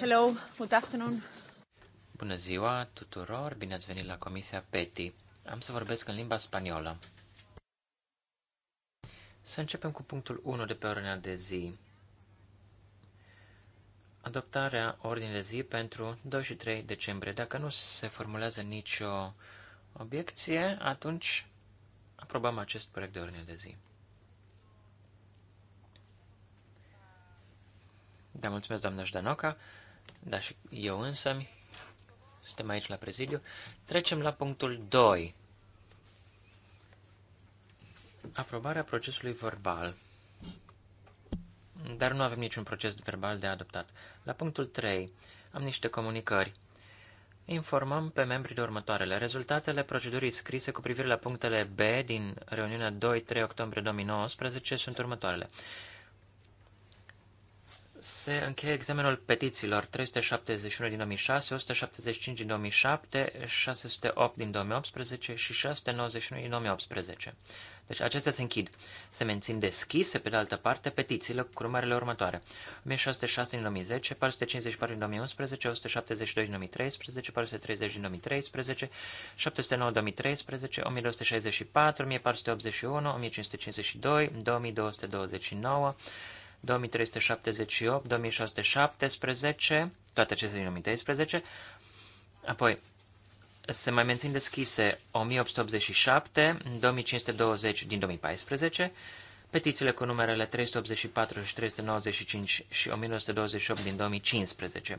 Hello, good afternoon. Bună ziua tuturor, bine ați venit la Comisia PETI. Am să vorbesc în limba spaniolă. Să începem cu punctul 1 de pe ordinea de zi. Adoptarea ordinii de zi pentru 2 și 3 decembrie. Dacă nu se formulează nicio obiecție, atunci aprobăm acest proiect de ordine de zi. Da, mulțumesc, doamna Ștanoca da și eu însă, suntem aici la prezidiu, trecem la punctul 2. Aprobarea procesului verbal. Dar nu avem niciun proces verbal de adoptat. La punctul 3 am niște comunicări. Informăm pe membrii de următoarele. Rezultatele procedurii scrise cu privire la punctele B din reuniunea 2-3 octombrie 2019 sunt următoarele se încheie examenul petițiilor 371 din 2006, 175 din 2007, 608 din 2018 și 691 din 2018. Deci acestea se închid. Se mențin deschise, pe de altă parte, petițiile cu urmările următoare. 1606 din 2010, 454 din 2011, 172 din 2013, 430 din 2013, 709 din 2013, 1264, 1481, 1552, 2229, 2378, 2617, toate acestea din 2013. Apoi, se mai mențin deschise 1887, 2520 din 2014, petițiile cu numerele 384 și 395 și 1928 din 2015.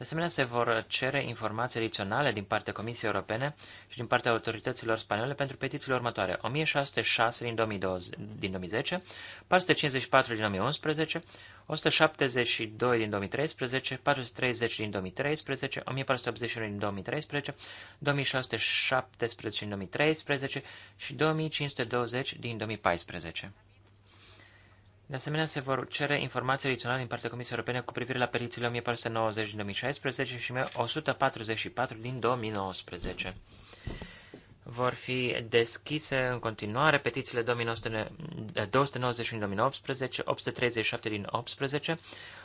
De asemenea, se vor cere informații adiționale din partea Comisiei Europene și din partea autorităților spaniole pentru petițiile următoare. 1606 din, 2020, din 2010, 454 din 2011, 172 din 2013, 430 din 2013, 1481 din 2013, 2617 din 2013 și 2520 din 2014. De asemenea, se vor cere informații adiționale din partea Comisiei Europene cu privire la petițiile 1490 din 2016 și 1144 din 2019. Vor fi deschise în continuare petițiile 290 din 2018, 837 din 2018,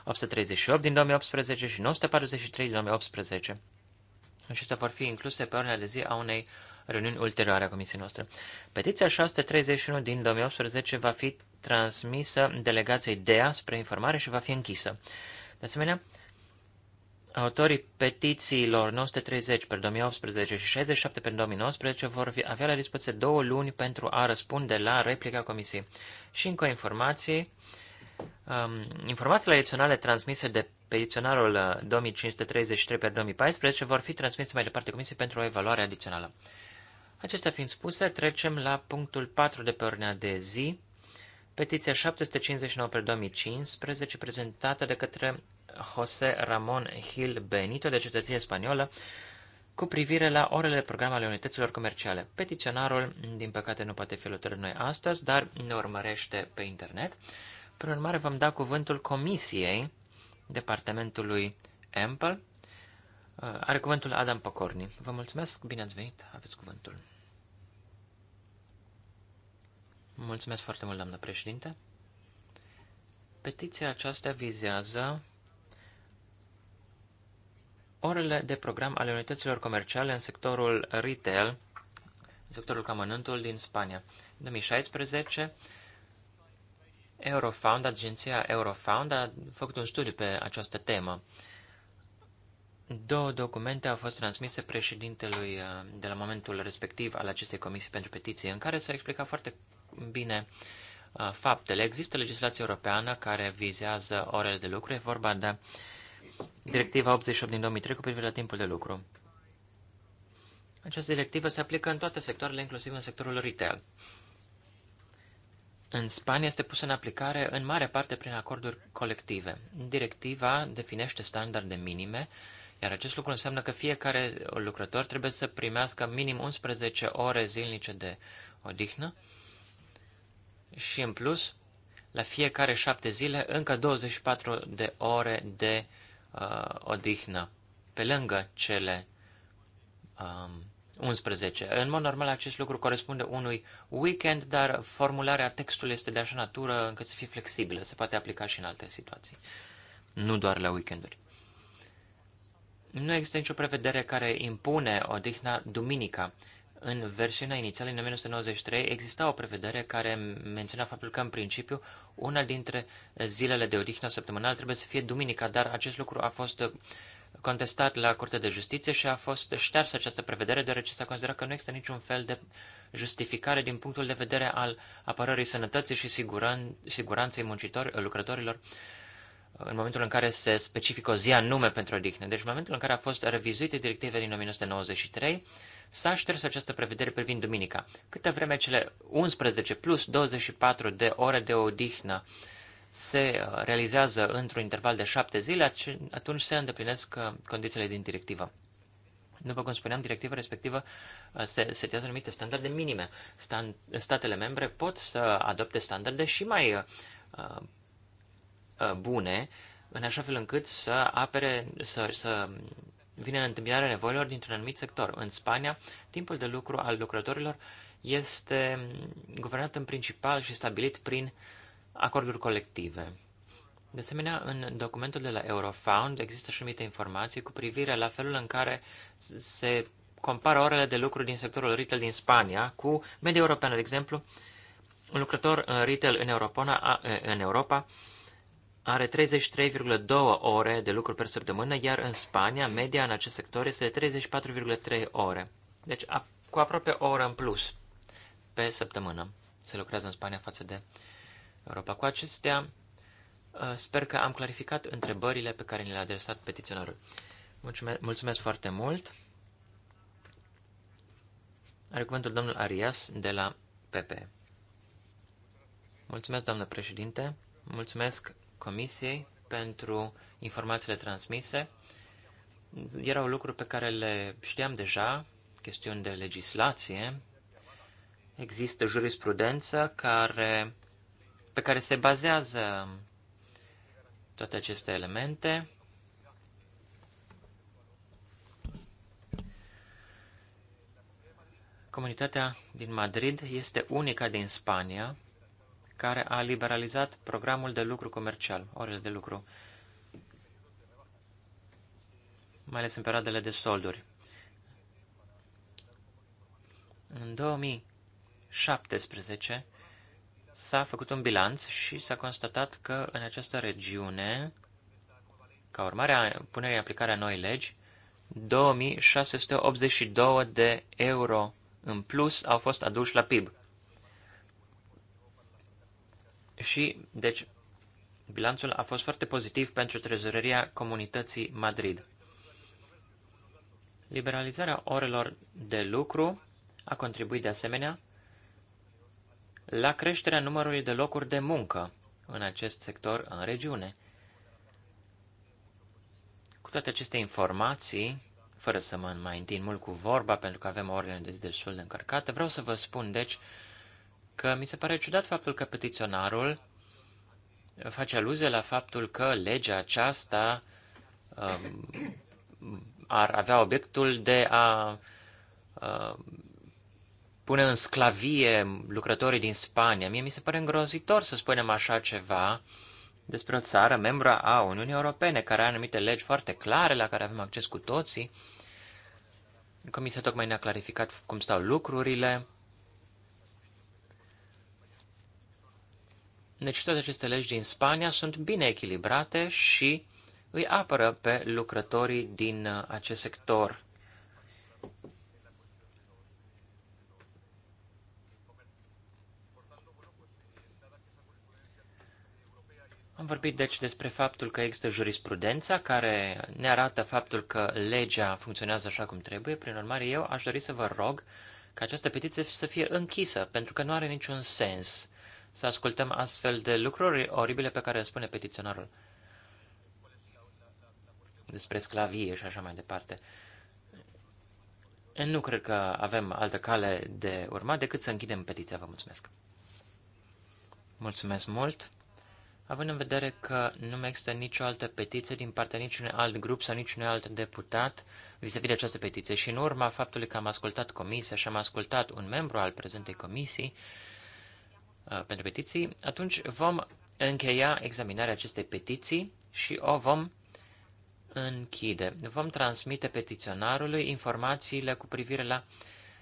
838 din 2018 și 943 din 2018. Acestea vor fi incluse pe ordinea de zi a unei uh, reuniuni ulterioare a comisiei noastre. Petiția 631 din 2018 va fi transmisă delegației DEA spre informare și va fi închisă. De asemenea, autorii petițiilor 930 pe 2018 și 67 pe 2019 vor avea la dispoziție două luni pentru a răspunde la replica comisiei. Și încă o informație, Um, informațiile adiționale transmise de petiționarul 2533 uh, pe 2014 vor fi transmise mai departe Comisiei pentru o evaluare adițională. Acestea fiind spuse, trecem la punctul 4 de pe ordinea de zi, petiția 759 pe 2015, prezentată de către José Ramón Gil Benito, de cetățenie spaniolă, cu privire la orele de program ale unităților comerciale. Petiționarul, din păcate, nu poate fi alături noi astăzi, dar ne urmărește pe internet. Prin urmare, vom da cuvântul Comisiei Departamentului Ample. Are cuvântul Adam Pocorni. Vă mulțumesc, bine ați venit, aveți cuvântul. Mulțumesc foarte mult, doamnă președinte. Petiția aceasta vizează orele de program ale unităților comerciale în sectorul retail, în sectorul camănântul din Spania. În 2016, Eurofound, agenția Eurofound, a făcut un studiu pe această temă. Două documente au fost transmise președintelui uh, de la momentul respectiv al acestei comisii pentru petiții, în care s-a explicat foarte bine uh, faptele. Există legislație europeană care vizează orele de lucru. E vorba de Directiva 88 din 2003 cu privire la timpul de lucru. Această directivă se aplică în toate sectoarele, inclusiv în sectorul retail. În Spania este pusă în aplicare în mare parte prin acorduri colective. Directiva definește standarde minime, iar acest lucru înseamnă că fiecare lucrător trebuie să primească minim 11 ore zilnice de odihnă, și în plus, la fiecare șapte zile, încă 24 de ore de uh, odihnă, pe lângă cele um, 11. În mod normal, acest lucru corespunde unui weekend, dar formularea textului este de așa natură încât să fie flexibilă, se poate aplica și în alte situații, nu doar la weekenduri. Nu există nicio prevedere care impune odihna duminica, în versiunea inițială, în 1993, exista o prevedere care menționa faptul că, în principiu, una dintre zilele de odihnă săptămânal trebuie să fie duminica, dar acest lucru a fost contestat la Curtea de Justiție și a fost ștersă această prevedere, deoarece s-a considerat că nu există niciun fel de justificare din punctul de vedere al apărării sănătății și siguran- siguranței muncitor- lucrătorilor în momentul în care se specifică o zi anume pentru odihnă. Deci, în momentul în care a fost revizuită directiva din 1993, s-a șters această prevedere privind duminica. Câte vreme cele 11 plus 24 de ore de odihnă se uh, realizează într-un interval de șapte zile, atunci se îndeplinesc uh, condițiile din directivă. După cum spuneam, directiva respectivă uh, se setează anumite standarde minime. statele membre pot să adopte standarde și mai uh, uh, bune, în așa fel încât să apere, să, să vine în întâmpinarea nevoilor dintr-un anumit sector. În Spania, timpul de lucru al lucrătorilor este guvernat în principal și stabilit prin acorduri colective. De asemenea, în documentul de la Eurofound există și anumite informații cu privire la felul în care se compară orele de lucru din sectorul retail din Spania cu media europeană. De exemplu, un lucrător în retail în Europa, în Europa are 33,2 ore de lucru pe săptămână, iar în Spania media în acest sector este de 34,3 ore. Deci cu aproape o oră în plus pe săptămână se lucrează în Spania față de Europa. Cu acestea, uh, sper că am clarificat întrebările pe care ni le-a adresat petiționarul. Mulțumesc, mulțumesc foarte mult! Are cuvântul domnul Arias de la PP. Mulțumesc, doamnă președinte! Mulțumesc Comisiei pentru informațiile transmise. Erau lucruri pe care le știam deja, chestiuni de legislație. Există jurisprudență care, pe care se bazează toate aceste elemente. Comunitatea din Madrid este unica din Spania care a liberalizat programul de lucru comercial, orele de lucru, mai ales în perioadele de solduri. În 2017 s-a făcut un bilanț și s-a constatat că în această regiune, ca urmare a punerii în aplicare a noi legi, 2682 de euro în plus au fost aduși la PIB. Și, deci, bilanțul a fost foarte pozitiv pentru trezoreria comunității Madrid. Liberalizarea orelor de lucru a contribuit de asemenea la creșterea numărului de locuri de muncă în acest sector în regiune. Cu toate aceste informații, fără să mă mai întind mult cu vorba, pentru că avem o ordine de zi destul de încărcată, vreau să vă spun, deci, că mi se pare ciudat faptul că petiționarul face aluzie la faptul că legea aceasta um, ar avea obiectul de a uh, pune în sclavie lucrătorii din Spania. Mie mi se pare îngrozitor să spunem așa ceva despre o țară membra a Uniunii Europene, care are anumite legi foarte clare la care avem acces cu toții. Comisia tocmai ne-a clarificat cum stau lucrurile. Deci toate aceste legi din Spania sunt bine echilibrate și îi apără pe lucrătorii din uh, acest sector. Am vorbit deci despre faptul că există jurisprudența care ne arată faptul că legea funcționează așa cum trebuie. Prin urmare, eu aș dori să vă rog ca această petiție să fie închisă, pentru că nu are niciun sens să ascultăm astfel de lucruri oribile pe care le spune petiționarul despre sclavie și așa mai departe. Nu cred că avem altă cale de urmat decât să închidem petiția. Vă mulțumesc. Mulțumesc mult. Având în vedere că nu mai există nicio altă petiție din partea niciunui alt grup sau niciunui alt deputat vis-a-vis de această petiție și în urma faptului că am ascultat comisia și am ascultat un membru al prezentei comisii, Uh, pentru petiții, atunci vom încheia examinarea acestei petiții și o vom închide. Vom transmite petiționarului informațiile cu privire la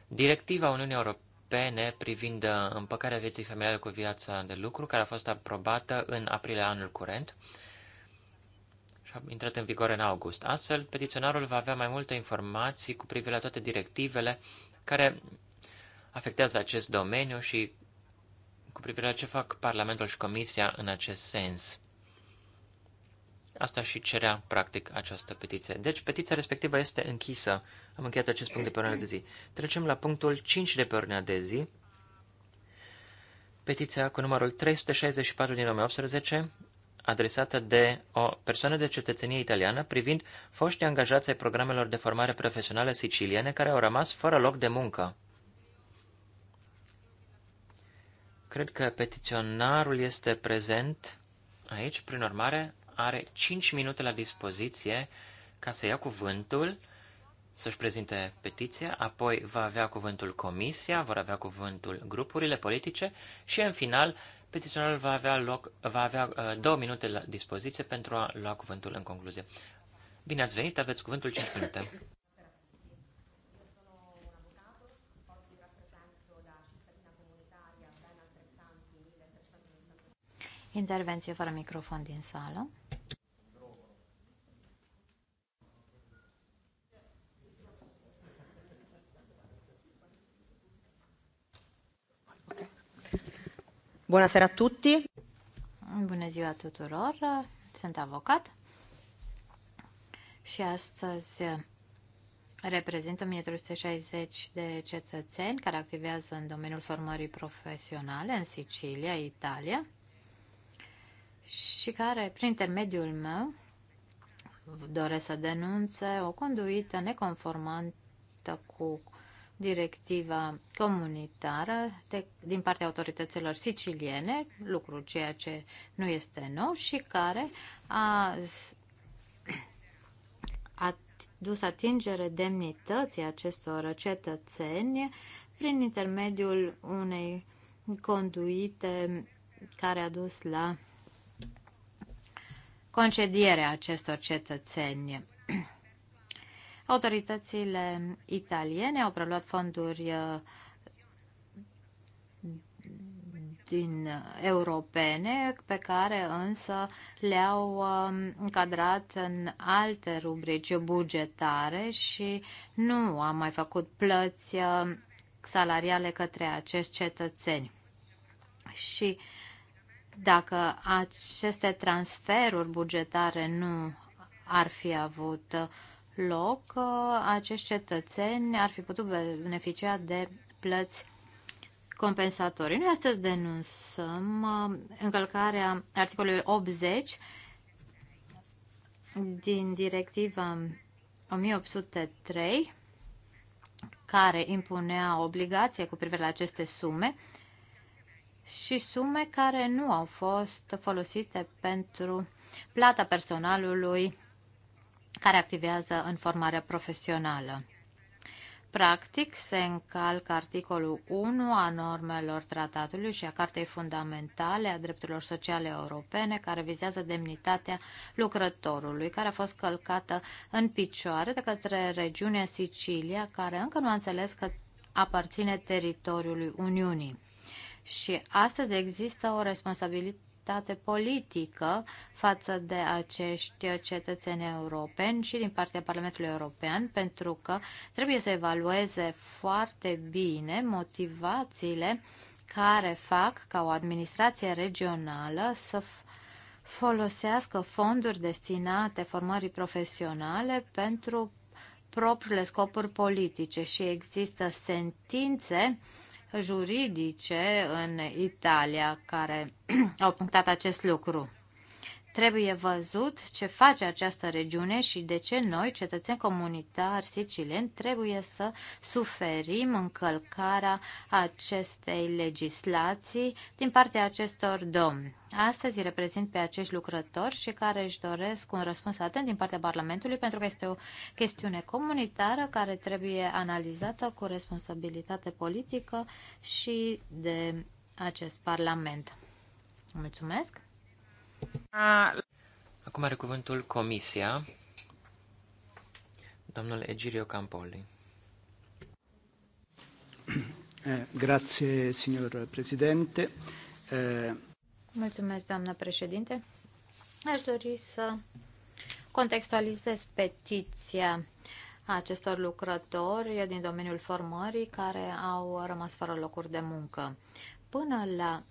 directiva Uniunii Europene privind uh, împăcarea vieții familiale cu viața de lucru, care a fost aprobată în aprilie anul curent și a intrat în vigoare în august. Astfel, petiționarul va avea mai multe informații cu privire la toate directivele care afectează acest domeniu și privire la ce fac Parlamentul și Comisia în acest sens. Asta și cerea, practic, această petiție. Deci, petiția respectivă este închisă. Am încheiat acest punct de pe ordinea de zi. Trecem la punctul 5 de pe ordinea de zi. Petiția cu numărul 364 din 2018, adresată de o persoană de cetățenie italiană privind foștii angajați ai programelor de formare profesională siciliene care au rămas fără loc de muncă. Cred că petiționarul este prezent aici, prin urmare, are 5 minute la dispoziție ca să ia cuvântul, să-și prezinte petiția, apoi va avea cuvântul comisia, vor avea cuvântul grupurile politice și, în final, petiționarul va avea, loc, va avea uh, două minute la dispoziție pentru a lua cuvântul în concluzie. Bine ați venit, aveți cuvântul 5 minute. Intervenție fără microfon din sală. Bună seara tutti! Bună ziua tuturor! Sunt avocat și astăzi reprezint 1360 de cetățeni care activează în domeniul formării profesionale în Sicilia, Italia și care, prin intermediul meu, doresc să denunțe o conduită neconformantă cu directiva comunitară de, din partea autorităților siciliene, lucru ceea ce nu este nou și care a, a dus atingere demnității acestor cetățeni prin intermediul unei conduite care a dus la concedierea acestor cetățeni. Autoritățile italiene au preluat fonduri uh, din europene, pe care însă le-au um, încadrat în alte rubrici bugetare și nu au mai făcut plăți uh, salariale către acești cetățeni. Și uh, dacă aceste transferuri bugetare nu ar fi avut loc, acești cetățeni ar fi putut beneficia de plăți compensatorii. Noi astăzi denunțăm uh, încălcarea articolului 80 din directiva 1803 care impunea obligație cu privire la aceste sume și sume care nu au fost folosite pentru plata personalului care activează în formarea profesională. Practic, se încalcă articolul 1 a normelor tratatului și a Cartei Fundamentale a Drepturilor Sociale Europene, care vizează demnitatea lucrătorului, care a fost călcată în picioare de către regiunea Sicilia, care încă nu a înțeles că aparține teritoriului Uniunii. Și astăzi există o responsabilitate politică față de acești cetățeni europeni și din partea Parlamentului European, pentru că trebuie să evalueze foarte bine motivațiile care fac ca o administrație regională să folosească fonduri destinate formării profesionale pentru propriile scopuri politice și există sentințe juridice în Italia care au punctat acest lucru. Trebuie văzut ce face această regiune și de ce noi, cetățeni comunitari sicilieni, trebuie să suferim încălcarea acestei legislații din partea acestor domni astăzi îi reprezint pe acești lucrători și care își doresc un răspuns atent din partea Parlamentului pentru că este o chestiune comunitară care trebuie analizată cu responsabilitate politică și de acest Parlament. Mulțumesc! Acum are cuvântul Comisia, domnul Egirio Campoli. Eh, grazie, signor Presidente. Eh... Mulțumesc, doamnă președinte. Aș dori să contextualizez petiția acestor lucrători din domeniul formării care au rămas fără locuri de muncă. Până la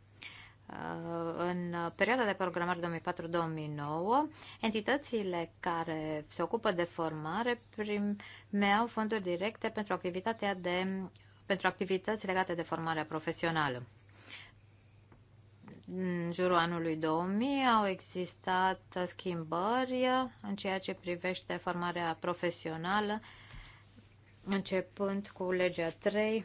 în perioada de programare 2004-2009, entitățile care se ocupă de formare primeau fonduri directe pentru activitatea de pentru activități legate de formarea profesională în jurul anului 2000 au existat schimbări în ceea ce privește formarea profesională, începând cu legea 3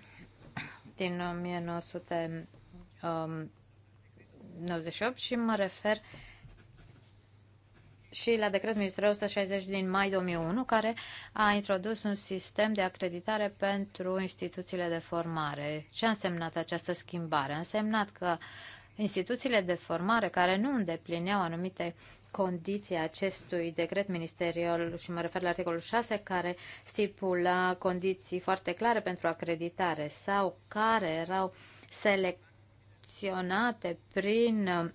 din 1998 și mă refer și la decretul ministrului 160 din mai 2001, care a introdus un sistem de acreditare pentru instituțiile de formare. Ce a însemnat această schimbare? A însemnat că instituțiile de formare care nu îndeplineau anumite condiții acestui decret ministerial și mă refer la articolul 6 care stipula condiții foarte clare pentru acreditare sau care erau selecționate prin uh,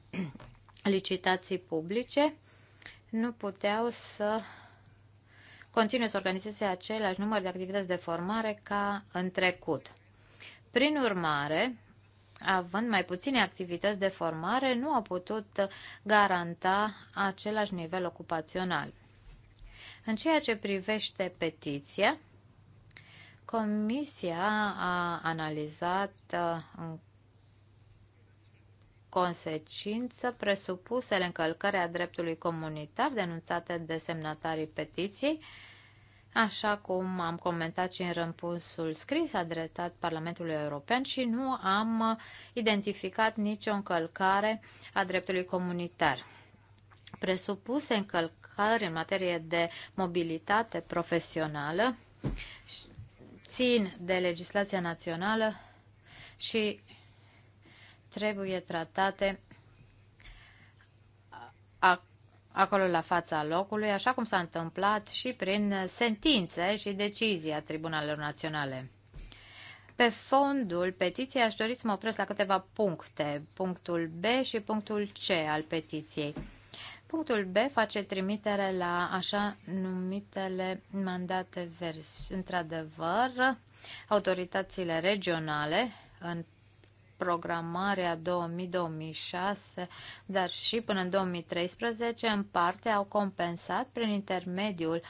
licitații publice nu puteau să continue să organizeze același număr de activități de formare ca în trecut. Prin urmare, având mai puține activități de formare, nu au putut garanta același nivel ocupațional. În ceea ce privește petiția, Comisia a analizat uh, în consecință presupusele încălcări a dreptului comunitar denunțate de semnatarii petiției, așa cum am comentat și în răspunsul scris adresat Parlamentului European și nu am identificat nicio încălcare a dreptului comunitar. Presupuse încălcări în materie de mobilitate profesională țin de legislația națională și trebuie tratate acolo la fața locului, așa cum s-a întâmplat și prin sentințe și decizii a tribunalelor naționale. Pe fondul petiției aș dori să mă opresc la câteva puncte, punctul B și punctul C al petiției. Punctul B face trimitere la așa numitele mandate verzi. Într-adevăr, autoritățile regionale în programarea 2000-2006, dar și până în 2013, în parte au compensat prin intermediul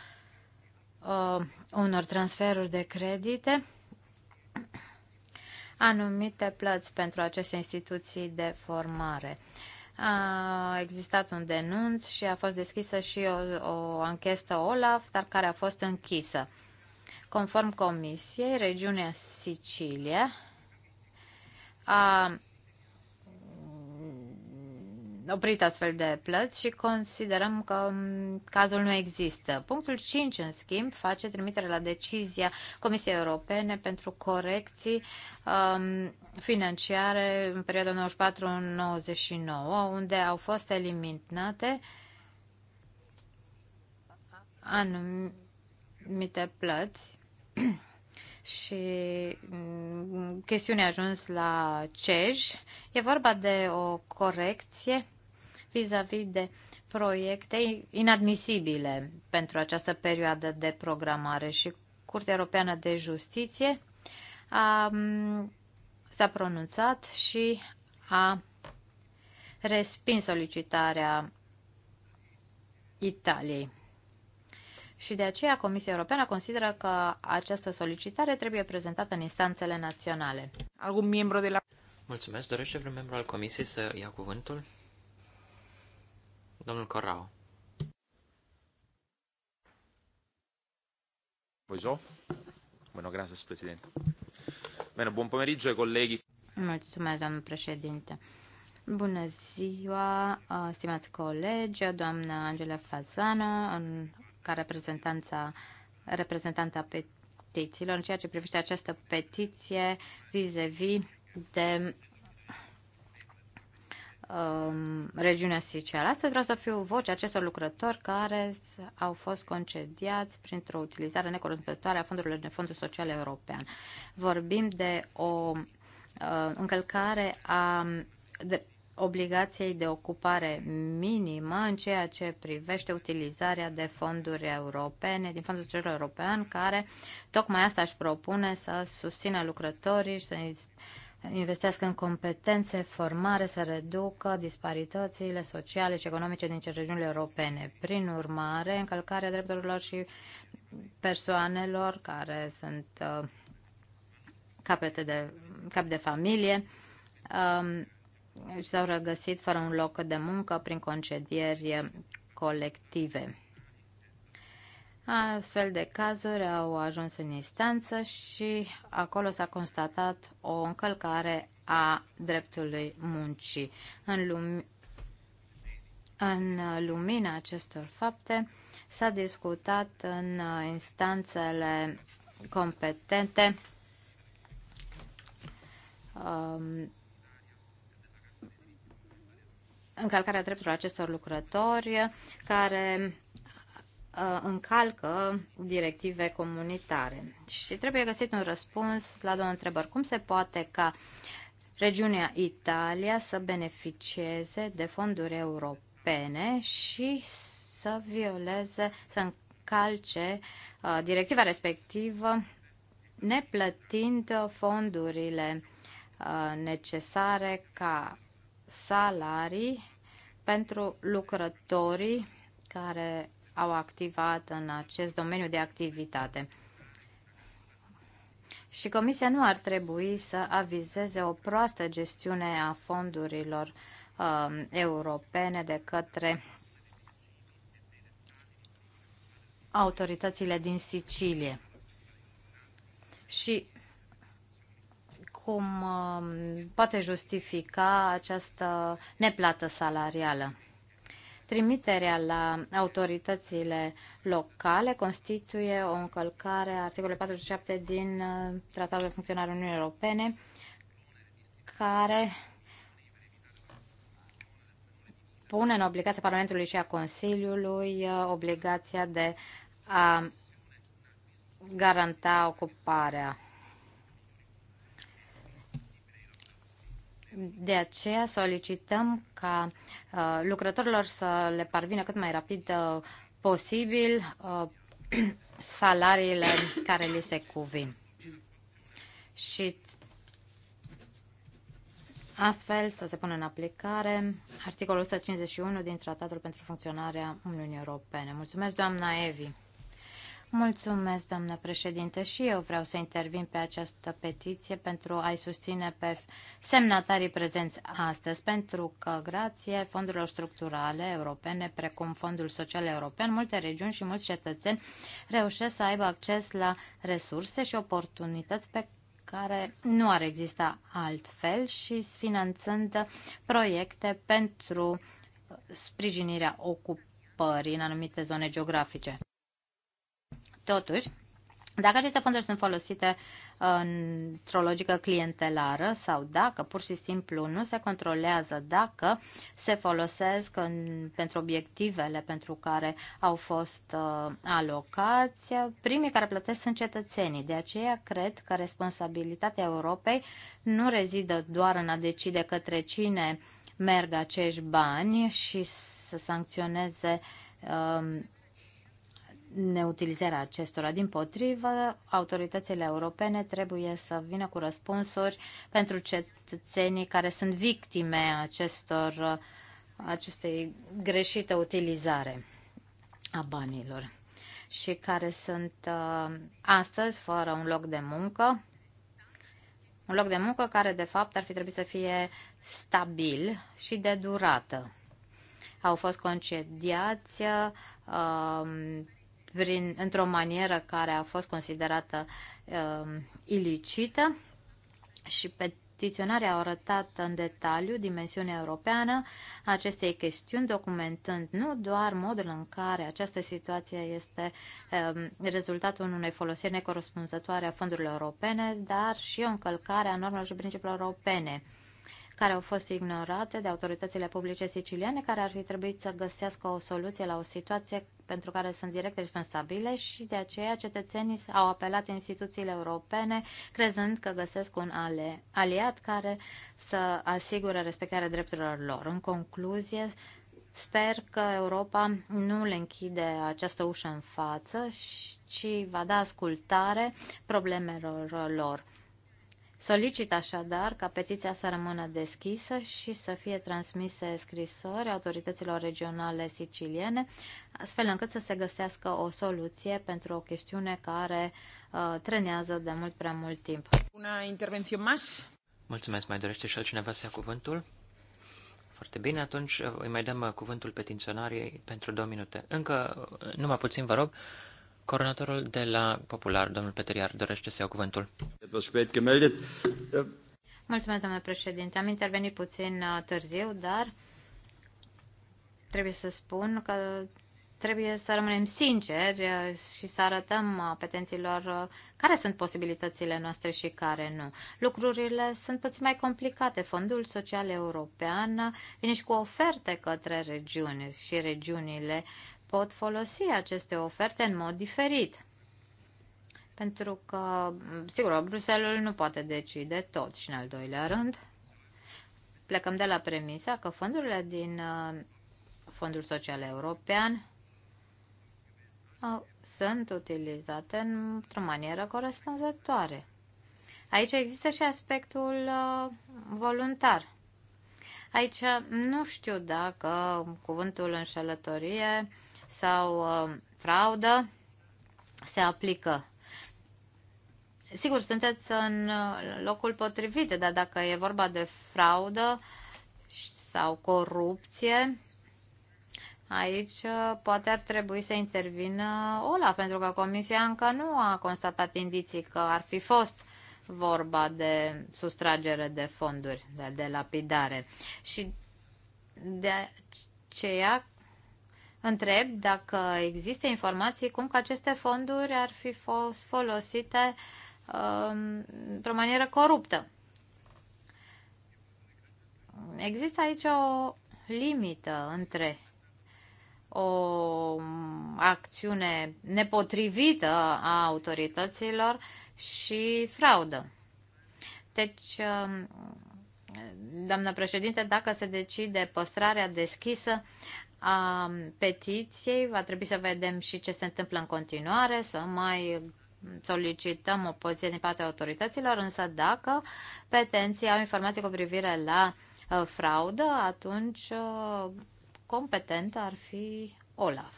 uh, unor transferuri de credite anumite plăți pentru aceste instituții de formare. A existat un denunț și a fost deschisă și o, o anchetă OLAF, dar care a fost închisă. Conform Comisiei, regiunea Sicilia a mm, oprit astfel de plăți și considerăm că mm, cazul nu există. Punctul 5, în schimb, face trimitere la decizia Comisiei Europene pentru corecții um, financiare în perioada 94-99, unde au fost eliminate anumite plăți și mm, chestiunea a ajuns la CEJ. E vorba de o corecție vis-a-vis -vis de proiecte inadmisibile pentru această perioadă de programare și Curtea Europeană de Justiție a, mm, s-a pronunțat și a respins solicitarea Italiei și de aceea Comisia Europeană consideră că această solicitare trebuie prezentată în instanțele naționale. Algun membru de la... Mulțumesc. Dorește vreun membru al Comisiei să ia cuvântul? Domnul Corrao. Voi Bueno, Bună, gracias, președinte. Bine, bun pomeriggio, colegi. Mulțumesc, domnul președinte. Bună ziua, uh, stimați colegi, doamna Angela Fazana, în ca reprezentanța, reprezentanța petițiilor în ceea ce privește această petiție vis-a-vis -vis de um, regiunea Sicilia. Astăzi vreau să fiu voce acestor lucrători care au fost concediați printr-o utilizare necorespunzătoare a fondurilor de Fondul Social European. Vorbim de o uh, încălcare a de, obligației de ocupare minimă în ceea ce privește utilizarea de fonduri europene, din Fondul celor European, care tocmai asta își propune să susțină lucrătorii, să investească în competențe, formare, să reducă disparitățile sociale și economice din regiunile europene. Prin urmare, încălcarea drepturilor și persoanelor care sunt uh, capete de, cap de familie, um, și s-au regăsit fără un loc de muncă prin concedieri colective. Astfel de cazuri au ajuns în instanță și acolo s-a constatat o încălcare a dreptului muncii. În, lum- în lumina acestor fapte s-a discutat în instanțele competente um, încălcarea drepturilor acestor lucrători care uh, încalcă directive comunitare. Și trebuie găsit un răspuns la două întrebări. Cum se poate ca regiunea Italia să beneficieze de fonduri europene și să violeze, să încalce uh, directiva respectivă neplătind uh, fondurile necesare ca salarii pentru lucrătorii care au activat în acest domeniu de activitate. Și Comisia nu ar trebui să avizeze o proastă gestiune a fondurilor uh, europene de către autoritățile din Sicilie. Și cum um, poate justifica această neplată salarială. Trimiterea la autoritățile locale constituie o încălcare a articolului 47 din uh, Tratatul de Funcționare Uniunii Europene, care pune în obligația Parlamentului și a Consiliului uh, obligația de a garanta ocuparea De aceea solicităm ca uh, lucrătorilor să le parvină cât mai rapid uh, posibil uh, salariile care li se cuvin. Și astfel să se pună în aplicare articolul 151 din Tratatul pentru Funcționarea Uniunii Europene. Mulțumesc, doamna Evi! Mulțumesc, doamnă președinte, și eu vreau să intervin pe această petiție pentru a-i susține pe semnatarii prezenți astăzi, pentru că, grație fondurilor structurale europene, precum Fondul Social European, multe regiuni și mulți cetățeni reușesc să aibă acces la resurse și oportunități pe care nu ar exista altfel și finanțând proiecte pentru sprijinirea ocupării în anumite zone geografice. Totuși, dacă aceste fonduri sunt folosite uh, într-o logică clientelară sau dacă pur și simplu nu se controlează dacă se folosesc în, pentru obiectivele pentru care au fost uh, alocați, primii care plătesc sunt cetățenii. De aceea cred că responsabilitatea Europei nu rezidă doar în a decide către cine merg acești bani și să sancționeze uh, neutilizarea acestora. Din potrivă, autoritățile europene trebuie să vină cu răspunsuri pentru cetățenii care sunt victime acestor, acestei greșite utilizare a banilor și care sunt uh, astăzi fără un loc de muncă, un loc de muncă care de fapt ar fi trebuit să fie stabil și de durată. Au fost concediați uh, prin, într-o manieră care a fost considerată uh, ilicită și petiționarea au arătat în detaliu dimensiunea europeană a acestei chestiuni, documentând nu doar modul în care această situație este um, rezultatul unei folosiri necorespunzătoare a fondurilor europene, dar și o încălcare a normelor și principiilor europene care au fost ignorate de autoritățile publice siciliane, care ar fi trebuit să găsească o soluție la o situație pentru care sunt direct responsabile și de aceea cetățenii au apelat instituțiile europene crezând că găsesc un ale, aliat care să asigure respectarea drepturilor lor. În concluzie, Sper că Europa nu le închide această ușă în față, ci va da ascultare problemelor lor. Solicit așadar ca petiția să rămână deschisă și să fie transmise scrisori autorităților regionale siciliene, astfel încât să se găsească o soluție pentru o chestiune care uh, trenează de mult prea mult timp. Una intervenție mas? Mulțumesc, mai dorește și altcineva să ia cuvântul? Foarte bine, atunci uh, îi mai dăm uh, cuvântul petiționarii pentru două minute. Încă uh, numai puțin, vă rog. Uh, Coordonatorul de la Popular, domnul Petriar, dorește să iau cuvântul. Mulțumesc, domnule președinte. Am intervenit puțin uh, târziu, dar trebuie să spun că trebuie să rămânem sinceri uh, și să arătăm uh, petenților care sunt posibilitățile noastre și care nu. Lucrurile sunt puțin mai complicate. Fondul Social European vine și cu oferte către regiuni și regiunile pot folosi aceste oferte în mod diferit. Pentru că, sigur, Bruselul nu poate decide tot și în al doilea rând. Plecăm de la premisa că fondurile din uh, Fondul Social European uh, sunt utilizate într-o manieră corespunzătoare. Aici există și aspectul uh, voluntar. Aici nu știu dacă cuvântul înșelătorie sau uh, fraudă se aplică. Sigur, sunteți în uh, locul potrivit, dar dacă e vorba de fraudă sau corupție, Aici uh, poate ar trebui să intervină Ola, pentru că comisia încă nu a constatat indicii că ar fi fost vorba de sustragere de fonduri, de, de lapidare. Și de aceea întreb dacă există informații cum că aceste fonduri ar fi fost folosite uh, într-o manieră coruptă. Există aici o limită între o acțiune nepotrivită a autorităților și fraudă. Deci, um, doamnă președinte, dacă se decide păstrarea deschisă a petiției. Va trebui să vedem și ce se întâmplă în continuare, să mai solicităm o poziție din partea autorităților, însă dacă petenții au informații cu privire la uh, fraudă, atunci uh, competent ar fi Olaf.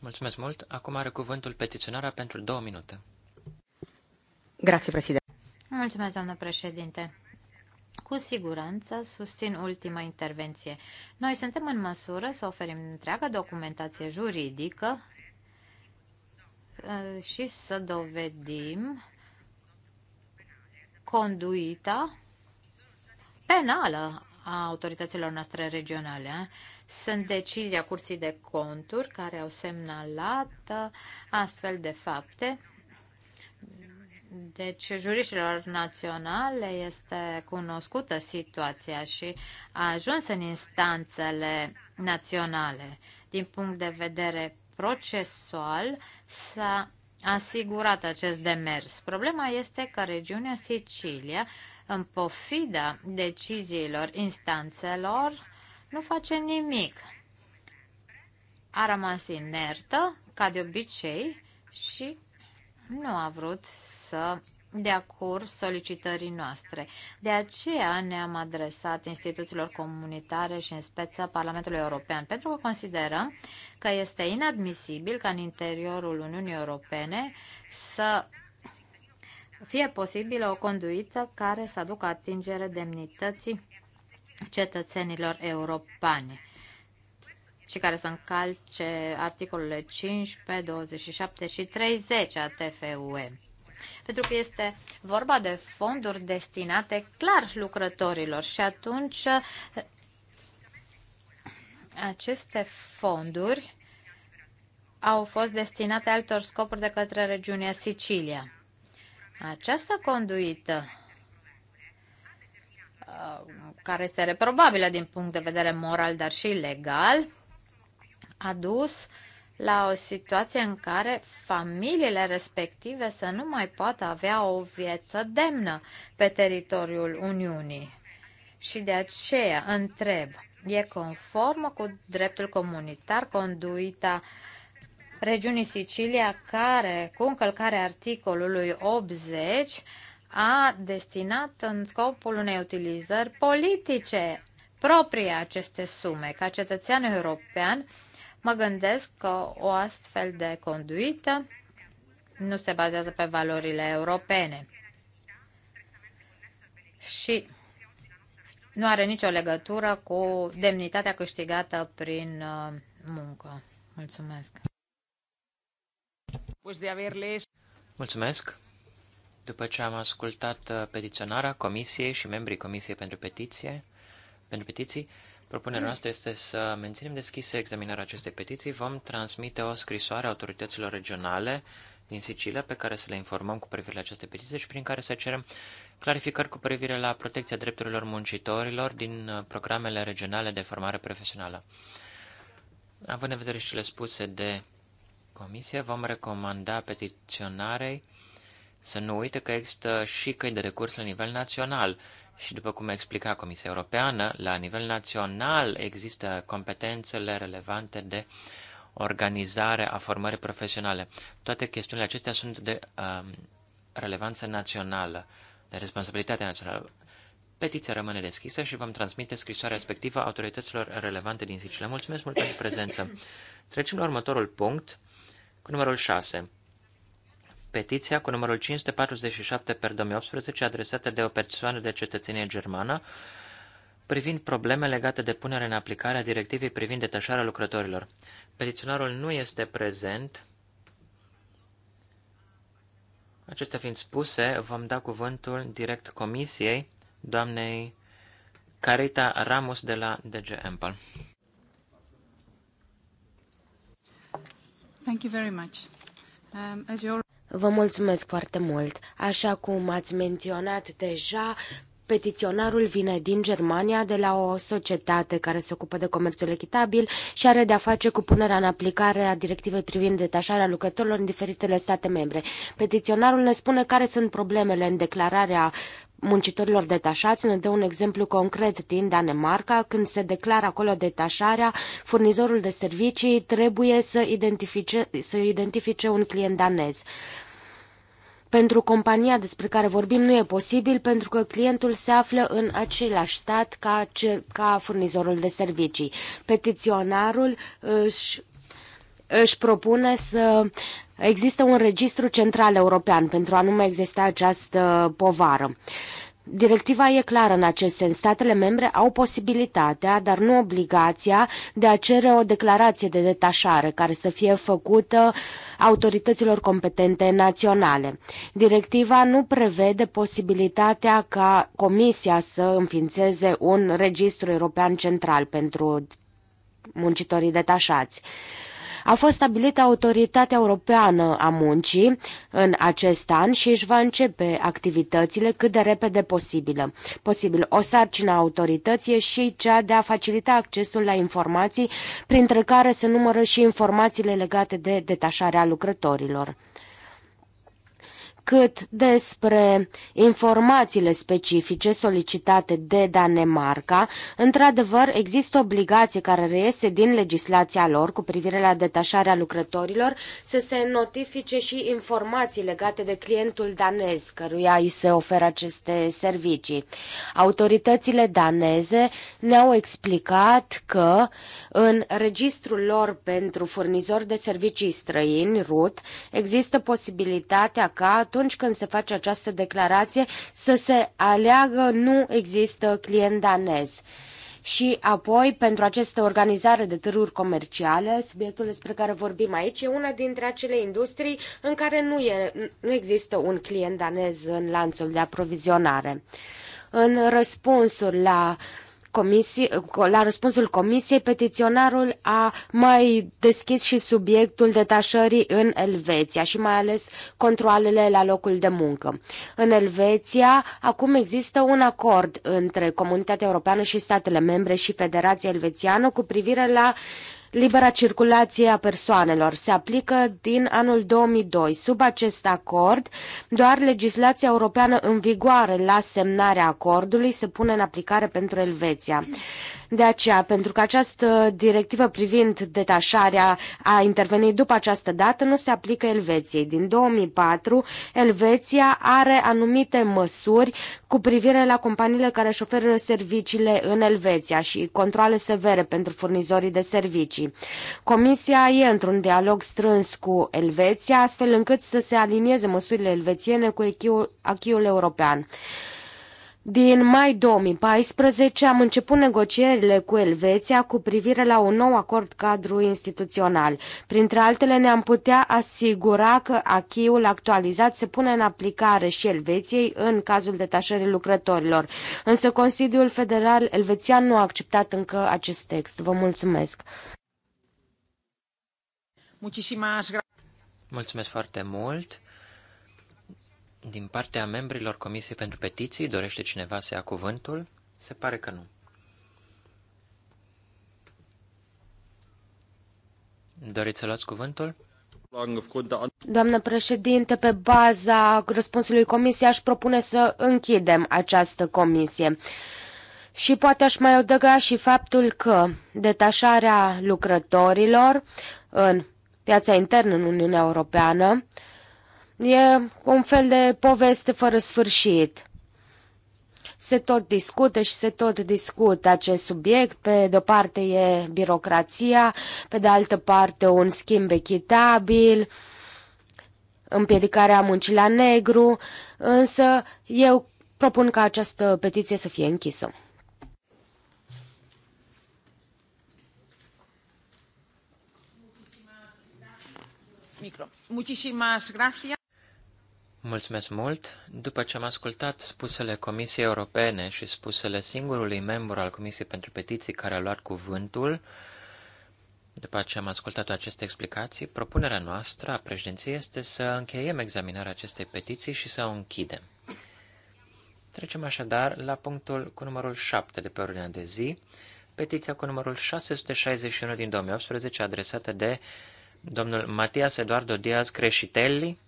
Mulțumesc mult. Acum are cuvântul petiționarea pentru două minute. Grazie, președinte. Mulțumesc, doamnă președinte cu siguranță susțin ultima intervenție. Noi suntem în măsură să oferim întreaga documentație juridică uh, și să dovedim conduita penală a autorităților noastre regionale. Sunt decizia Curții de Conturi care au semnalat uh, astfel de fapte deci, juriștilor naționale este cunoscută situația și a ajuns în instanțele naționale. Din punct de vedere procesual, s-a asigurat acest demers. Problema este că regiunea Sicilia, în pofida deciziilor instanțelor, nu face nimic. A rămas inertă, ca de obicei, și nu a vrut să de acord solicitării noastre. De aceea ne-am adresat instituțiilor comunitare și în speță Parlamentului European, pentru că considerăm că este inadmisibil ca în interiorul Uniunii Europene să fie posibilă o conduită care să aducă atingere demnității cetățenilor europeni și care să încalce articolele 15, 27 și 30 a TFUE pentru că este vorba de fonduri destinate clar lucrătorilor și atunci uh, aceste fonduri au fost destinate altor scopuri de către regiunea Sicilia. Această conduită uh, care este reprobabilă din punct de vedere moral, dar și legal, a dus uh, la o situație în care familiile respective să nu mai poată avea o viață demnă pe teritoriul Uniunii. Și de aceea întreb, e conformă cu dreptul comunitar conduita regiunii Sicilia care, cu încălcarea articolului 80, a destinat în scopul unei utilizări politice proprie aceste sume. Ca cetățean european, Mă gândesc că o astfel de conduită nu se bazează pe valorile europene și nu are nicio legătură cu demnitatea câștigată prin uh, muncă. Mulțumesc! Mulțumesc! După ce am ascultat uh, petiționarea Comisiei și membrii Comisiei pentru Petiție, pentru petiții, Propunerea noastră este să menținem deschise examinarea acestei petiții. Vom transmite o scrisoare autorităților regionale din Sicilia pe care să le informăm cu privire la aceste petiții și prin care să cerem clarificări cu privire la protecția drepturilor muncitorilor din uh, programele regionale de formare profesională. Având în vedere și cele spuse de comisie, vom recomanda petiționarei să nu uite că există și căi de recurs la nivel național și după cum a explicat Comisia Europeană, la nivel național există competențele relevante de organizare a formării profesionale. Toate chestiunile acestea sunt de um, relevanță națională, de responsabilitate națională. Petiția rămâne deschisă și vom transmite scrisoarea respectivă autorităților relevante din Sicilia. Mulțumesc mult pentru prezență. Trecem la următorul punct, cu numărul 6 petiția cu numărul 547 per 2018 adresată de o persoană de cetățenie germană privind probleme legate de punere în aplicare a directivei privind detașarea lucrătorilor. Petiționarul nu este prezent. Acestea fiind spuse, vom da cuvântul direct comisiei doamnei Carita Ramos de la DG Ample. Thank you very much. Um, as you're... Vă mulțumesc foarte mult. Așa cum ați menționat deja, Petiționarul vine din Germania de la o societate care se ocupă de comerțul echitabil și are de-a face cu punerea în aplicare a directivei privind detașarea lucrătorilor în diferitele state membre. Petiționarul ne spune care sunt problemele în declararea muncitorilor detașați ne dă un exemplu concret din Danemarca. Când se declară acolo detașarea, furnizorul de servicii trebuie să identifice, să identifice un client danez. Pentru compania despre care vorbim nu e posibil pentru că clientul se află în același stat ca, ce, ca furnizorul de servicii. Petiționarul își, își propune să uh, Există un registru central european pentru a nu mai exista această povară. Directiva e clară în acest sens. Statele membre au posibilitatea, dar nu obligația, de a cere o declarație de detașare care să fie făcută autorităților competente naționale. Directiva nu prevede posibilitatea ca Comisia să înființeze un registru european central pentru muncitorii detașați. A fost stabilită Autoritatea Europeană a Muncii în acest an și își va începe activitățile cât de repede posibilă. posibil. O sarcină a autorității și cea de a facilita accesul la informații, printre care se numără și informațiile legate de detașarea lucrătorilor cât despre informațiile specifice solicitate de Danemarca. Într-adevăr, există obligație care reiese din legislația lor cu privire la detașarea lucrătorilor să se notifice și informații legate de clientul danez căruia îi se oferă aceste servicii. Autoritățile daneze ne-au explicat că în registrul lor pentru furnizori de servicii străini, RUT, există posibilitatea ca atunci când se face această declarație să se aleagă nu există client danez. Și apoi, pentru această organizare de târuri comerciale, subiectul despre care vorbim aici, e una dintre acele industrii în care nu, e, nu există un client danez în lanțul de aprovizionare. În răspunsul la uh, comisie, la răspunsul comisiei, petiționarul a mai deschis și subiectul detașării în Elveția și mai ales controlele la locul de muncă. În Elveția, acum există un acord între Comunitatea Europeană și statele membre și Federația Elvețiană cu privire la uh, Libera circulație a persoanelor se aplică din anul 2002. Sub acest acord, doar legislația europeană în vigoare la semnarea acordului se pune în aplicare pentru Elveția. De aceea, pentru că această directivă privind detașarea a intervenit după această dată, nu se aplică Elveției. Din 2004, Elveția are anumite măsuri cu privire la companiile care își oferă serviciile în Elveția și controle severe pentru furnizorii de servicii. Comisia e într-un dialog strâns cu Elveția, astfel încât să se alinieze măsurile elvețiene cu achiul european. Din mai 2014 am început negocierile cu Elveția cu privire la un nou acord cadru instituțional. Printre altele ne-am putea asigura că achiul actualizat se pune în aplicare și Elveției în cazul detașării lucrătorilor. Însă Consiliul Federal Elvețian nu a acceptat încă acest text. Vă mulțumesc! Mulțumesc foarte mult! Din partea membrilor Comisiei pentru Petiții, dorește cineva să ia cuvântul? Se pare că nu. Doriți să luați cuvântul? Doamnă președinte, pe baza răspunsului comisiei aș propune să închidem această comisie. Și poate aș mai adăuga și faptul că detașarea lucrătorilor în piața internă în Uniunea Europeană E un fel de poveste fără sfârșit. Se tot discută și se tot discută acest subiect. Pe de-o parte e birocrația, pe de altă parte un schimb echitabil, împiedicarea muncii la negru, însă eu propun ca această petiție să fie închisă. Micro. Muchísimas gracias. Mulțumesc mult! După ce am ascultat spusele Comisiei Europene și spusele singurului membru al Comisiei pentru Petiții care a luat cuvântul, după ce am ascultat aceste explicații, propunerea noastră a președinției este să încheiem examinarea acestei petiții și să o închidem. Trecem așadar la punctul cu numărul 7 de pe ordinea de zi, petiția cu numărul 661 din 2018 adresată de domnul Matias Eduardo Diaz Creșitelli,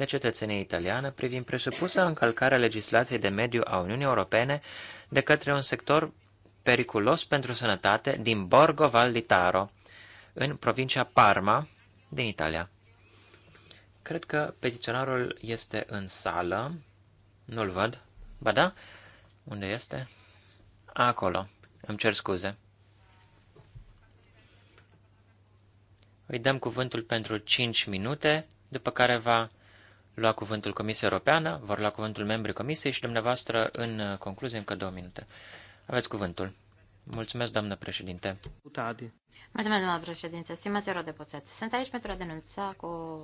de cetățenie italiană privind presupusa încălcarea legislației de mediu a Uniunii Europene de către un sector periculos pentru sănătate din Borgo Valditaro, în provincia Parma, din Italia. Cred că petiționarul este în sală. Nu-l văd. Ba da? Unde este? Acolo. Îmi cer scuze. Îi dăm cuvântul pentru 5 minute, după care va lua cuvântul Comisia Europeană, vor lua cuvântul membrii Comisiei și dumneavoastră în uh, concluzie încă două minute. Aveți cuvântul. Mulțumesc, doamnă președinte. Putade. Mulțumesc, doamnă președinte. Stimați eurodeputați, sunt aici pentru a denunța cu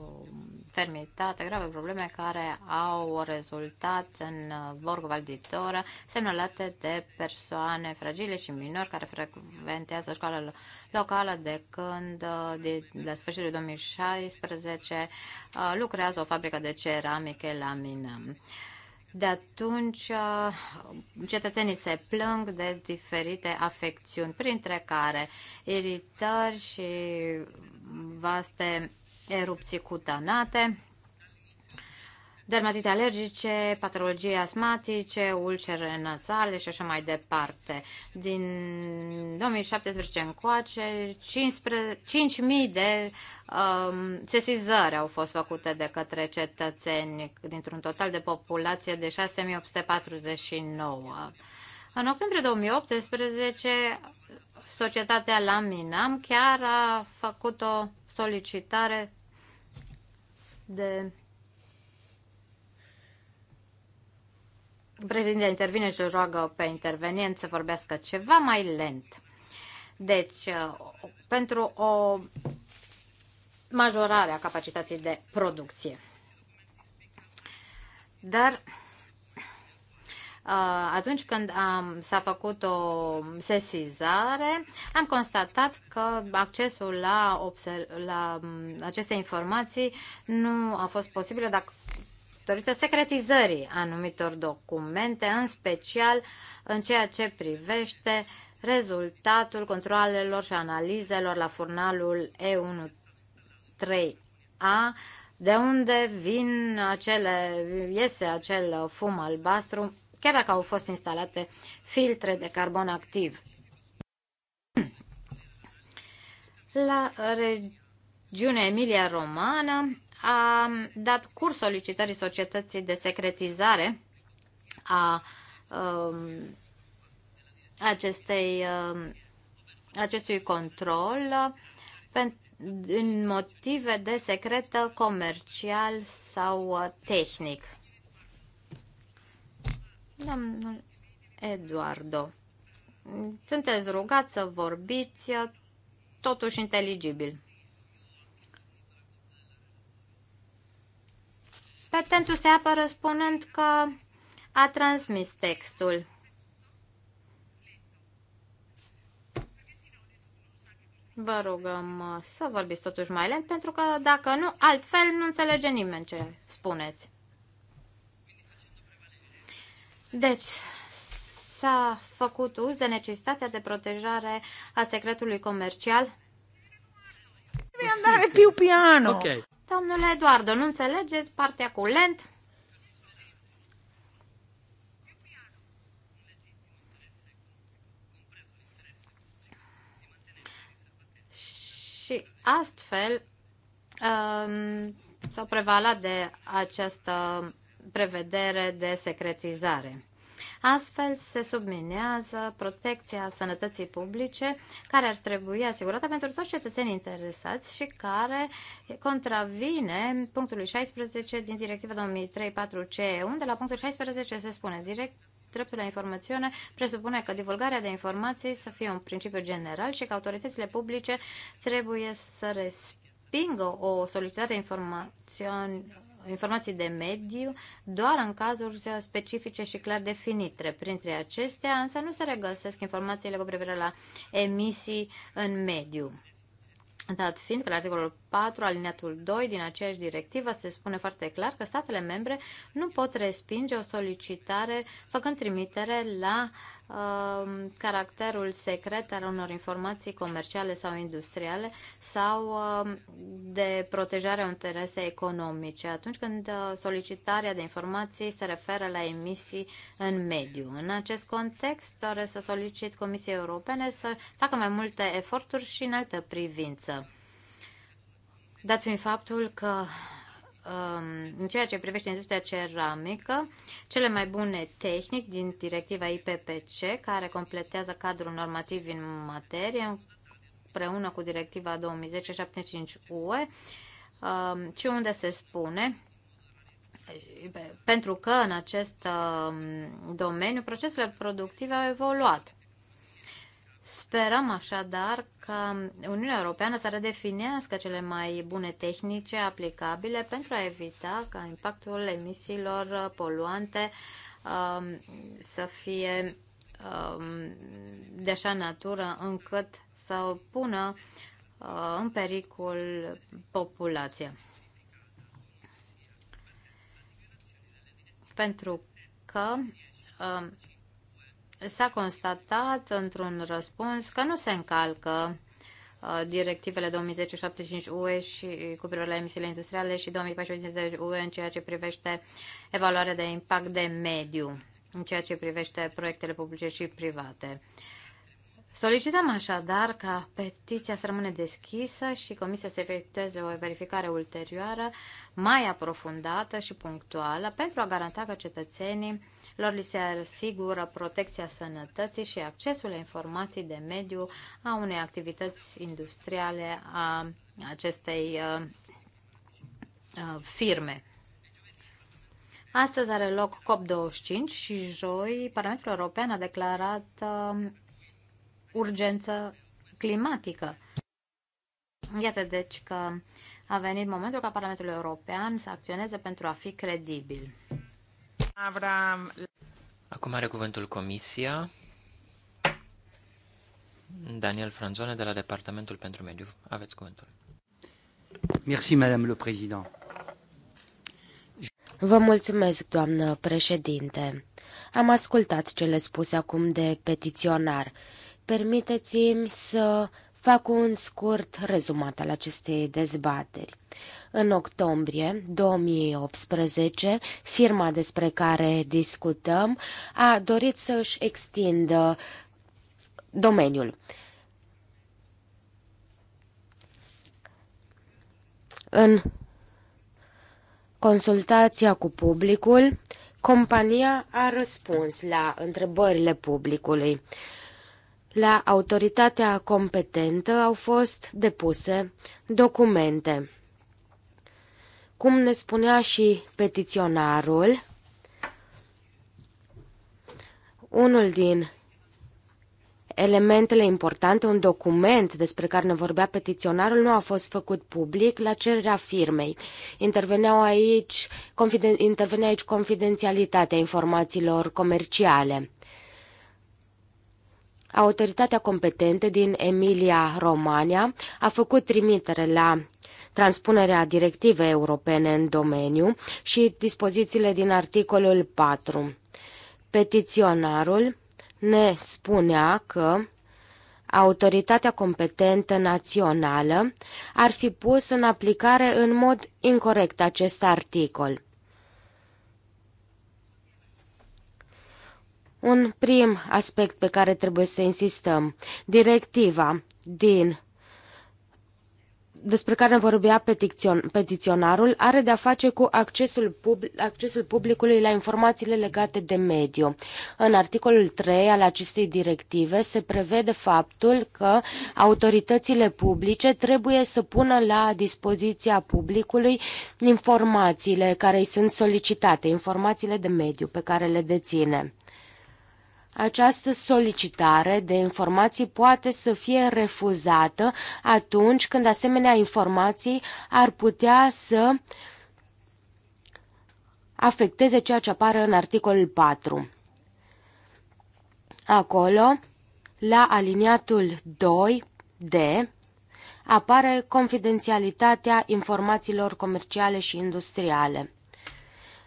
fermitate grave probleme care au rezultat în Borgo Valditora, semnalate de persoane fragile și minori care frecventează școala locală de când, de, la sfârșitul 2016, uh, lucrează o fabrică de ceramică la Minam. De atunci, uh, cetățenii se plâng de diferite afecțiuni, printre care iritări și vaste erupții cutanate dermatite alergice, patologii asmatice, ulcere nasale și așa mai departe. Din 2017 încoace, 5.000 de um, sesizări au fost făcute de către cetățeni dintr-un total de populație de 6.849. În octombrie 2018, societatea la Minam chiar a făcut o solicitare de Președintele intervine și o roagă pe intervenient să vorbească ceva mai lent. Deci, uh, pentru o majorare a capacității de producție. Dar uh, atunci când am, s-a făcut o sesizare, am constatat că accesul la, observ, la um, aceste informații nu a fost posibil dacă datorită secretizării anumitor documente, în special în ceea ce privește rezultatul controalelor și analizelor la furnalul E13A, de unde vin acele, iese acel fum albastru, chiar dacă au fost instalate filtre de carbon activ. La regiunea Emilia Romană a dat curs solicitării societății de secretizare a um, acestei, um, acestui control pentru în motive de secretă comercial sau uh, tehnic. Domnul Eduardo, sunteți rugat să vorbiți uh, totuși inteligibil. Petentul se apără spunând că a transmis textul. Vă rugăm uh, să vorbiți totuși mai lent, pentru că dacă nu, altfel nu înțelege nimeni ce spuneți. Deci, s-a făcut uz de necesitatea de protejare a secretului comercial? Mi-am dat piu piano. Okay. Domnule Eduardo, nu înțelegeți partea cu lent? Și astfel um, s-au prevalat de această prevedere de secretizare. Astfel se subminează protecția sănătății publice care ar trebui asigurată pentru toți cetățenii interesați și care contravine punctului 16 din directiva 2003-4CE, unde la punctul 16 se spune direct dreptul la informațiune presupune că divulgarea de informații să fie un principiu general și că autoritățile publice trebuie să respingă o solicitare informațion informații de mediu doar în cazuri specifice și clar definite. Printre acestea, însă nu se regăsesc informațiile cu privire la emisii în mediu. Dat fiind că la articolul 4, aliniatul 2 din aceeași directivă se spune foarte clar că statele membre nu pot respinge o solicitare făcând trimitere la uh, Um, caracterul secret al unor informații comerciale sau industriale sau um, de protejarea interese economice atunci când uh, solicitarea de informații se referă la emisii în mediu. În acest context doresc să solicit Comisiei Europene să facă mai multe eforturi și în altă privință. Dat fiind faptul că Um, în ceea ce privește industria ceramică, cele mai bune tehnici din directiva IPPC, care completează cadrul normativ în materie, împreună cu directiva 2010-75UE, ci um, unde se spune pentru că în acest um, domeniu procesele productive au evoluat. Sperăm așadar că Uniunea Europeană să redefinească cele mai bune tehnice aplicabile pentru a evita ca impactul emisiilor poluante um, să fie um, de așa natură încât să pună uh, în pericol populația. Pentru că uh, s-a constatat într-un răspuns că nu se încalcă uh, directivele 2010-75 UE și cu privire la emisiile industriale și 2014 UE în ceea ce privește evaluarea de impact de mediu, în ceea ce privește proiectele publice și private. Solicităm așadar ca petiția să rămâne deschisă și comisia să efectueze o verificare ulterioară mai aprofundată și punctuală pentru a garanta că cetățenii lor li se asigură protecția sănătății și accesul la informații de mediu a unei activități industriale a acestei uh, uh, firme. Astăzi are loc COP25 și joi Parlamentul European a declarat uh, urgență climatică. Iată deci că a venit momentul ca Parlamentul European să acționeze pentru a fi credibil. Avram. Acum are cuvântul Comisia. Daniel Franzone de la Departamentul pentru Mediu. Aveți cuvântul. Merci, Madame le Président. Vă mulțumesc, doamnă președinte. Am ascultat cele spuse acum de petiționar Permiteți-mi să fac un scurt rezumat al acestei dezbateri. În octombrie 2018, firma despre care discutăm a dorit să își extindă domeniul. În consultația cu publicul, compania a răspuns la întrebările publicului la autoritatea competentă au fost depuse documente. Cum ne spunea și petiționarul, unul din elementele importante, un document despre care ne vorbea petiționarul, nu a fost făcut public la cererea firmei. Interveneau aici, confiden, intervenea aici confidențialitatea informațiilor comerciale. Autoritatea competentă din Emilia-Romania a făcut trimitere la transpunerea directivei europene în domeniu și dispozițiile din articolul 4. Petiționarul ne spunea că autoritatea competentă națională ar fi pus în aplicare în mod incorrect acest articol. Un prim aspect pe care trebuie să insistăm, directiva din despre care vorbea petițion, petiționarul are de-a face cu accesul, pub, accesul publicului la informațiile legate de mediu. În articolul 3 al acestei directive se prevede faptul că autoritățile publice trebuie să pună la dispoziția publicului informațiile care îi sunt solicitate, informațiile de mediu pe care le deține. Această solicitare de informații poate să fie refuzată atunci când asemenea informații ar putea să afecteze ceea ce apare în articolul 4. Acolo, la aliniatul 2D, apare confidențialitatea informațiilor comerciale și industriale.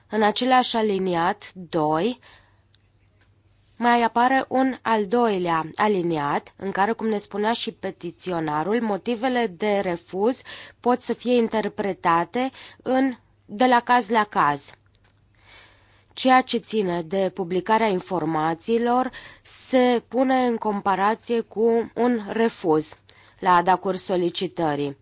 În același aliniat 2 mai apare un al doilea aliniat, în care, cum ne spunea și petiționarul, motivele de refuz pot să fie interpretate în, de la caz la caz. Ceea ce ține de publicarea informațiilor se pune în comparație cu un refuz la adacuri solicitării.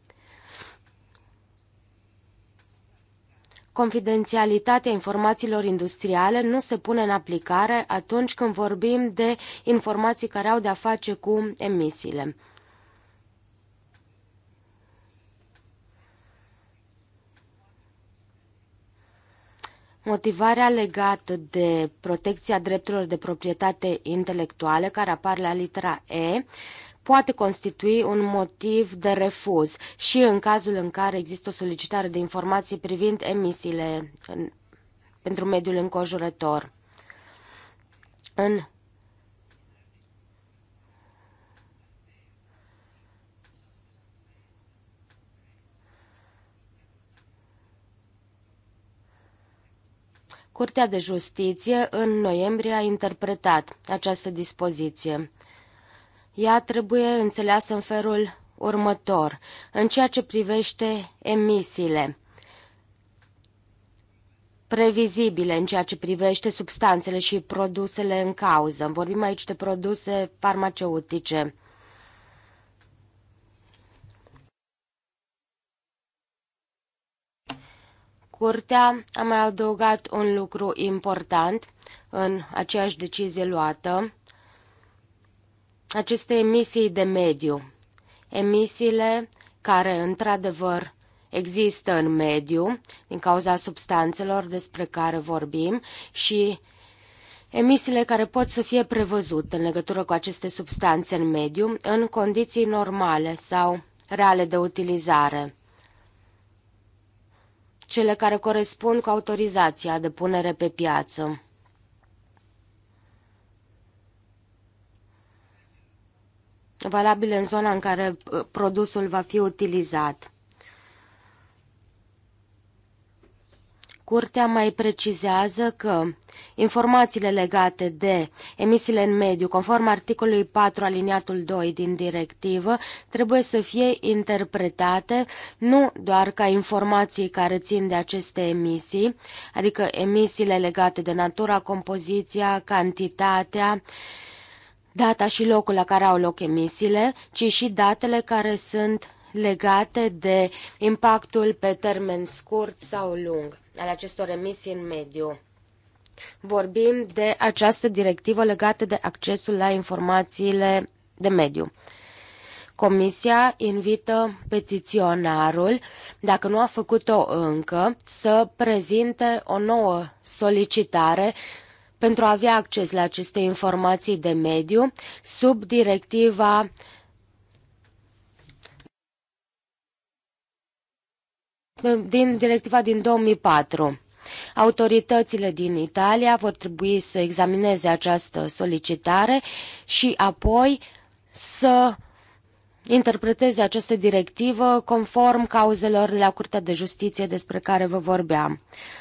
confidențialitatea informațiilor industriale nu se pune în aplicare atunci când vorbim de informații care au de-a face cu emisiile. Motivarea legată de protecția drepturilor de proprietate intelectuale, care apar la litera E, poate constitui un motiv de refuz și în cazul în care există o solicitare de informații privind emisiile în, pentru mediul înconjurător. În Curtea de Justiție în noiembrie a interpretat această dispoziție. Ea trebuie înțeleasă în felul următor, în ceea ce privește emisiile previzibile în ceea ce privește substanțele și produsele în cauză. Vorbim aici de produse farmaceutice. Curtea a mai adăugat un lucru important în aceeași decizie luată aceste emisii de mediu. Emisiile care, într-adevăr, există în mediu din cauza substanțelor despre care vorbim și emisiile care pot să fie prevăzute în legătură cu aceste substanțe în mediu în condiții normale sau reale de utilizare cele care corespund cu autorizația de punere pe piață. valabile în zona în care uh, produsul va fi utilizat. Curtea mai precizează că informațiile legate de emisiile în mediu, conform articolului 4 aliniatul 2 din directivă, trebuie să fie interpretate nu doar ca informații care țin de aceste emisii, adică emisiile legate de natura, compoziția, cantitatea, uh, data și locul la care au loc emisiile, ci și datele care sunt legate de impactul pe termen scurt sau lung al acestor emisii în mediu. Vorbim de această directivă legată de accesul la informațiile de mediu. Comisia invită petiționarul, dacă nu a făcut-o încă, să prezinte o nouă solicitare pentru a avea acces la aceste informații de mediu sub directiva din directiva din 2004. Autoritățile din Italia vor trebui să examineze această solicitare și apoi să interpreteze această directivă conform cauzelor la Curtea de Justiție despre care vă vorbeam.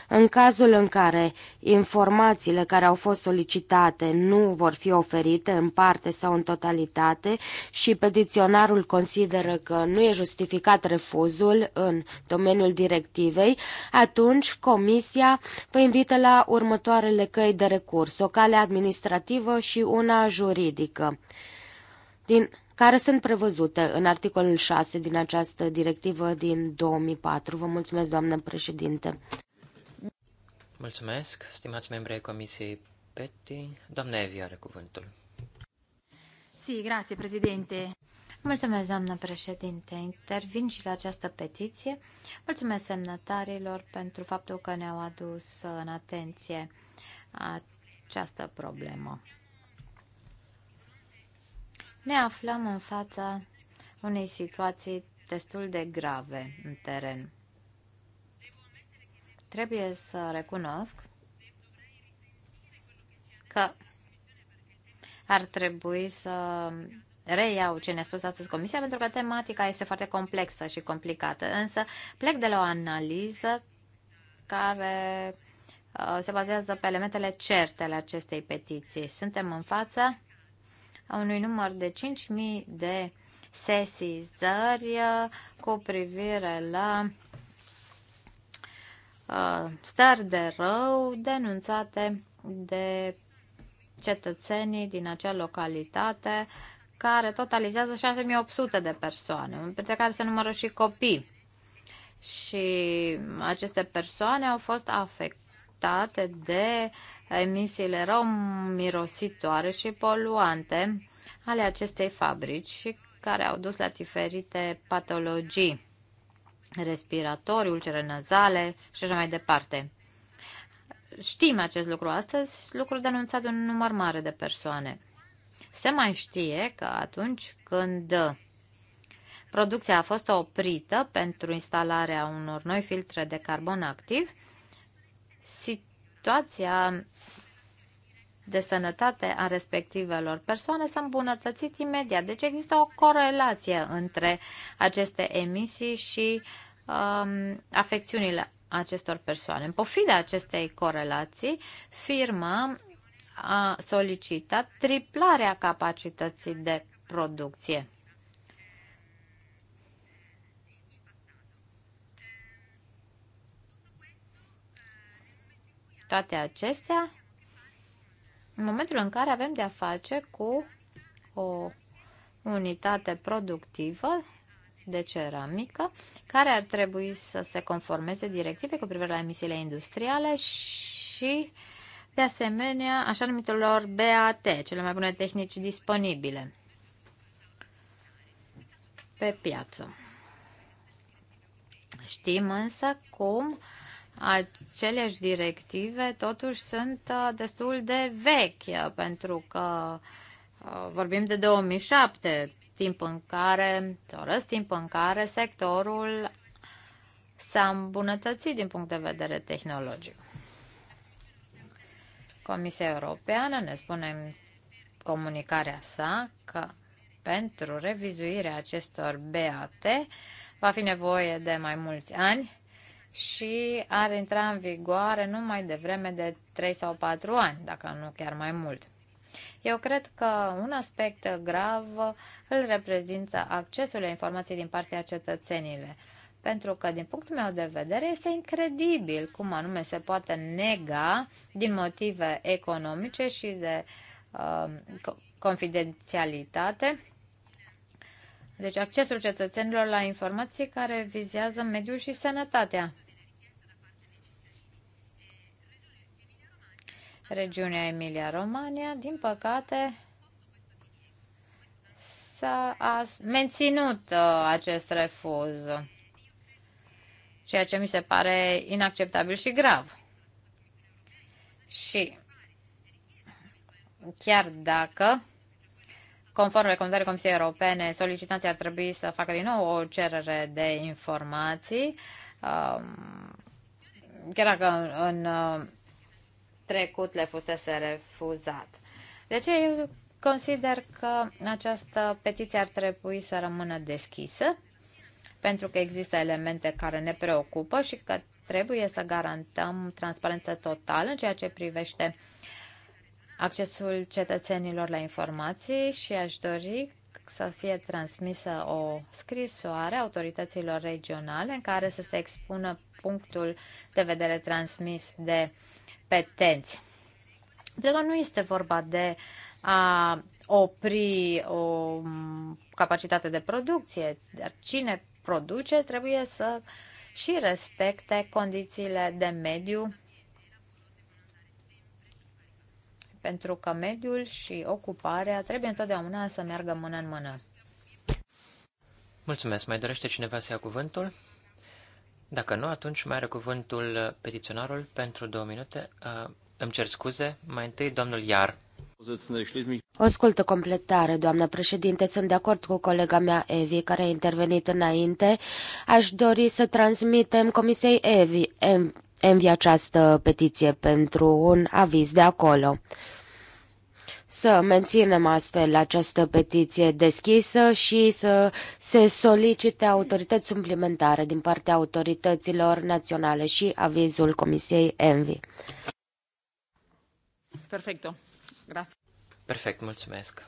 În cazul în care informațiile care au fost solicitate nu vor fi oferite în parte sau în totalitate și petiționarul consideră că nu e justificat refuzul în domeniul directivei, atunci Comisia vă invită la următoarele căi de recurs, o cale administrativă și una juridică. Din care sunt prevăzute în articolul 6 din această directivă din 2004. Vă mulțumesc, doamnă președinte. Mulțumesc, stimați membri ai Comisiei PETI. Doamna Evi are cuvântul. Si, grazie, președinte. Mulțumesc, doamnă președinte. Intervin și la această petiție. Mulțumesc semnătarilor pentru faptul că ne-au adus în atenție această problemă ne aflăm în fața unei situații destul de grave în teren. Trebuie să recunosc că ar trebui să reiau ce ne-a spus astăzi Comisia, pentru că tematica este foarte complexă și complicată. Însă plec de la o analiză care uh, se bazează pe elementele certe ale acestei petiții. Suntem în fața a unui număr de 5.000 de sesizări uh, cu privire la uh, stări de rău denunțate de cetățenii din acea localitate care totalizează 6800 de persoane, printre care se numără și copii. Și aceste persoane au fost afectate afectate de emisiile rău mirositoare și poluante ale acestei fabrici și care au dus la diferite patologii respiratorii, ulcere nazale și așa mai departe. Știm acest lucru astăzi, lucru denunțat de un număr mare de persoane. Se mai știe că atunci când producția a fost oprită pentru instalarea unor noi filtre de carbon activ, situația de sănătate a respectivelor persoane s-a îmbunătățit imediat. Deci există o corelație între aceste emisii și um, afecțiunile acestor persoane. În pofida acestei corelații, firma a solicitat triplarea capacității de producție. toate acestea, în momentul în care avem de-a face cu o unitate productivă de ceramică, care ar trebui să se conformeze directive cu privire la emisiile industriale și, de asemenea, așa numitelor BAT, cele mai bune tehnici disponibile pe piață. Știm însă cum uh, aceleași directive totuși sunt uh, destul de vechi, uh, pentru că uh, vorbim de 2007, timp în care, răstimp timp în care sectorul s-a îmbunătățit din punct de vedere tehnologic. Comisia Europeană ne spune în comunicarea sa că pentru revizuirea acestor BAT va fi nevoie de mai mulți ani și ar intra în vigoare numai de vreme de 3 sau 4 ani, dacă nu chiar mai mult. Eu cred că un aspect grav îl reprezintă accesul la informații din partea cetățenilor pentru că, din punctul meu de vedere, este incredibil cum anume se poate nega din motive economice și de uh, confidențialitate. Deci accesul cetățenilor la informații care vizează mediul și sănătatea. regiunea Emilia-Romania, din păcate, s-a menținut uh, acest refuz, ceea ce mi se pare inacceptabil și grav. Și chiar dacă Conform recomandării Comisiei Europene, solicitanții ar trebui să facă din nou o cerere de informații, um, chiar dacă în uh, trecut le fusese refuzat. De ce eu consider că această petiție ar trebui să rămână deschisă, pentru că există elemente care ne preocupă și că trebuie să garantăm transparență totală în ceea ce privește accesul cetățenilor la informații și aș dori să fie transmisă o scrisoare autorităților regionale în care să se expună punctul de vedere transmis de uh, competenți. Deci nu este vorba de a opri o capacitate de producție, dar cine produce trebuie să și respecte condițiile de mediu pentru că mediul și ocuparea trebuie întotdeauna să meargă mână în mână. Mulțumesc. Mai dorește cineva să ia cuvântul? Dacă nu, atunci mai are cuvântul uh, petiționarul pentru două minute. Uh, îmi cer scuze. Mai întâi, domnul Iar. scultă completare, doamnă președinte. Sunt de acord cu colega mea Evi, care a intervenit înainte. Aș dori să transmitem Comisiei Evi, envi această petiție pentru un aviz de acolo să menținem astfel această petiție deschisă și să se solicite autorități suplimentare din partea autorităților naționale și avizul Comisiei ENVI. Perfecto. Grazie. Perfect, mulțumesc.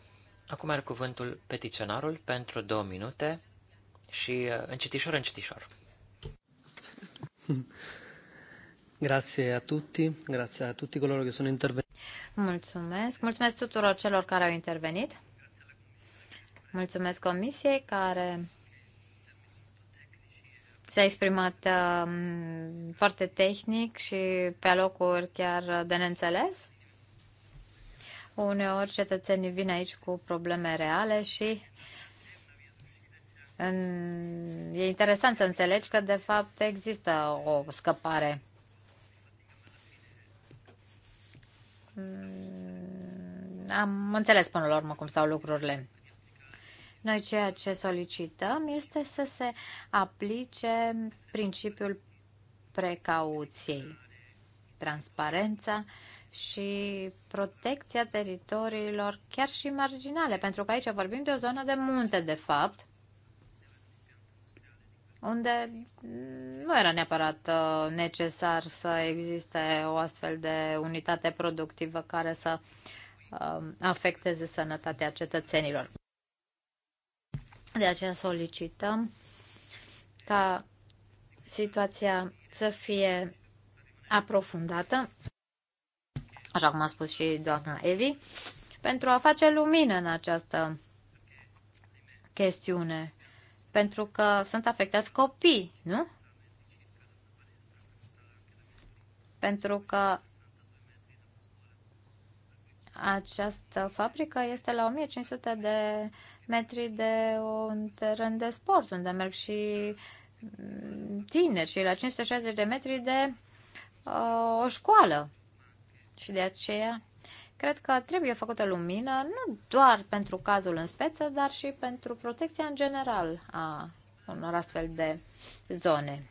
Acum are cuvântul petiționarul pentru două minute și uh, încetișor, încetișor. Grazie a tutti, grazie a tutti coloro che sono intervenuti. Mulțumesc, mulțumesc tuturor celor care au intervenit. Mulțumesc comisiei care s-a exprimat um, foarte tehnic și pe locuri chiar de neînțeles. Uneori cetățenii vin aici cu probleme reale și în... e interesant să înțelegi că de fapt există o scăpare Mm, am înțeles până la urmă cum stau lucrurile. Noi ceea ce solicităm este să se aplice principiul precauției, transparența și protecția teritoriilor chiar și marginale, pentru că aici vorbim de o zonă de munte, de fapt, unde nu era neapărat uh, necesar să existe o astfel de unitate productivă care să uh, afecteze sănătatea cetățenilor. De aceea solicităm ca situația să fie aprofundată, așa cum a spus și doamna Evi, pentru a face lumină în această chestiune pentru că sunt afectați copii, nu? Pentru că această fabrică este la 1500 de metri de un teren de sport, unde merg și mm, tineri și la 560 de metri de uh, o școală. Și de aceea Cred că trebuie făcută lumină nu doar pentru cazul în speță, dar și pentru protecția în general a unor astfel de zone.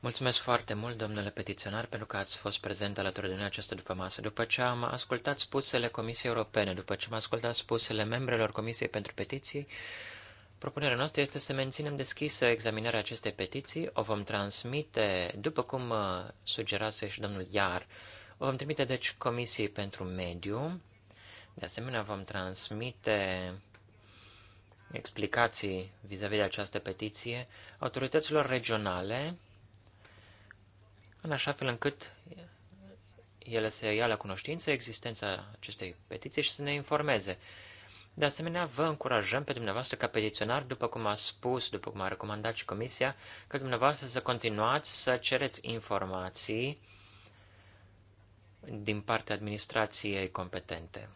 Mulțumesc foarte mult, domnule petiționar, pentru că ați fost prezent alături de noi această după masă. După ce am ascultat spusele Comisiei Europene, după ce am ascultat spusele membrelor Comisiei pentru Petiții, propunerea noastră este să menținem deschisă examinarea acestei petiții. O vom transmite, după cum uh, sugerase și domnul Iar, Vom trimite, deci, Comisiei pentru Mediu. De asemenea, vom transmite explicații vis-a-vis -vis de această petiție autorităților regionale, în așa fel încât ele să ia la cunoștință existența acestei petiții și să ne informeze. De asemenea, vă încurajăm pe dumneavoastră ca petiționar, după cum a spus, după cum a recomandat și Comisia, că dumneavoastră să continuați să cereți informații din partea administrației competente.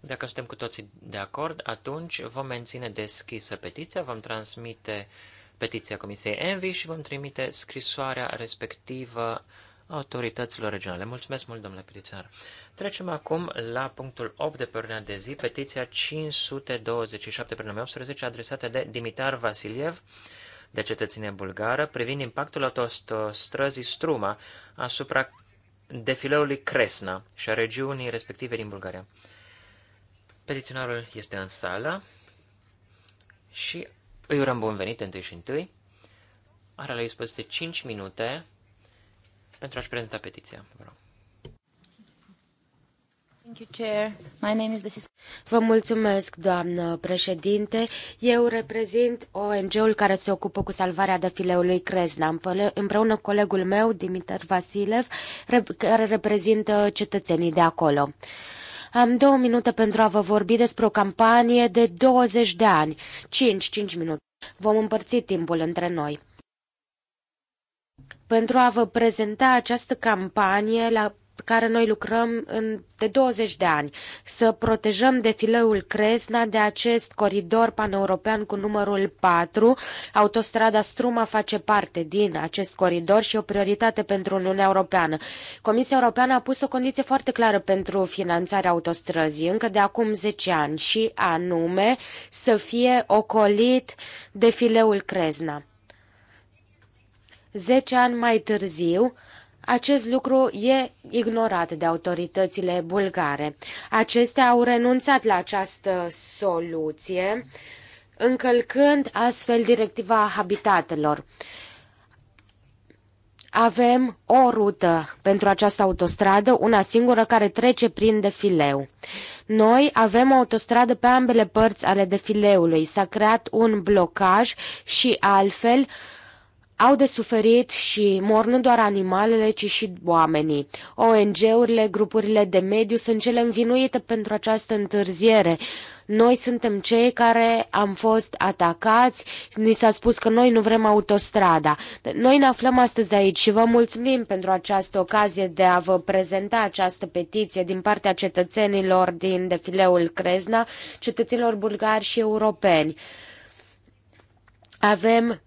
Dacă suntem cu toții de acord, atunci vom menține deschisă petiția, vom transmite petiția Comisiei Envi și vom trimite scrisoarea respectivă autorităților regionale. Mulțumesc mult, domnule petiționar. Trecem acum la punctul 8 de pe ordinea de zi, petiția 527 pe 18, adresată de Dimitar Vasiliev, de cetățenie bulgară, privind impactul autostrăzii Struma asupra defileului Cresna și a regiunii respective din Bulgaria. Petiționarul este în sală și îi urăm bun venit întâi și întâi. Are la dispoziție 5 minute pentru a-și prezenta petiția. Vreau. Vă mulțumesc, doamnă președinte. Eu reprezint ONG-ul care se ocupă cu salvarea fileului Cresna, împreună cu colegul meu, Dimitar Vasilev, care reprezintă cetățenii de acolo. Am două minute pentru a vă vorbi despre o campanie de 20 de ani. 5-5 minute. Vom împărți timpul între noi. Pentru a vă prezenta această campanie la care noi lucrăm în, de 20 de ani, să protejăm defileul Cresna de acest coridor paneuropean cu numărul 4. Autostrada Struma face parte din acest coridor și o prioritate pentru Uniunea Europeană. Comisia Europeană a pus o condiție foarte clară pentru finanțarea autostrăzii încă de acum 10 ani și anume să fie ocolit defileul Cresna. 10 ani mai târziu, acest lucru e ignorat de autoritățile bulgare. Acestea au renunțat la această soluție, încălcând astfel directiva habitatelor. Avem o rută pentru această autostradă, una singură care trece prin defileu. Noi avem o autostradă pe ambele părți ale defileului. S-a creat un blocaj și altfel uh, au de suferit și mor nu doar animalele, ci și oamenii. ONG-urile, grupurile de mediu sunt cele învinuite pentru această întârziere. Noi suntem cei care am fost atacați, ni s-a spus că noi nu vrem autostrada. Noi ne aflăm astăzi aici și vă mulțumim pentru această ocazie de a vă prezenta această petiție din partea cetățenilor din defileul Cresna, cetățenilor bulgari și europeni. Avem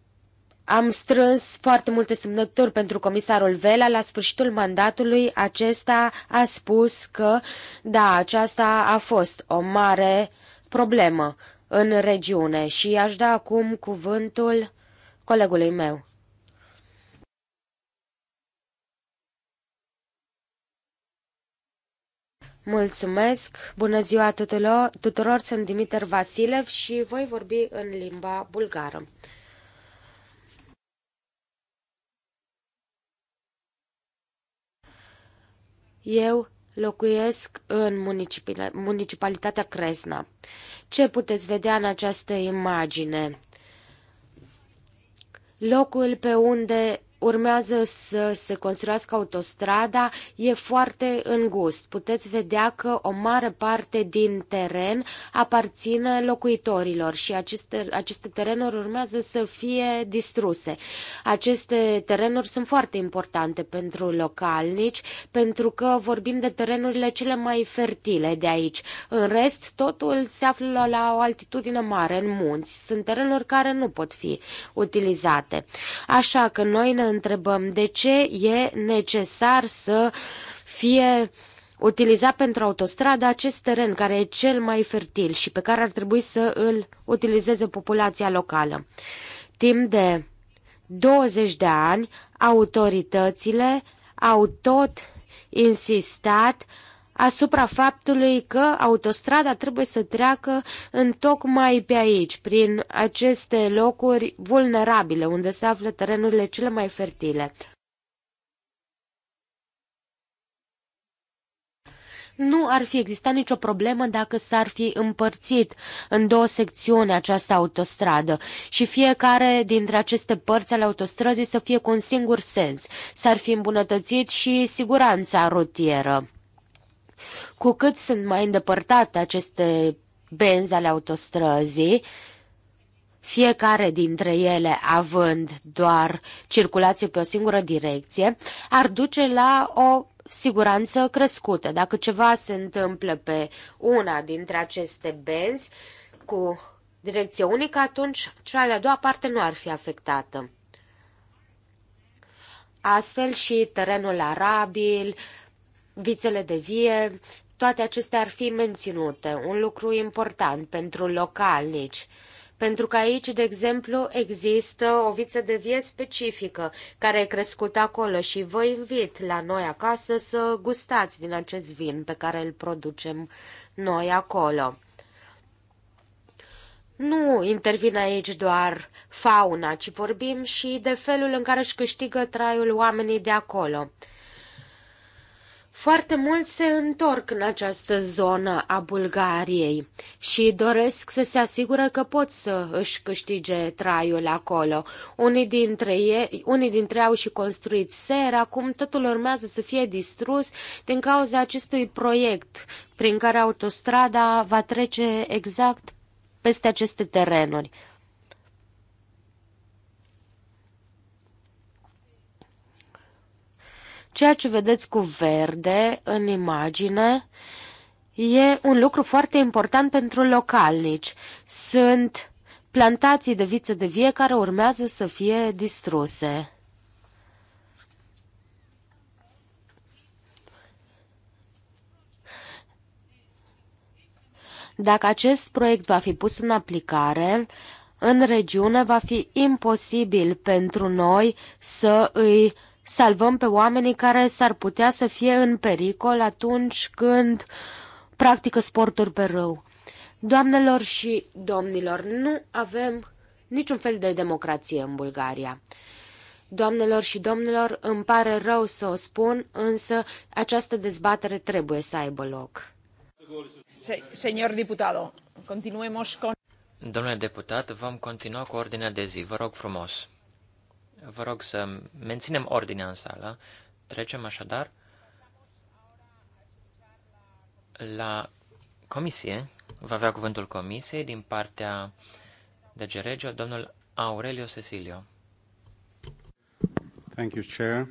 am strâns foarte multe semnături pentru comisarul Vela. La sfârșitul mandatului acesta a spus că, da, aceasta a fost o mare problemă în regiune și aș da acum cuvântul colegului meu. Mulțumesc! Bună ziua tuturor! sunt Dimitar Vasilev și voi vorbi în limba bulgară. Eu locuiesc în municipalitatea Cresna. Ce puteți vedea în această imagine? Locul pe unde urmează să se construiască autostrada e foarte îngust. Puteți vedea că o mare parte din teren aparține locuitorilor și aceste, aceste terenuri urmează să fie distruse. Aceste terenuri sunt foarte importante pentru localnici, pentru că vorbim de terenurile cele mai fertile de aici. În rest, totul se află la o altitudine mare, în munți. Sunt terenuri care nu pot fi utilizate. Așa că noi ne întrebăm de ce e necesar să fie utilizat pentru autostradă acest teren care e cel mai fertil și pe care ar trebui să îl utilizeze populația locală. Timp de 20 de ani, autoritățile au tot insistat uh, asupra faptului că autostrada trebuie să treacă în tocmai pe aici, prin aceste locuri vulnerabile, unde se află terenurile cele mai fertile. nu ar fi existat nicio problemă dacă s-ar fi împărțit în două secțiuni această autostradă și fiecare dintre aceste părți ale autostrăzii să fie cu un singur sens. S-ar fi îmbunătățit și siguranța rutieră. Cu cât sunt mai îndepărtate aceste benzi ale autostrăzii, fiecare dintre ele având doar circulație pe o singură direcție, ar duce la o siguranță crescută. Dacă ceva se întâmplă pe una dintre aceste benzi cu direcție unică, atunci cea de-a doua parte nu ar fi afectată. Astfel și terenul arabil, vițele de vie, toate acestea ar fi menținute, un lucru important pentru localnici. Pentru că aici, de exemplu, există o viță de vie specifică care e crescut acolo și vă invit la noi acasă să gustați din acest vin pe care îl producem noi acolo. Nu intervine aici doar fauna, ci vorbim și de felul în care își câștigă traiul oamenii de acolo. Foarte mulți se întorc în această zonă a Bulgariei și doresc să se asigură că pot să își câștige traiul acolo. Unii dintre ei, unii dintre ei au și construit ser, acum totul urmează să fie distrus din cauza acestui proiect prin care autostrada va trece exact peste aceste terenuri. Ceea ce vedeți cu verde în imagine e un lucru foarte important pentru localnici. Sunt plantații de viță de vie care urmează să fie distruse. Dacă acest proiect va fi pus în aplicare, în regiune va fi imposibil pentru noi să îi salvăm pe oamenii care s-ar putea să fie în pericol atunci când practică sporturi pe râu. Doamnelor și domnilor, nu avem niciun fel de democrație în Bulgaria. Doamnelor și domnilor, îmi pare rău să o spun, însă această dezbatere trebuie să aibă loc. Señor diputado, continuemos con... Domnule deputat, vom continua cu ordinea de zi. Vă rog frumos. Vă rog să menținem ordinea în sală. Trecem așadar la comisie. Va avea cuvântul comisiei din partea de Geregio, domnul Aurelio Cecilio. Thank you, Chair.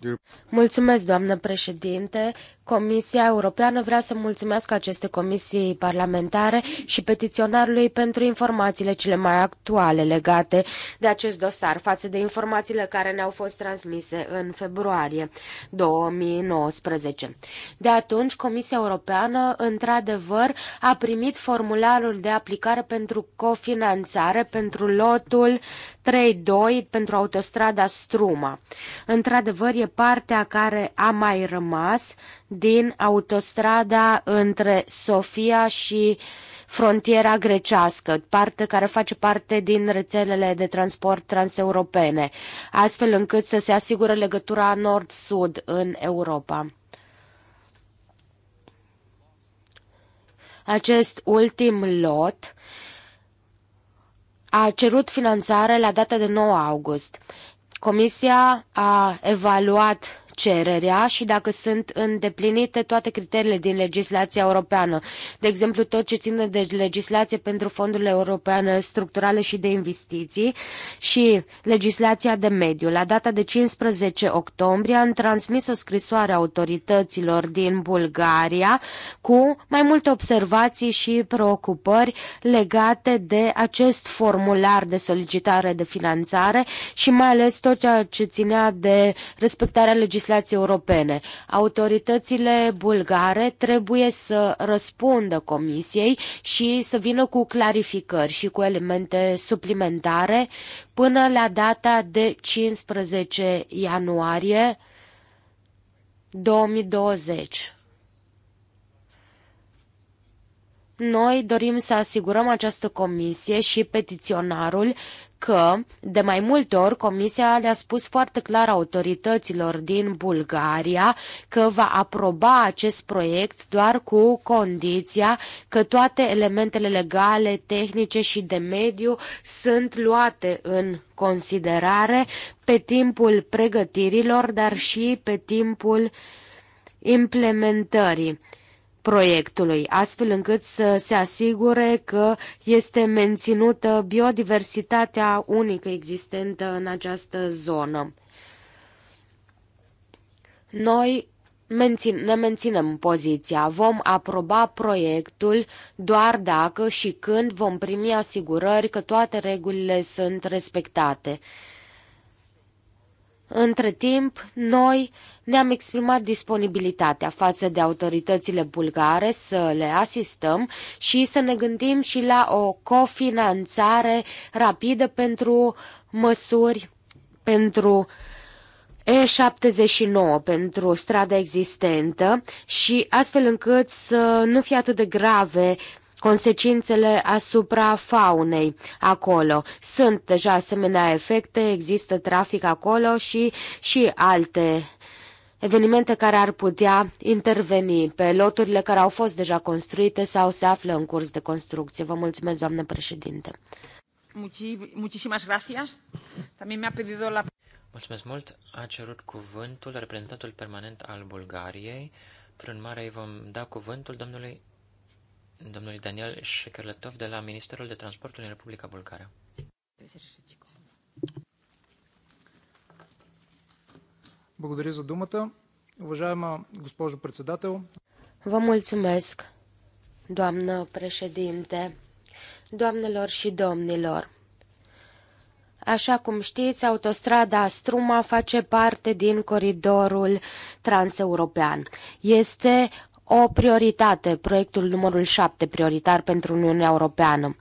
Uh, Mulțumesc, doamnă președinte. Comisia Europeană vrea să mulțumească aceste comisii parlamentare și petiționarului pentru informațiile cele mai actuale legate de acest dosar față de informațiile care ne-au fost transmise în februarie 2019. De atunci, Comisia Europeană, într-adevăr, a primit formularul de aplicare pentru cofinanțare pentru lotul 3.2 pentru autostrada Struma. Într-adevăr, e partea care a mai rămas din autostrada între Sofia și frontiera grecească, parte care face parte din rețelele de transport transeuropene, astfel încât să se asigure legătura nord-sud în Europa. Acest ultim lot a cerut finanțare la data de 9 august. Comisia a evaluat cererea și dacă sunt îndeplinite toate criteriile din legislația europeană. De exemplu, tot ce ține de legislație pentru fondurile europene structurale și de investiții și legislația de mediu. La data de 15 octombrie am transmis o scrisoare autorităților din Bulgaria cu mai multe observații și preocupări legate de acest formular de solicitare de finanțare și mai ales tot ceea ce ținea de respectarea legislației legislație europene. Autoritățile bulgare trebuie să răspundă comisiei și să vină cu clarificări și cu elemente suplimentare până la data de 15 ianuarie 2020. Noi dorim să asigurăm această comisie și petiționarul că de mai multe ori Comisia le-a spus foarte clar autorităților din Bulgaria că va aproba acest proiect doar cu condiția că toate elementele legale, tehnice și de mediu sunt luate în considerare pe timpul pregătirilor, dar și pe timpul implementării proiectului, astfel încât să se asigure că este menținută biodiversitatea unică existentă în această zonă. Noi mențin, ne menținem poziția. Vom aproba proiectul doar dacă și când vom primi asigurări că toate regulile sunt respectate. Între timp, noi ne-am exprimat disponibilitatea față de autoritățile bulgare să le asistăm și să ne gândim și la o cofinanțare rapidă pentru măsuri pentru E79 pentru strada existentă și astfel încât să nu fie atât de grave consecințele asupra faunei acolo. Sunt deja asemenea efecte, există trafic acolo și, și alte evenimente care ar putea interveni pe loturile care au fost deja construite sau se află în curs de construcție. Vă mulțumesc, doamnă președinte. gracias. También me ha pedido la... Mulțumesc mult. A cerut cuvântul reprezentantul permanent al Bulgariei. Prin mare îi vom da cuvântul domnului domnului Daniel Shekerletov de la Ministerul de Transportul în Republica Bulgară. Благодаря за думата. Уважаема госпожо председател. Vă mulțumesc, doamnă președinte, doamnelor și domnilor. Așa cum știți, autostrada Struma face parte din coridorul transeuropean. Este o prioritate, proiectul numărul 7 prioritar pentru Uniunea Europeană.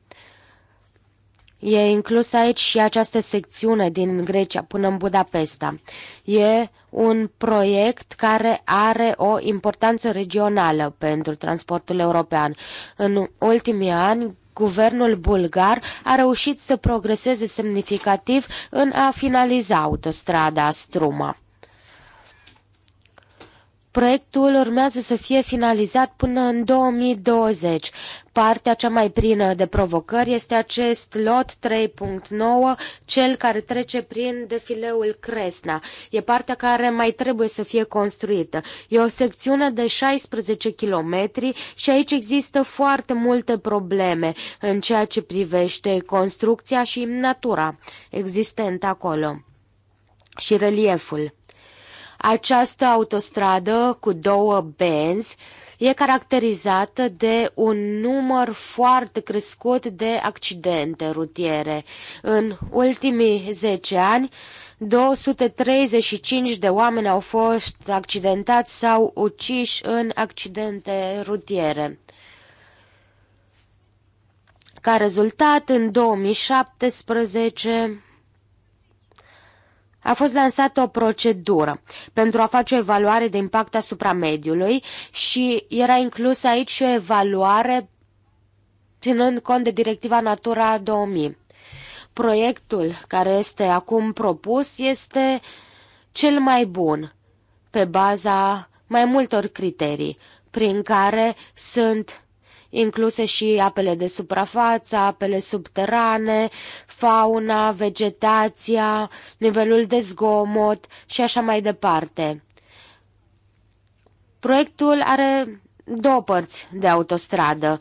E inclus aici și această secțiune din Grecia până în Budapesta. E un proiect care are o importanță regională pentru transportul european. În ultimii ani, guvernul bulgar a reușit să progreseze semnificativ în a finaliza autostrada Struma. Proiectul urmează să fie finalizat până în 2020. Partea cea mai plină de provocări este acest lot 3.9, cel care trece prin defileul Cresna. E partea care mai trebuie să fie construită. E o secțiune de 16 km și aici există foarte multe probleme în ceea ce privește construcția și natura existentă acolo și relieful. Această autostradă cu două benzi e caracterizată de un număr foarte crescut de accidente rutiere. În ultimii 10 ani, 235 de oameni au fost accidentați sau uciși în accidente rutiere. Ca rezultat, în 2017, a fost lansată o procedură pentru a face o evaluare de impact asupra mediului și era inclusă aici și o evaluare ținând cont de directiva Natura 2000. Proiectul care este acum propus este cel mai bun pe baza mai multor criterii prin care sunt incluse și apele de suprafață, apele subterane, fauna, vegetația, nivelul de zgomot și așa mai departe. Proiectul are două părți de autostradă.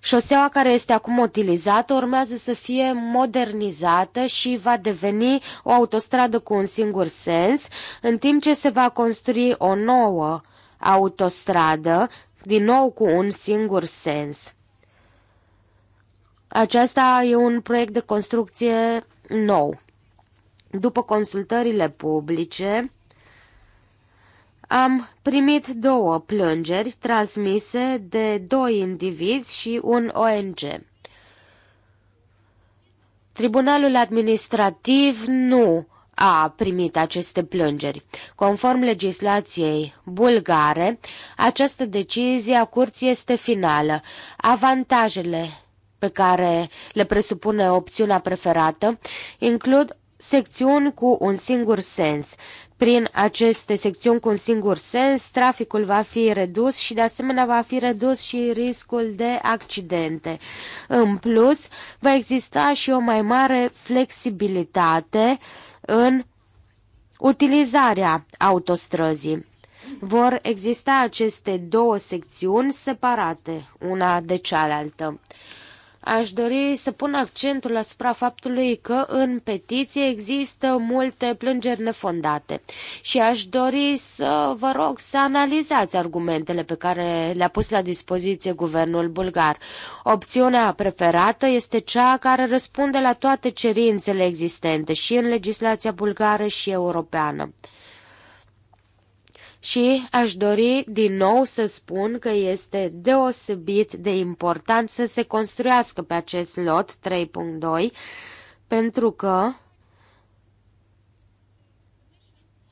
Șoseaua care este acum utilizată urmează să fie modernizată și va deveni o autostradă cu un singur sens, în timp ce se va construi o nouă autostradă din nou cu un singur sens. Aceasta e un proiect de construcție nou. După consultările publice, am primit două plângeri transmise de doi indivizi și un ONG. Tribunalul administrativ nu a primit aceste plângeri. Conform legislației bulgare, această decizie a curții este finală. Avantajele pe care le presupune opțiunea preferată includ secțiuni cu un singur sens. Prin aceste secțiuni cu un singur sens, traficul va fi redus și de asemenea va fi redus și riscul de accidente. În plus, va exista și o mai mare flexibilitate în utilizarea autostrăzii. Vor exista aceste două secțiuni separate, una de cealaltă. Aș dori să pun accentul asupra faptului că în petiție există multe plângeri nefondate și aș dori să vă rog să analizați argumentele pe care le-a pus la dispoziție guvernul bulgar. Opțiunea preferată este cea care răspunde la toate cerințele existente și în legislația bulgară și europeană și aș dori din nou să spun că este deosebit de important să se construiască pe acest lot 3.2 pentru că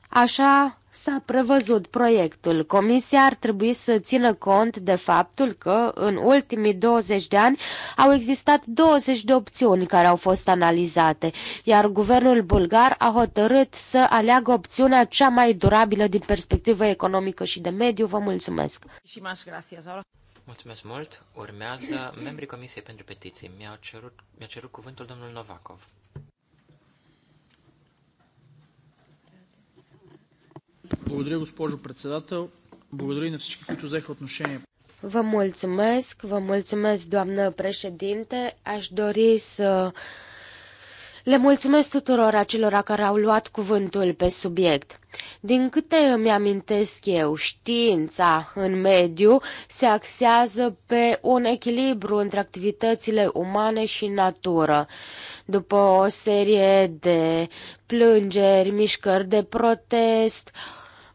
așa S-a prevăzut proiectul. Comisia ar trebui să țină cont de faptul că în ultimii 20 de ani au existat 20 de opțiuni care au fost analizate, iar guvernul bulgar a hotărât să aleagă opțiunea cea mai durabilă din perspectivă economică și de mediu. Vă mulțumesc! Mulțumesc mult! Urmează membrii Comisiei pentru Petiții. Mi-a cerut, mi cerut cuvântul domnul Novakov. Благодаря, госпожо председател. Благодаря и на всички, които взеха отношение. Vă mulțumesc, vă mulțumesc, doamnă președinte. Aș dori să le mulțumesc tuturor acelora care au luat cuvântul pe subiect. Din câte îmi amintesc eu, știința în mediu se axează pe un echilibru între activitățile umane și natură. După o serie de plângeri, mișcări de protest,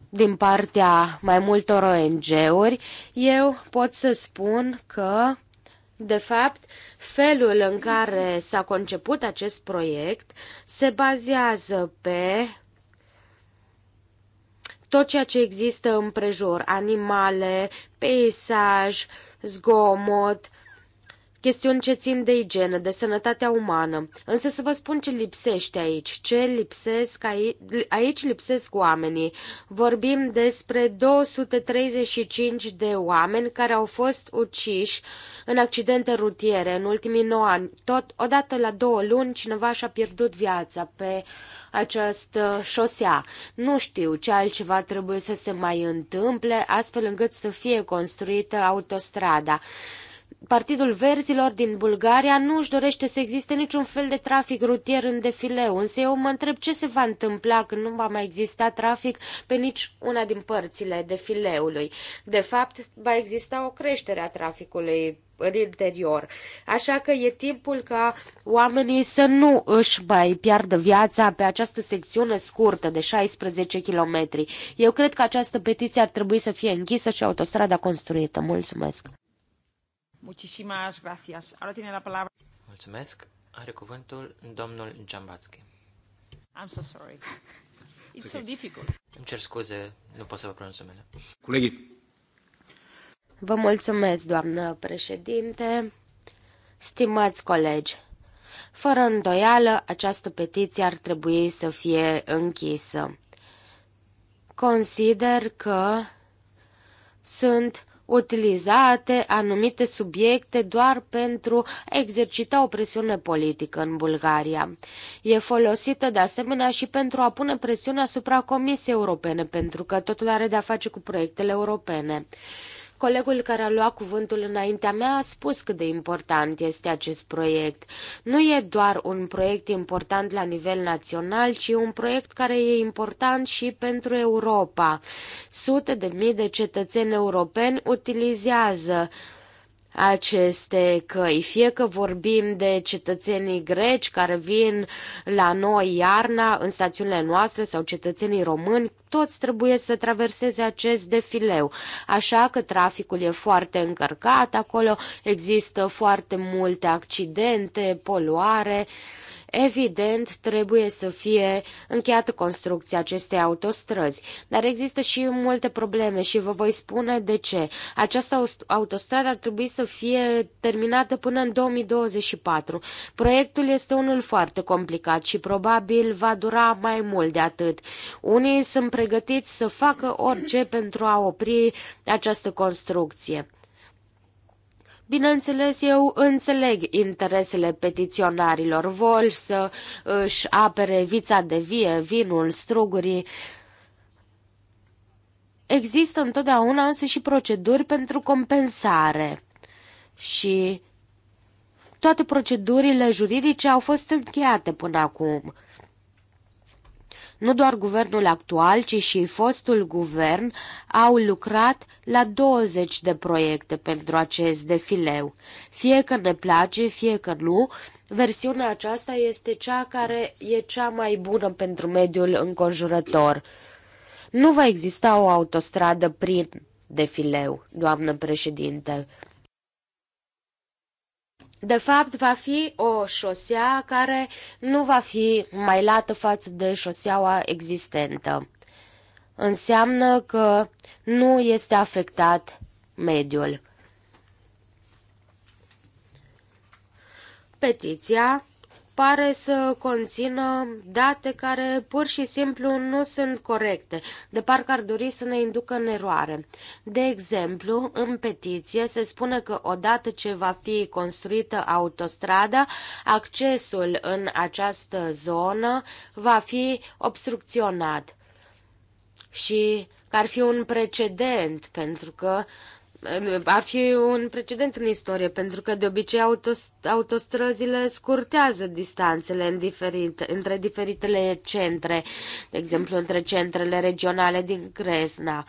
din partea mai multor ONG-uri, eu pot să spun că de fapt, felul în care s-a conceput acest proiect se bazează pe tot ceea ce există în prejur, animale, peisaj, zgomot, chestiuni ce țin de igienă, de sănătatea umană. Însă să vă spun ce lipsește aici, ce lipsesc aici, aici lipsesc oamenii. Vorbim despre 235 de oameni care au fost uciși în accidente rutiere în ultimii 9 ani. Tot odată la două luni cineva și-a pierdut viața pe această uh, șosea. Nu știu ce altceva trebuie să se mai întâmple astfel încât să fie construită autostrada. Partidul Verzilor din Bulgaria nu își dorește să existe niciun fel de trafic rutier în defileu, însă eu mă întreb ce se va întâmpla când nu va mai exista trafic pe nici una din părțile defileului. De fapt, va exista o creștere a traficului în interior. Așa că e timpul ca oamenii să nu își mai piardă viața pe această secțiune scurtă de 16 km. Eu cred că această petiție ar trebui să fie închisă și autostrada construită. Mulțumesc! Muchísimas gracias. Ahora tiene la palabra. Mulțumesc. Are cuvântul domnul Giambatski. I'm so sorry. It's okay. so difficult. Îmi cer scuze, nu pot să vă pronunț numele. Colegii. Vă mulțumesc, doamnă președinte. Stimați colegi, fără îndoială, această petiție ar trebui să fie închisă. Consider că sunt utilizate anumite subiecte doar pentru a exercita o presiune politică în Bulgaria. E folosită de asemenea și pentru a pune presiune asupra Comisiei Europene, pentru că totul are de-a face cu proiectele europene. Colegul care a luat cuvântul înaintea mea a spus cât de important este acest proiect. Nu e doar un proiect important la nivel național, ci un proiect care e important și pentru Europa. Sute de mii de cetățeni europeni utilizează uh, aceste căi. Fie că vorbim de cetățenii greci care vin la noi iarna în stațiunile noastre sau cetățenii români, toți trebuie să traverseze acest defileu. Așa că traficul e foarte încărcat acolo, există foarte multe accidente, poluare. Evident, trebuie să fie încheiată construcția acestei autostrăzi, dar există și multe probleme și vă voi spune de ce. Această autostradă ar trebui să fie terminată până în 2024. Proiectul este unul foarte complicat și probabil va dura mai mult de atât. Unii sunt pregătiți să facă orice pentru a opri această construcție. Bineînțeles, eu înțeleg interesele petiționarilor. Vor să își apere vița de vie, vinul, strugurii. Există întotdeauna însă și proceduri pentru compensare. Și toate procedurile juridice au fost încheiate până acum. Nu doar guvernul actual, ci și fostul guvern au lucrat la 20 de proiecte pentru acest defileu. Fie că ne place, fie că nu, versiunea aceasta este cea care e cea mai bună pentru mediul înconjurător. Nu va exista o autostradă prin defileu, doamnă președinte de fapt, va fi o șosea care nu va fi mai lată față de șoseaua existentă. Înseamnă că nu este afectat mediul. Petiția pare să conțină date care pur și simplu nu sunt corecte, de parcă ar dori să ne inducă în eroare. De exemplu, în petiție se spune că odată ce va fi construită autostrada, accesul în această zonă va fi obstrucționat și că ar fi un precedent pentru că uh, ar fi un precedent în istorie, pentru că de obicei autostrăzile scurtează distanțele în diferit, între diferitele centre, de exemplu între centrele regionale din Cresna.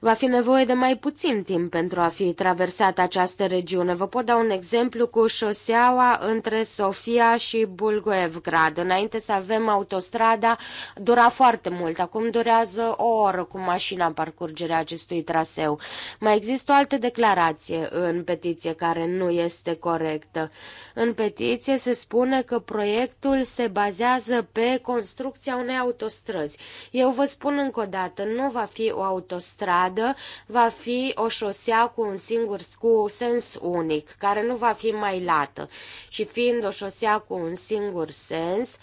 Va fi nevoie de mai puțin timp pentru a fi traversat această regiune. Vă pot da un exemplu cu șoseaua între Sofia și Bulgoevgrad. Înainte să avem autostrada, dura foarte mult. Acum durează o oră cu mașina parcurgerea acestui traseu. Mai există o altă declarație în petiție care nu este corectă. În petiție se spune că proiectul se bazează pe construcția unei autostrăzi. Eu vă spun încă o dată, nu va fi o autostradă stradă va fi o șosea cu un singur cu sens unic, care nu va fi mai lată. Și fiind o șosea cu un singur sens,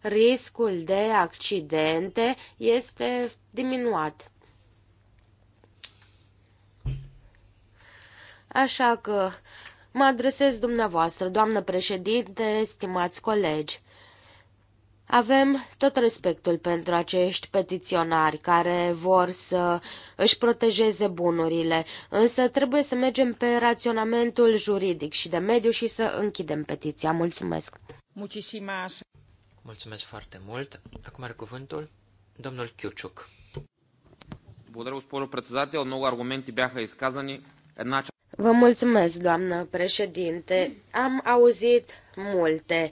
riscul de accidente este diminuat. Așa că mă adresez dumneavoastră, doamnă președinte, stimați colegi. Avem tot respectul pentru acești petiționari care vor să își protejeze bunurile, însă trebuie să mergem pe raționamentul juridic și de mediu și să închidem petiția. Mulțumesc! Muchisimas. Mulțumesc foarte mult! Acum are cuvântul domnul Chiuciuc. Vă mulțumesc, doamnă președinte. Am auzit multe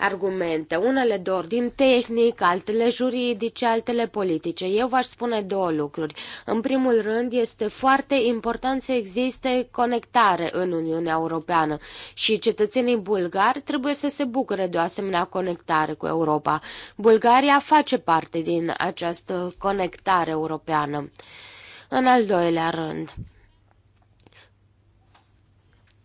argumente, unele de ordin tehnic, altele juridice, altele politice. Eu v-aș spune două lucruri. În primul rând, este foarte important să existe conectare în Uniunea Europeană și cetățenii bulgari trebuie să se bucure de o asemenea conectare cu Europa. Bulgaria face parte din această conectare europeană. În al doilea rând,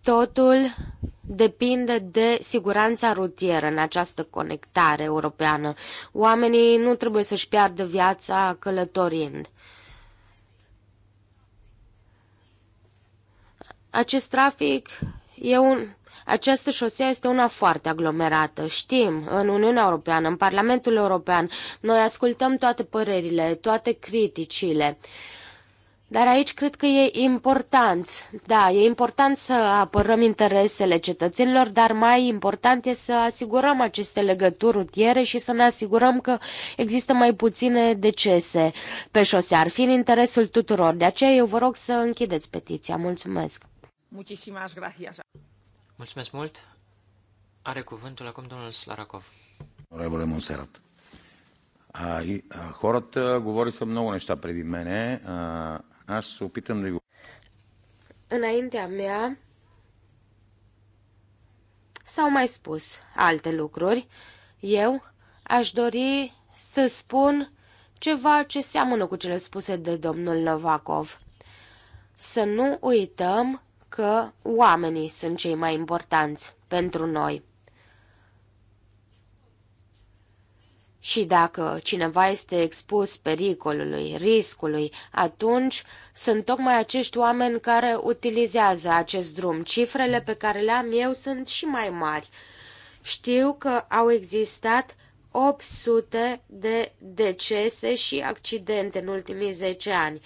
Totul depinde de siguranța rutieră în această conectare europeană. Oamenii nu trebuie să-și piardă viața călătorind. Acest trafic e un... Această șosea este una foarte aglomerată. Știm, în Uniunea Europeană, în Parlamentul European, noi ascultăm toate părerile, toate criticile. Uh, dar aici cred că e important, da, e important să apărăm interesele cetățenilor, dar mai important e să asigurăm aceste legături rutiere și să ne asigurăm că există mai puține decese pe șosea. Ar fi în interesul tuturor. De aceea eu vă rog să închideți petiția. Mulțumesc! gracias. Mulțumesc mult! Are cuvântul acum domnul Slarakov. Onorevole Monserrat. хората говориха много неща преди мене аз опитам да го... Înaintea mea s-au mai spus alte lucruri. Eu aș dori să spun ceva ce seamănă cu cele spuse de domnul Novakov. Să nu uităm că oamenii sunt cei mai importanți pentru noi. Și dacă cineva este expus pericolului, riscului, atunci sunt tocmai acești oameni care utilizează acest drum. Cifrele pe care le am eu sunt și mai mari. Știu că au existat 800 de decese și accidente în ultimii 10 ani.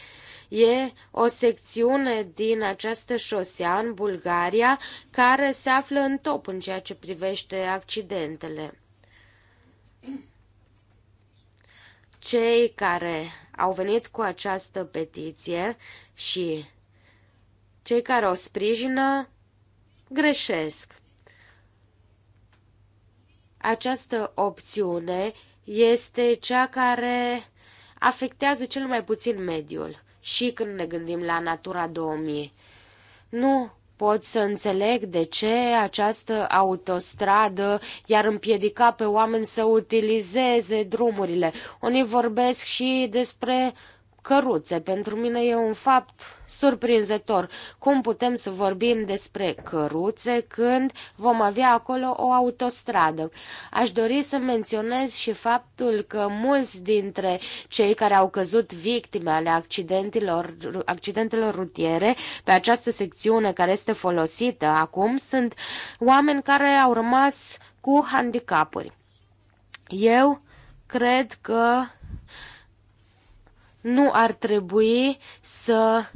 E o secțiune din această șosea în Bulgaria care se află în top în ceea ce privește accidentele cei care au venit cu această petiție și cei care o sprijină greșesc. Această opțiune este cea care afectează cel mai puțin mediul și când ne gândim la Natura 2000. Nu pot să înțeleg de ce această autostradă iar ar împiedica pe oameni să utilizeze drumurile. Unii vorbesc și despre căruțe. Pentru mine e un fapt surprinzător. Cum putem să vorbim despre căruțe când vom avea acolo o autostradă? Aș dori să menționez și faptul că mulți dintre cei care au căzut victime ale accidentelor, accidentelor rutiere pe această secțiune care este folosită acum sunt oameni care au rămas cu handicapuri. Eu cred că nu ar trebui să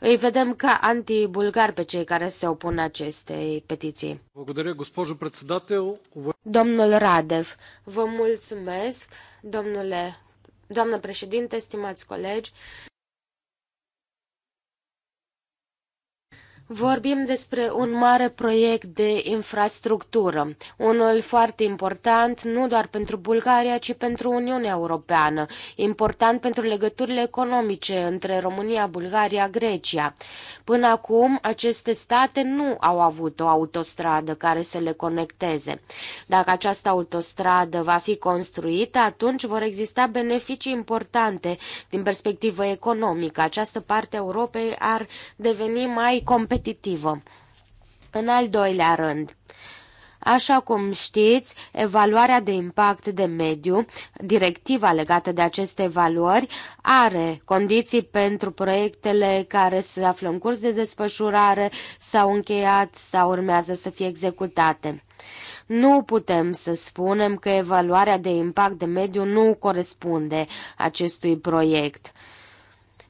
îi vedem ca antibulgari pe cei care se opun acestei petiții. Domnul Radev, vă mulțumesc, domnule, doamnă președinte, stimați colegi. Vorbim despre un mare proiect de infrastructură, unul foarte important nu doar pentru Bulgaria, ci pentru Uniunea Europeană, important pentru legăturile economice între România, Bulgaria, Grecia. Până acum, aceste state nu au avut o autostradă care să le conecteze. Dacă această autostradă va fi construită, atunci vor exista beneficii importante din perspectivă economică. Această parte a Europei ar deveni mai competitivă competitivă. În al doilea rând, Așa cum știți, evaluarea de impact de mediu, directiva legată de aceste evaluări, are condiții pentru proiectele care se află în curs de desfășurare, s-au încheiat sau urmează să fie executate. Nu putem să spunem că evaluarea de impact de mediu nu corespunde acestui proiect.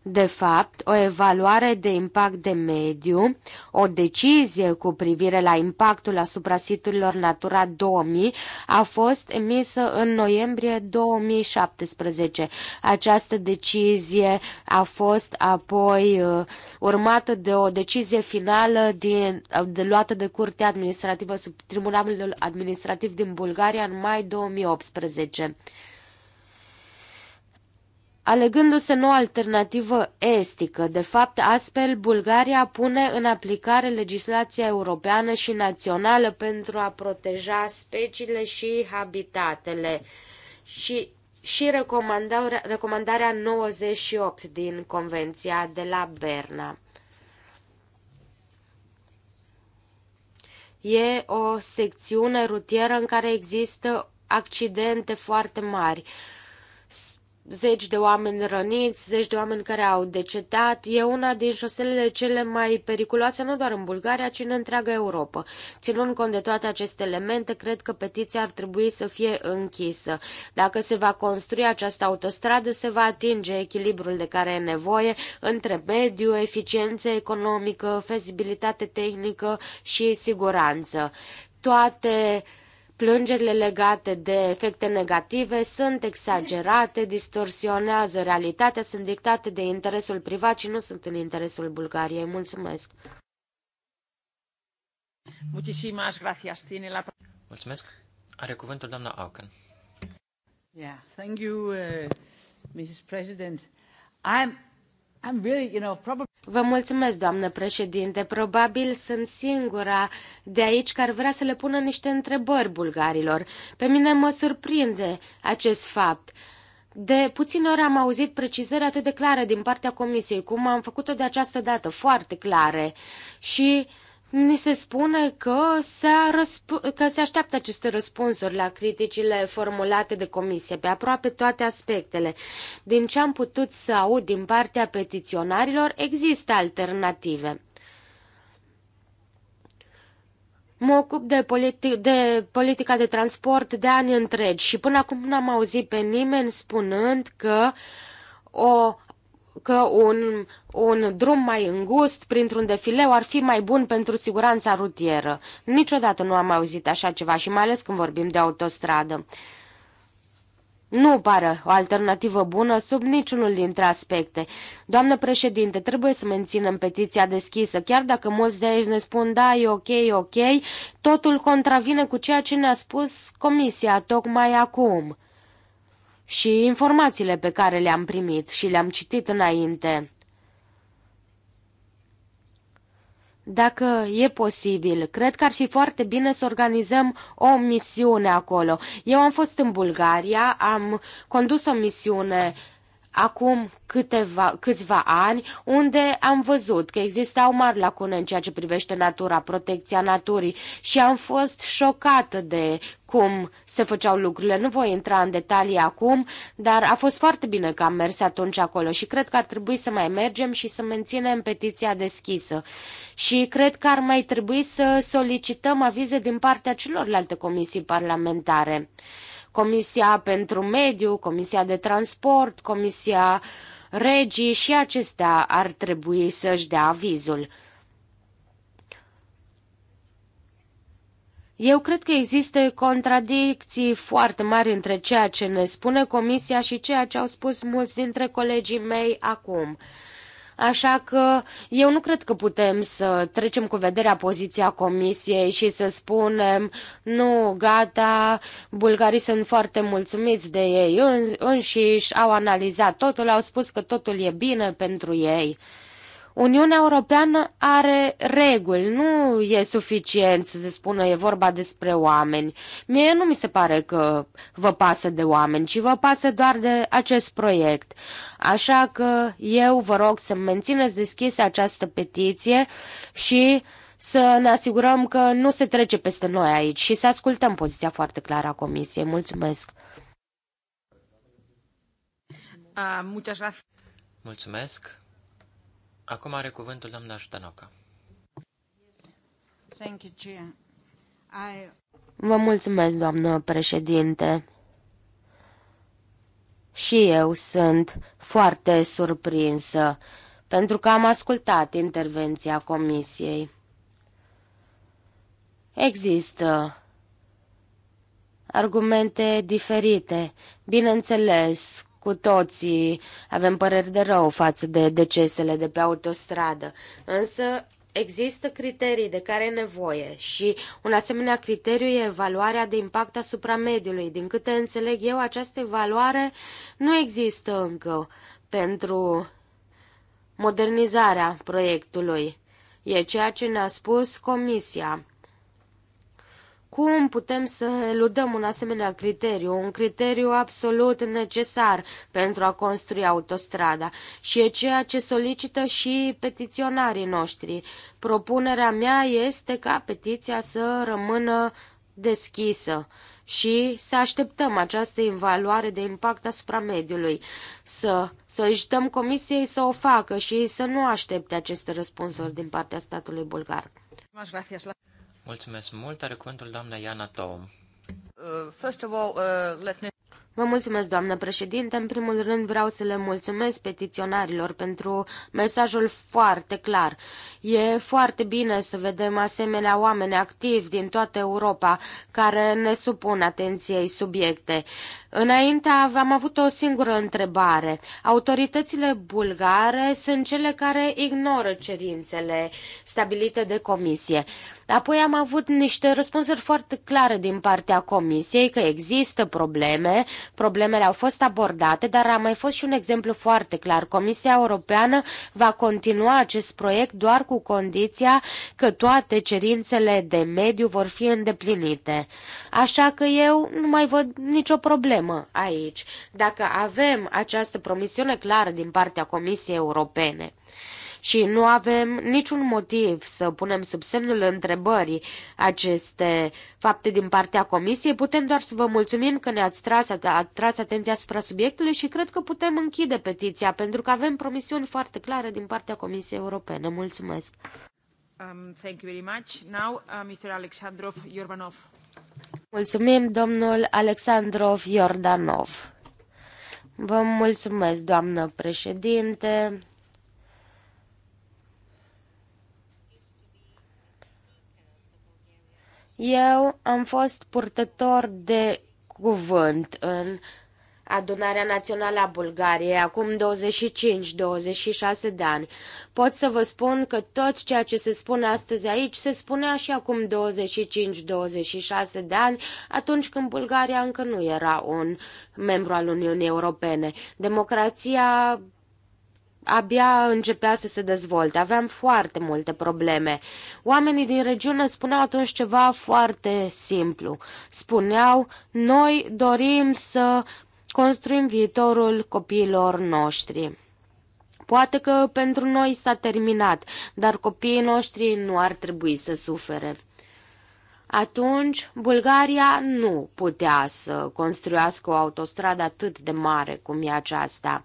De fapt, o evaluare de impact de mediu, o decizie cu privire la impactul asupra siturilor Natura 2000 a fost emisă în noiembrie 2017. Această decizie a fost apoi uh, urmată de o decizie finală din, uh, de luată de Curtea Administrativă sub Tribunalul Administrativ din Bulgaria în mai 2018 alegându-se nu alternativă estică. De fapt, astfel, Bulgaria pune în aplicare legislația europeană și națională pentru a proteja speciile și habitatele și, și recomandarea 98 din Convenția de la Berna. E o secțiune rutieră în care există accidente foarte mari zeci de oameni răniți, zeci de oameni care au decetat. E una din șoselele cele mai periculoase, nu doar în Bulgaria, ci în întreaga Europa. Ținând cont de toate aceste elemente, cred că petiția ar trebui să fie închisă. Dacă se va construi această autostradă, se va atinge echilibrul de care e nevoie între mediu, eficiență economică, fezibilitate tehnică și siguranță. Toate Plângerile legate de efecte negative sunt exagerate, distorsionează realitatea, sunt dictate de interesul privat și nu sunt în interesul Bulgariei. Mulțumesc! la... Mulțumesc. Are cuvântul doamna Auken. Yeah, thank you, uh, Mrs. President. I'm, I'm really, you know, probably... Vă mulțumesc, doamnă președinte. Probabil sunt singura de aici care vrea să le pună niște întrebări bulgarilor. Pe mine mă surprinde acest fapt. De puține ori am auzit precizări atât de clare din partea comisiei, cum am făcut-o de această dată, foarte clare. Și Ni se spune că se, răsp- că se așteaptă aceste răspunsuri la criticile formulate de comisie pe aproape toate aspectele. Din ce am putut să aud din partea petiționarilor, există alternative. Mă ocup de, politi- de politica de transport de ani întregi și până acum n-am auzit pe nimeni spunând că o că un, un drum mai îngust printr-un defileu ar fi mai bun pentru siguranța rutieră. Niciodată nu am auzit așa ceva și mai ales când vorbim de autostradă. Nu pare o alternativă bună sub niciunul dintre aspecte. Doamnă președinte, trebuie să menținem petiția deschisă, chiar dacă mulți de aici ne spun da, e ok, e ok, totul contravine cu ceea ce ne-a spus comisia tocmai acum și informațiile pe care le-am primit și le-am citit înainte. Dacă e posibil, cred că ar fi foarte bine să organizăm o misiune acolo. Eu am fost în Bulgaria, am condus o misiune acum câteva, câțiva ani, unde am văzut că existau mari lacune în ceea ce privește natura, protecția naturii și am fost șocată de cum se făceau lucrurile. Nu voi intra în detalii acum, dar a fost foarte bine că am mers atunci acolo și cred că ar trebui să mai mergem și să menținem petiția deschisă. Și cred că ar mai trebui să solicităm avize din partea celorlalte comisii parlamentare. Comisia pentru Mediu, Comisia de Transport, Comisia Regii și acestea ar trebui să-și dea avizul. Eu cred că există contradicții foarte mari între ceea ce ne spune Comisia și ceea ce au spus mulți dintre colegii mei acum. Așa că eu nu cred că putem să trecem cu vederea poziția comisiei și să spunem nu, gata, bulgarii sunt foarte mulțumiți de ei în, înșiși, au analizat totul, au spus că totul e bine pentru ei. Uniunea Europeană are reguli, nu e suficient să se spună e vorba despre oameni. Mie nu mi se pare că vă pasă de oameni, ci vă pasă doar de acest proiect. Așa că eu vă rog să mențineți deschise această petiție și să ne asigurăm că nu se trece peste noi aici și să ascultăm poziția foarte clară a Comisiei. Mulțumesc! Mulțumesc! Acum are cuvântul doamna Ștanoca. Vă mulțumesc, doamnă președinte. Și eu sunt foarte surprinsă, pentru că am ascultat intervenția comisiei. Există argumente diferite. Bineînțeles, cu toții avem păreri de rău față de decesele de pe autostradă, însă există criterii de care e nevoie și un asemenea criteriu e evaluarea de impact asupra mediului. Din câte înțeleg eu, această evaluare nu există încă pentru modernizarea proiectului. E ceea ce ne-a spus Comisia. Cum putem să eludăm un asemenea criteriu, un criteriu absolut necesar pentru a construi autostrada? Și e ceea ce solicită și petiționarii noștri. Propunerea mea este ca petiția să rămână deschisă și să așteptăm această evaluare de impact asupra mediului, să solicităm comisiei să o facă și să nu aștepte aceste răspunsuri din partea statului bulgar. Mulțumesc mult. Are cuvântul doamna Iana Tom. First of all, uh, let me... Vă mulțumesc, doamnă președinte. În primul rând vreau să le mulțumesc petiționarilor pentru mesajul foarte clar. E foarte bine să vedem asemenea oameni activi din toată Europa care ne supun atenției subiecte. Înainte am avut o singură întrebare. Autoritățile bulgare sunt cele care ignoră cerințele stabilite de comisie. Apoi am avut niște răspunsuri foarte clare din partea comisiei că există probleme, problemele au fost abordate, dar a mai fost și un exemplu foarte clar. Comisia Europeană va continua acest proiect doar cu condiția că toate cerințele de mediu vor fi îndeplinite. Așa că eu nu mai văd nicio problemă problemă aici, dacă avem această promisiune clară din partea Comisiei Europene și nu avem niciun motiv să punem sub semnul întrebării aceste fapte din partea comisiei, putem doar să vă mulțumim că ne-ați tras, tras atenția asupra subiectului și cred că putem închide petiția, pentru că avem promisiuni foarte clare din partea Comisiei Europene. Mulțumesc! Um, thank you very much. Now, uh, Mr. Alexandrov Yorbanov. Mulțumim, domnul Alexandrov Iordanov. Vă mulțumesc, doamnă președinte. Eu am fost purtător de cuvânt în Adunarea Națională a Bulgariei, acum 25-26 de ani. Pot să vă spun că tot ceea ce se spune astăzi aici se spunea și acum 25-26 de ani, atunci când Bulgaria încă nu era un membru al Uniunii Europene. Democrația abia începea să se dezvolte. Aveam foarte multe probleme. Oamenii din regiune spuneau atunci ceva foarte simplu. Spuneau, noi dorim să construim viitorul copiilor noștri. Poate că pentru noi s-a terminat, dar copiii noștri nu ar trebui să sufere. Atunci, Bulgaria nu putea să construiască o autostradă atât de mare cum e aceasta.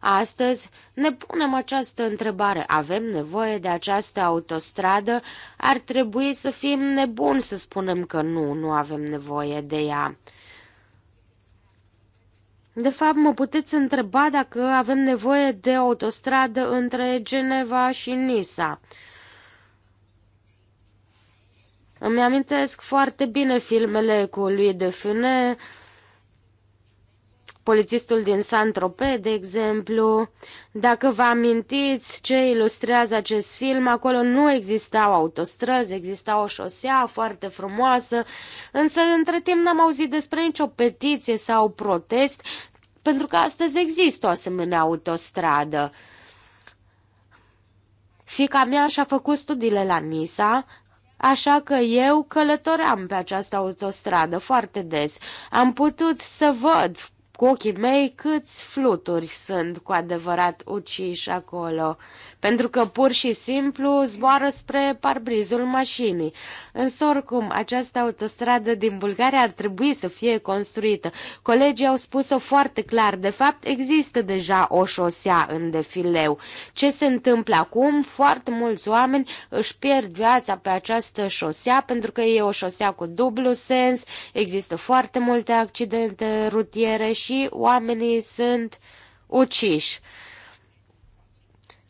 Astăzi ne punem această întrebare. Avem nevoie de această autostradă? Ar trebui să fim nebuni să spunem că nu, nu avem nevoie de ea. De fapt, mă puteți întreba dacă avem nevoie de autostradă între Geneva și Nisa. Îmi amintesc foarte bine filmele cu lui de Fune, polițistul din Saint-Tropez, de exemplu. Dacă vă amintiți ce ilustrează acest film, acolo nu existau autostrăzi, exista o șosea foarte frumoasă, însă între timp n-am auzit despre nicio petiție sau protest, pentru că astăzi există o asemenea autostradă. Fica mea și-a făcut studiile la Nisa, Așa că eu călătoream pe această autostradă foarte des. Am putut să văd cu ochii mei câți fluturi sunt cu adevărat uciși acolo pentru că pur și simplu zboară spre parbrizul mașinii. Însă, oricum, această autostradă din Bulgaria ar trebui să fie construită. Colegii au spus-o foarte clar. De fapt, există deja o șosea în defileu. Ce se întâmplă acum? Foarte mulți oameni își pierd viața pe această șosea pentru că e o șosea cu dublu sens, există foarte multe accidente rutiere și oamenii sunt uciși.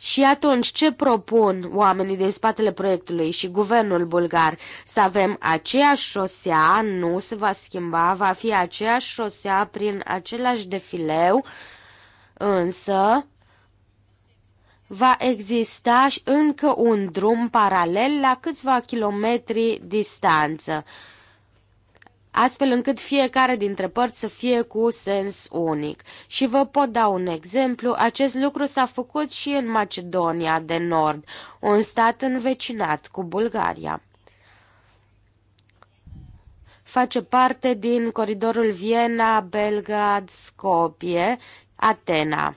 Și atunci ce propun oamenii din spatele proiectului și guvernul bulgar? Să avem aceeași șosea, nu se va schimba, va fi aceeași șosea prin același defileu, însă va exista încă un drum paralel la câțiva kilometri distanță astfel încât fiecare dintre părți să fie cu sens unic. Și vă pot da un exemplu, acest lucru s-a făcut și în Macedonia de Nord, un stat învecinat cu Bulgaria face parte din coridorul viena belgrad scopie Atena.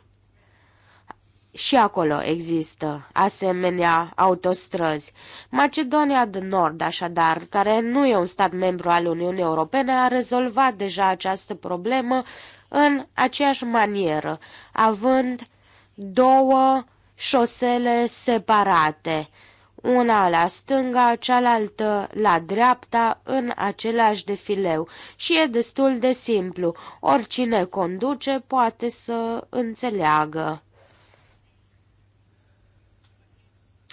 Și acolo există asemenea autostrăzi. Macedonia de Nord, așadar, care nu e un stat membru al Uniunii Europene, a rezolvat deja această problemă în aceeași manieră, având două șosele separate, una la stânga, cealaltă la dreapta, în același defileu. Și e destul de simplu, oricine conduce poate să înțeleagă.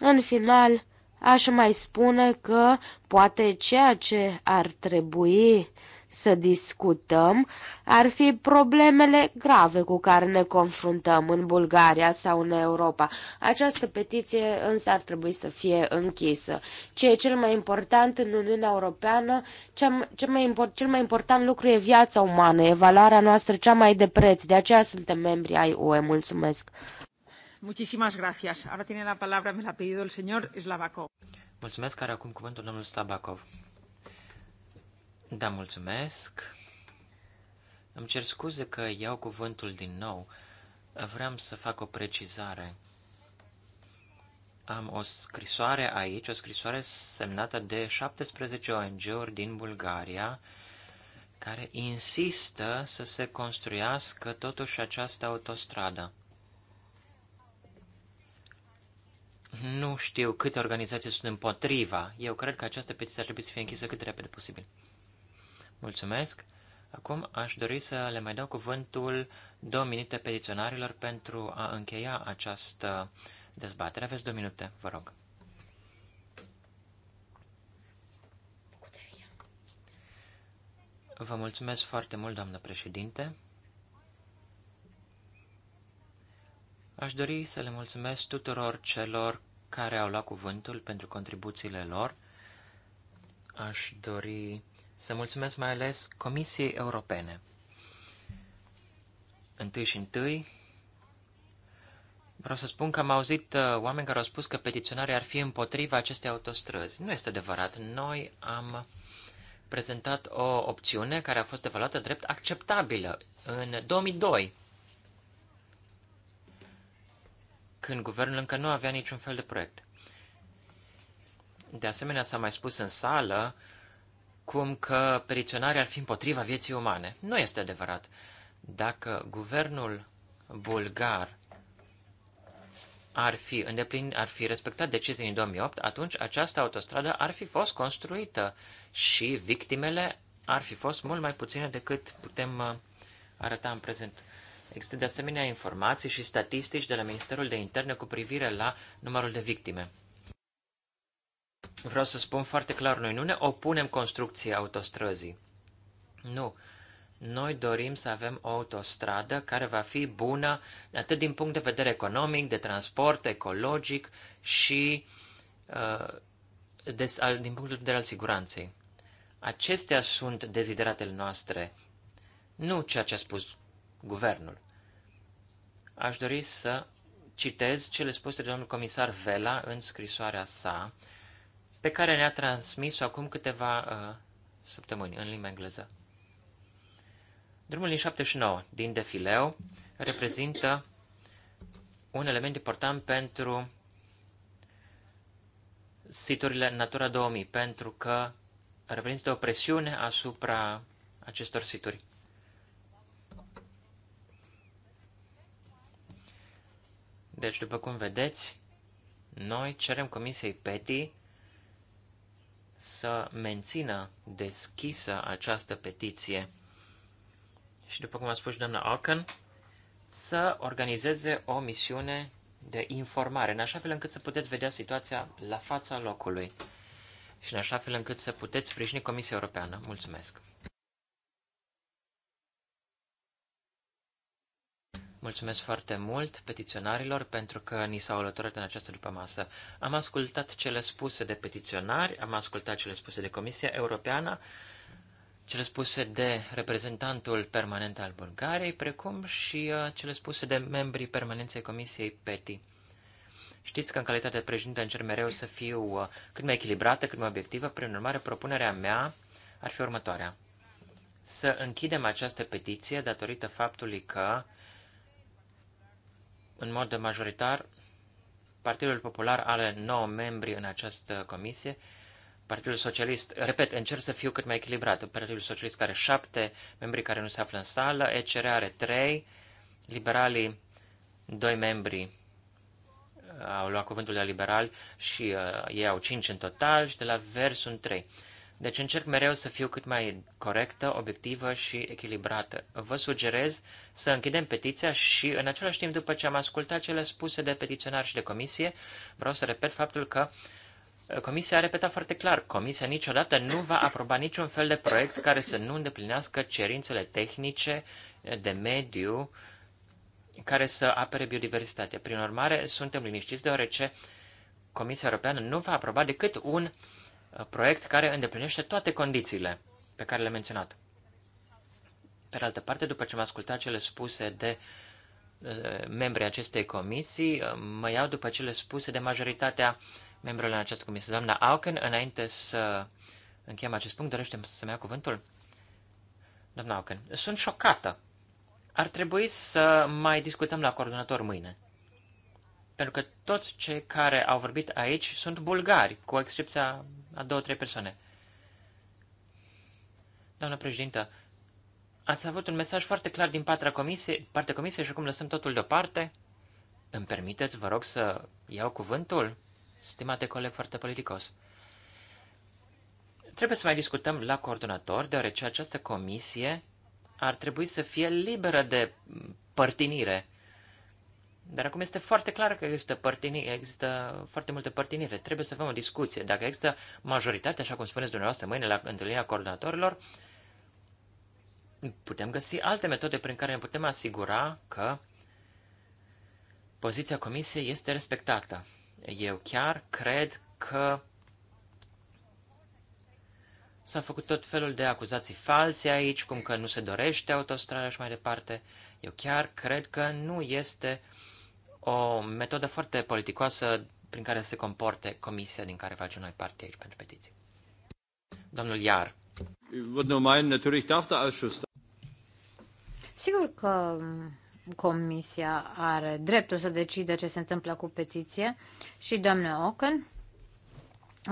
În final, aș mai spune că poate ceea ce ar trebui să discutăm ar fi problemele grave cu care ne confruntăm în Bulgaria sau în Europa. Această petiție însă ar trebui să fie închisă. Ce e cel mai important în Uniunea Europeană, cea, cel, mai import, cel mai important lucru e viața umană, e valoarea noastră cea mai de preț. De aceea suntem membri ai UE. Mulțumesc! Muchísimas gracias. Ahora tiene la palabra, me la ha pedido el señor Slavakov. Mulțumesc, are acum cuvântul domnul Slavakov. Da, mulțumesc. Îmi cer scuze că iau cuvântul din nou. Vreau să fac o precizare. Am o scrisoare aici, o scrisoare semnată de 17 ONG-uri din Bulgaria, care insistă să se construiască totuși această autostradă. Nu știu câte organizații sunt împotriva. Eu cred că această petiție ar trebui să fie închisă cât de repede posibil. Mulțumesc. Acum aș dori să le mai dau cuvântul două minute petiționarilor pentru a încheia această dezbatere. Aveți două minute, vă rog. Vă mulțumesc foarte mult, doamnă președinte. Aș dori să le mulțumesc tuturor celor care au luat cuvântul pentru contribuțiile lor. Aș dori să mulțumesc mai ales Comisiei Europene. Întâi și întâi, vreau să spun că am auzit uh, oameni care au spus că petiționarii ar fi împotriva acestei autostrăzi. Nu este adevărat. Noi am prezentat o opțiune care a fost evaluată drept acceptabilă în 2002 când guvernul încă nu avea niciun fel de proiect. De asemenea, s-a mai spus în sală cum că petiționarii ar fi împotriva vieții umane. Nu este adevărat. Dacă guvernul bulgar ar fi, îndeplin, ar fi respectat decizii din 2008, atunci această autostradă ar fi fost construită și victimele ar fi fost mult mai puține decât putem uh, arăta în prezent. Există de asemenea informații și statistici de la Ministerul de Interne cu privire la numărul de victime. Vreau să spun foarte clar, noi nu ne opunem construcției autostrăzii. Nu. Noi dorim să avem o autostradă care va fi bună atât din punct de vedere economic, de transport, ecologic și uh, de, al, din punct de vedere al siguranței. Acestea sunt dezideratele noastre, nu ceea ce a spus guvernul. Aș dori să citez cele spuse de domnul comisar Vela în scrisoarea sa, pe care ne-a transmis-o acum câteva uh, săptămâni în limba engleză. Drumul din 79 din defileu reprezintă un element important pentru siturile Natura 2000, pentru că reprezintă o presiune asupra acestor situri. Deci, după cum vedeți, noi cerem Comisiei PETI să mențină deschisă această petiție și, după cum a spus doamna Alcan, să organizeze o misiune de informare, în așa fel încât să puteți vedea situația la fața locului și în așa fel încât să puteți sprijini Comisia Europeană. Mulțumesc! Mulțumesc foarte mult petiționarilor pentru că ni s-au alăturat în această masă. Am ascultat cele spuse de petiționari, am ascultat cele spuse de Comisia Europeană, cele spuse de reprezentantul permanent al Bulgariei, precum și uh, cele spuse de membrii permanenței Comisiei PETI. Știți că în calitate de președinte încerc mereu să fiu uh, cât mai echilibrată, cât mai obiectivă, prin urmare propunerea mea ar fi următoarea. Să închidem această petiție datorită faptului că în mod majoritar, Partidul Popular are 9 membri în această comisie, Partidul Socialist, repet, încerc să fiu cât mai echilibrat, Partidul Socialist are 7 membri care nu se află în sală, ECR are 3, liberalii 2 membri uh, au luat cuvântul de la liberali și uh, ei au 5 în total și de la Vers sunt 3. Deci încerc mereu să fiu cât mai corectă, obiectivă și echilibrată. Vă sugerez să închidem petiția și, în același timp, după ce am ascultat cele spuse de petiționar și de comisie, vreau să repet faptul că uh, Comisia a repetat foarte clar, Comisia niciodată nu va aproba niciun fel de proiect care să nu îndeplinească cerințele tehnice de mediu care să apere biodiversitatea. Prin urmare, suntem liniștiți deoarece Comisia Europeană nu va aproba decât un uh, proiect care îndeplinește toate condițiile pe care le-am menționat. Pe de altă parte, după ce am ascultat cele spuse de uh, membrii acestei comisii, uh, mă iau după cele spuse de majoritatea membrilor în această comisie. Doamna Auken, înainte să încheiem acest punct, dorește să-mi ia cuvântul? Doamna Auken, sunt șocată. Ar trebui să mai discutăm la coordonator mâine. Pentru că toți cei care au vorbit aici sunt bulgari, cu excepția a două, trei persoane. Doamnă președintă, ați avut un mesaj foarte clar din partea comisiei, partea comisiei și acum lăsăm totul deoparte? Îmi permiteți, vă rog, să iau cuvântul? Stimate coleg foarte politicos. Trebuie să mai discutăm la coordonator, deoarece această comisie ar trebui să fie liberă de părtinire. Dar acum este foarte clar că există, părtini, există foarte multe părtinire. Trebuie să avem o discuție. Dacă există majoritate, așa cum spuneți dumneavoastră, mâine la întâlnirea coordonatorilor, putem găsi alte metode prin care ne putem asigura că poziția comisiei este respectată. Eu chiar cred că s-a făcut tot felul de acuzații false aici, cum că nu se dorește autostrada și mai departe. Eu chiar cred că nu este uh, o metodă foarte politicoasă prin care se comporte comisia din care facem noi parte aici pentru petiții. Domnul Iar. Da- Sigur că comisia are dreptul să decide ce se întâmplă cu petiție și domnul Ocken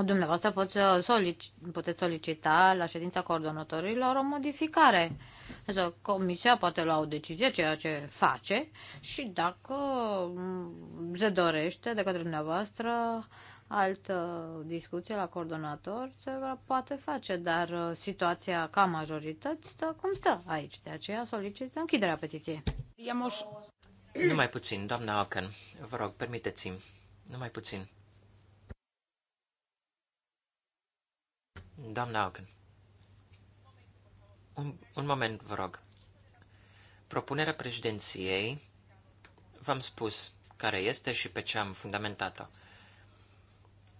dumneavoastră poți solici, puteți solicita la ședința coordonatorilor o modificare. Deci, comisia poate lua o decizie, ceea ce face, și dacă mm, se dorește de către dumneavoastră altă discuție la coordonator, se poate face, dar uh, situația ca majorități stă cum stă aici. De aceea solicit închiderea petiției. Numai puțin, doamna Ocan, vă rog, permiteți-mi, numai puțin. Doamna Auken, un, un moment, vă rog. Propunerea președinției, v-am spus care este și pe ce am fundamentat-o.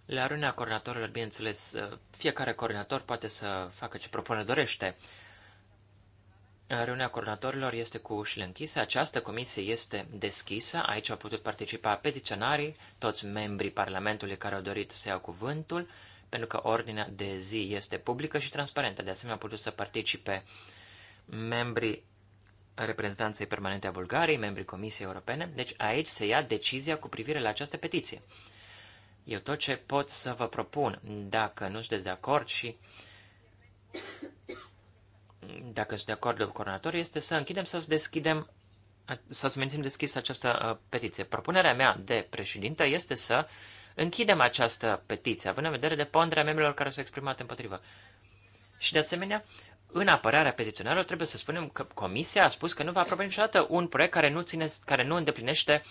Le arunea coordonatorilor, bineînțeles, uh, fiecare coordonator poate să facă ce propune dorește. Reuniunea coordonatorilor este cu ușile închise, această comisie este deschisă, aici au putut participa petiționarii, toți membrii Parlamentului care au dorit să iau cuvântul, pentru că ordinea de zi este publică și transparentă. De asemenea, au putut să participe membrii reprezentanței permanente a Bulgariei, membrii Comisiei Europene. Deci aici se ia decizia cu privire la această petiție. Eu tot ce pot să vă propun, dacă nu sunteți de acord și dacă sunteți de acord cu coordonatorii, este să închidem sau să deschidem să menținem deschis această uh, petiție. Propunerea mea de președinte este să uh, închidem această petiție, având în vedere de ponderea membrilor care s-au exprimat împotrivă. Și de asemenea, în apărarea petiționarilor trebuie să spunem că comisia a spus că nu va aproba niciodată un proiect care nu, ține, care nu îndeplinește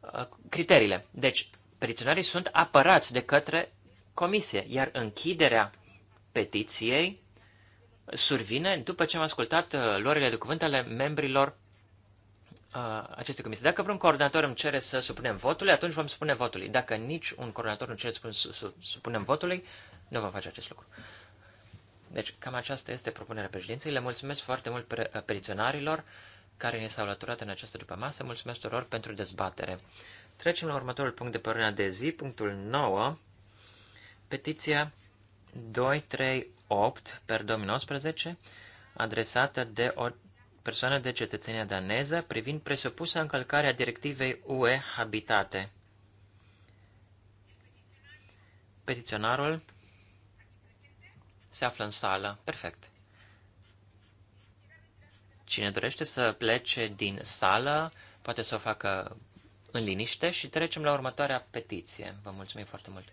uh, criteriile. Deci, petiționarii sunt apărați de către comisie, iar închiderea petiției survine după ce am ascultat uh, luările de cuvânt ale membrilor aceste comisii. Dacă vreun coordonator îmi cere să supunem votului, atunci vom supune votului. Dacă nici un coordonator nu cere să supunem votului, nu vom face acest lucru. Deci, cam aceasta este propunerea președinței. Le mulțumesc foarte mult pe, care ne s-au alăturat în această după masă. Mulțumesc tuturor pentru dezbatere. Trecem la următorul punct de pe de zi, punctul 9, petiția 238 per 2019, adresată de persoană de cetățenia daneză privind presupusa încălcarea directivei UE Habitate. Petiționarul se află în sală. Perfect. Cine dorește să plece din sală, poate să o facă în liniște și trecem la următoarea petiție. Vă mulțumim foarte mult.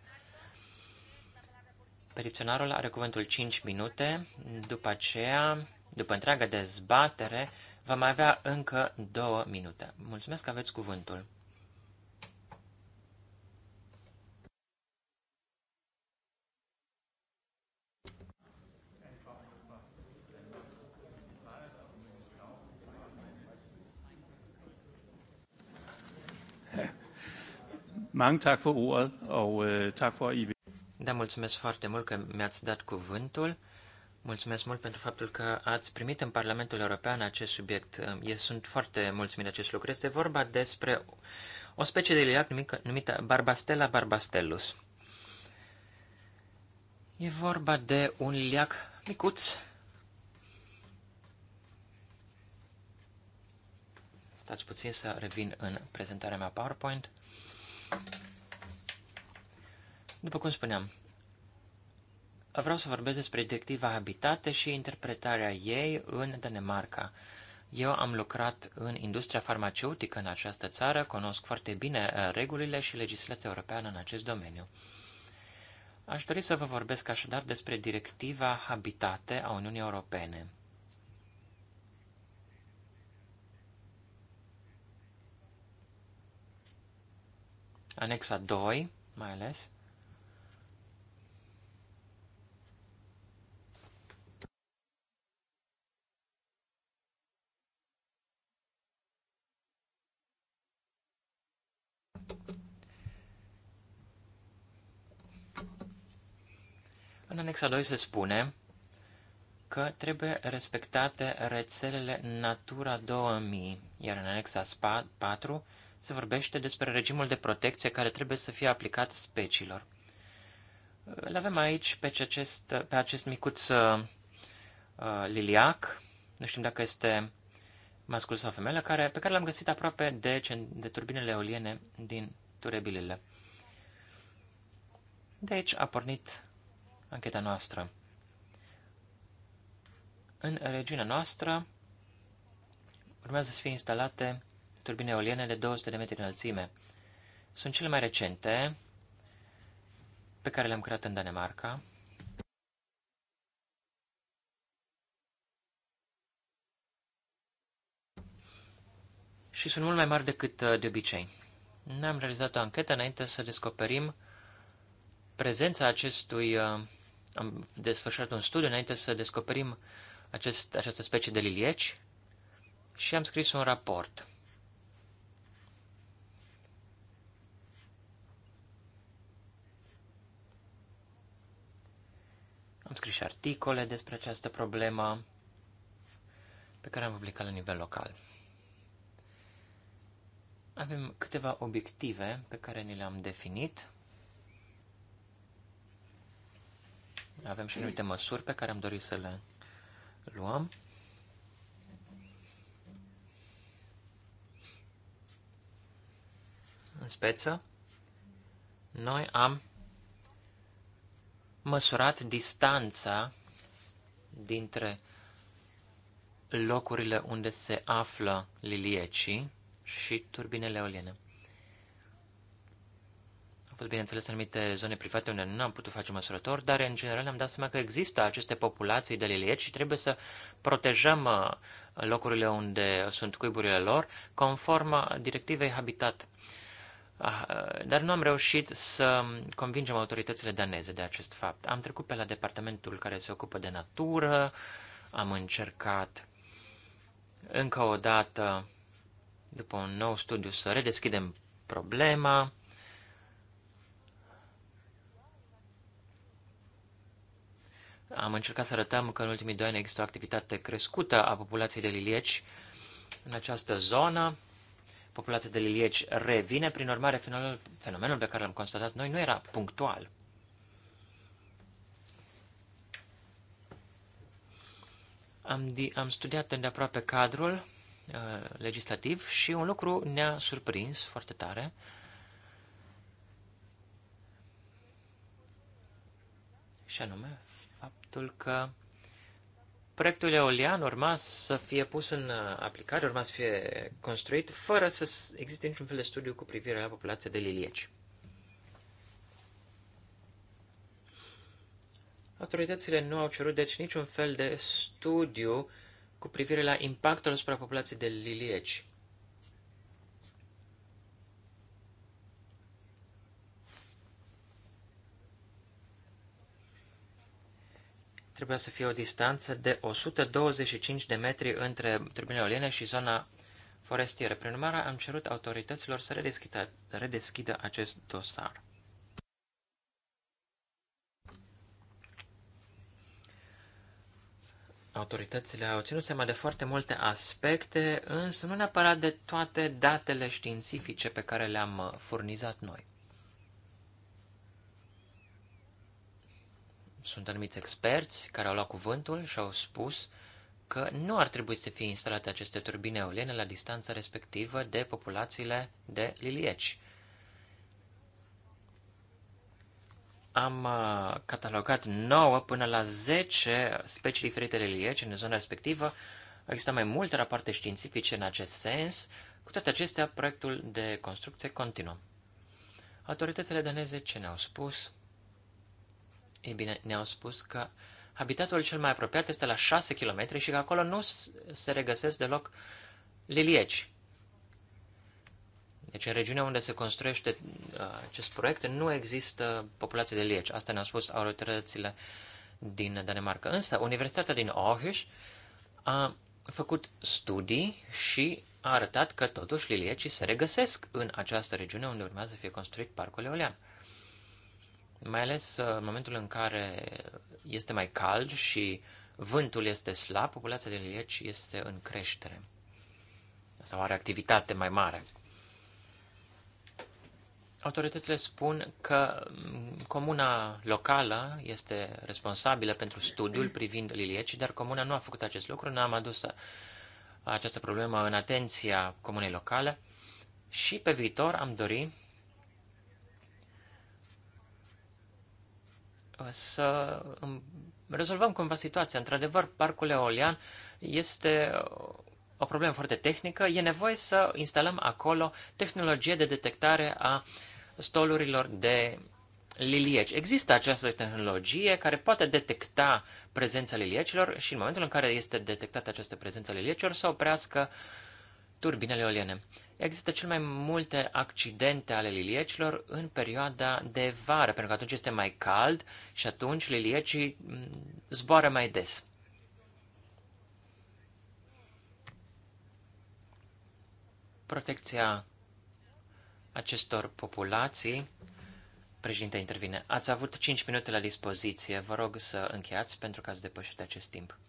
Petiționarul are cuvântul 5 minute, după aceea după întreaga dezbatere, va mai avea încă două minute. Mulțumesc că aveți cuvântul. Mange tak for ordet, og øh, tak for, at I Da, mulțumesc foarte mult că mi-ați dat cuvântul. Mulțumesc mult pentru faptul că ați primit în Parlamentul European acest subiect. Eu sunt foarte mulțumit de acest lucru. Este vorba despre o specie de liliac numită, Barbastella barbastellus. E vorba de un liliac micuț. Stați puțin să revin în prezentarea mea PowerPoint. După cum spuneam, vreau să vorbesc despre directiva Habitate și interpretarea ei în Danemarca. Eu am lucrat în industria farmaceutică în această țară, cunosc foarte bine uh, regulile și legislația europeană în acest domeniu. Aș dori să vă vorbesc așadar despre directiva Habitate a Uniunii Europene. Anexa 2, mai ales, În anexa 2 se spune că trebuie respectate rețelele Natura 2000, iar în anexa 4 se vorbește despre regimul de protecție care trebuie să fie aplicat speciilor. Îl avem aici pe acest, pe acest micuț uh, liliac, nu știm dacă este mascul sau femeie, care, pe care l-am găsit aproape de, de turbinele eoliene din Turebilele. De aici a pornit ancheta noastră. În regiunea noastră urmează să fie instalate turbine eoliene de 200 de metri înălțime. Sunt cele mai recente pe care le-am creat în Danemarca. Și sunt mult mai mari decât uh, de obicei. Ne-am realizat o anchetă înainte să descoperim prezența acestui uh, am desfășurat un studiu înainte să descoperim acest, această specie de lilieci și am scris un raport. Am scris și articole despre această problemă pe care am publicat la nivel local. Avem câteva obiective pe care ni le-am definit Avem și anumite măsuri pe care am dorit să le luăm. În speță, noi am măsurat distanța dintre locurile unde se află liliecii și turbinele eoliene fost, bineînțeles, anumite zone private unde nu am putut face măsurători, dar în general am dat seama că există aceste populații de lilieci și trebuie să protejăm uh, locurile unde sunt cuiburile lor, conform uh, directivei Habitat. Ah, uh, dar nu am reușit să convingem autoritățile daneze de acest fapt. Am trecut pe la departamentul care se ocupă de natură, am încercat încă o dată, după un nou studiu, să redeschidem problema, Am încercat să arătăm că în ultimii doi ani există o activitate crescută a populației de lilieci în această zonă. Populația de lilieci revine, prin urmare fenomenul pe care l-am constatat noi nu era punctual. Am, am studiat îndeaproape cadrul uh, legislativ și un lucru ne-a surprins foarte tare. Și anume, faptul că proiectul eolian urma să fie pus în uh, aplicare, urma să fie construit, fără să existe niciun fel de studiu cu privire la populația de lilieci. Autoritățile nu au cerut, deci, niciun fel de studiu cu privire la impactul asupra populației de lilieci. trebuia să fie o distanță de 125 de metri între turbinele eoliene și zona forestieră. Prin urmare, am cerut autorităților să redeschidă, redeschidă acest dosar. Autoritățile au ținut seama de foarte multe aspecte, însă nu neapărat de toate datele științifice pe care le-am furnizat noi. sunt anumiți experți care au luat cuvântul și au spus că nu ar trebui să fie instalate aceste turbine eoliene la distanța respectivă de populațiile de lilieci. Am uh, catalogat 9 până la 10 specii diferite de lilieci în zona respectivă. Există mai multe rapoarte științifice în acest sens. Cu toate acestea, proiectul de construcție continuă. Autoritățile daneze ce ne-au spus? Ei bine, ne-au spus că habitatul cel mai apropiat este la 6 km și că acolo nu se regăsesc deloc lilieci. Deci în regiunea unde se construiește uh, acest proiect nu există populație de lieci. Asta ne-au spus autoritățile din Danemarca. Însă Universitatea din Aarhus a făcut studii și a arătat că totuși liliecii se regăsesc în această regiune unde urmează să fie construit parcul eolian mai ales uh, în momentul în care este mai cald și vântul este slab, populația de lilieci este în creștere sau are activitate mai mare. Autoritățile spun că mm, comuna locală este responsabilă pentru studiul privind liliecii, dar comuna nu a făcut acest lucru, n-am adus uh, această problemă în atenția comunei locale și pe viitor am dori să um, rezolvăm cumva situația. Într-adevăr, parcul eolian este uh, o problemă foarte tehnică. E nevoie să instalăm acolo tehnologie de detectare a stolurilor de lilieci. Există această tehnologie care poate detecta prezența liliecilor și în momentul în care este detectată această prezență liliecilor să oprească turbinele eoliene. Există cel mai multe accidente ale liliecilor în perioada de vară, pentru că atunci este mai cald și atunci liliecii mm, zboară mai des. Protecția acestor populații, președinte intervine, ați avut 5 minute la dispoziție, vă rog să încheiați pentru că ați depășit acest timp.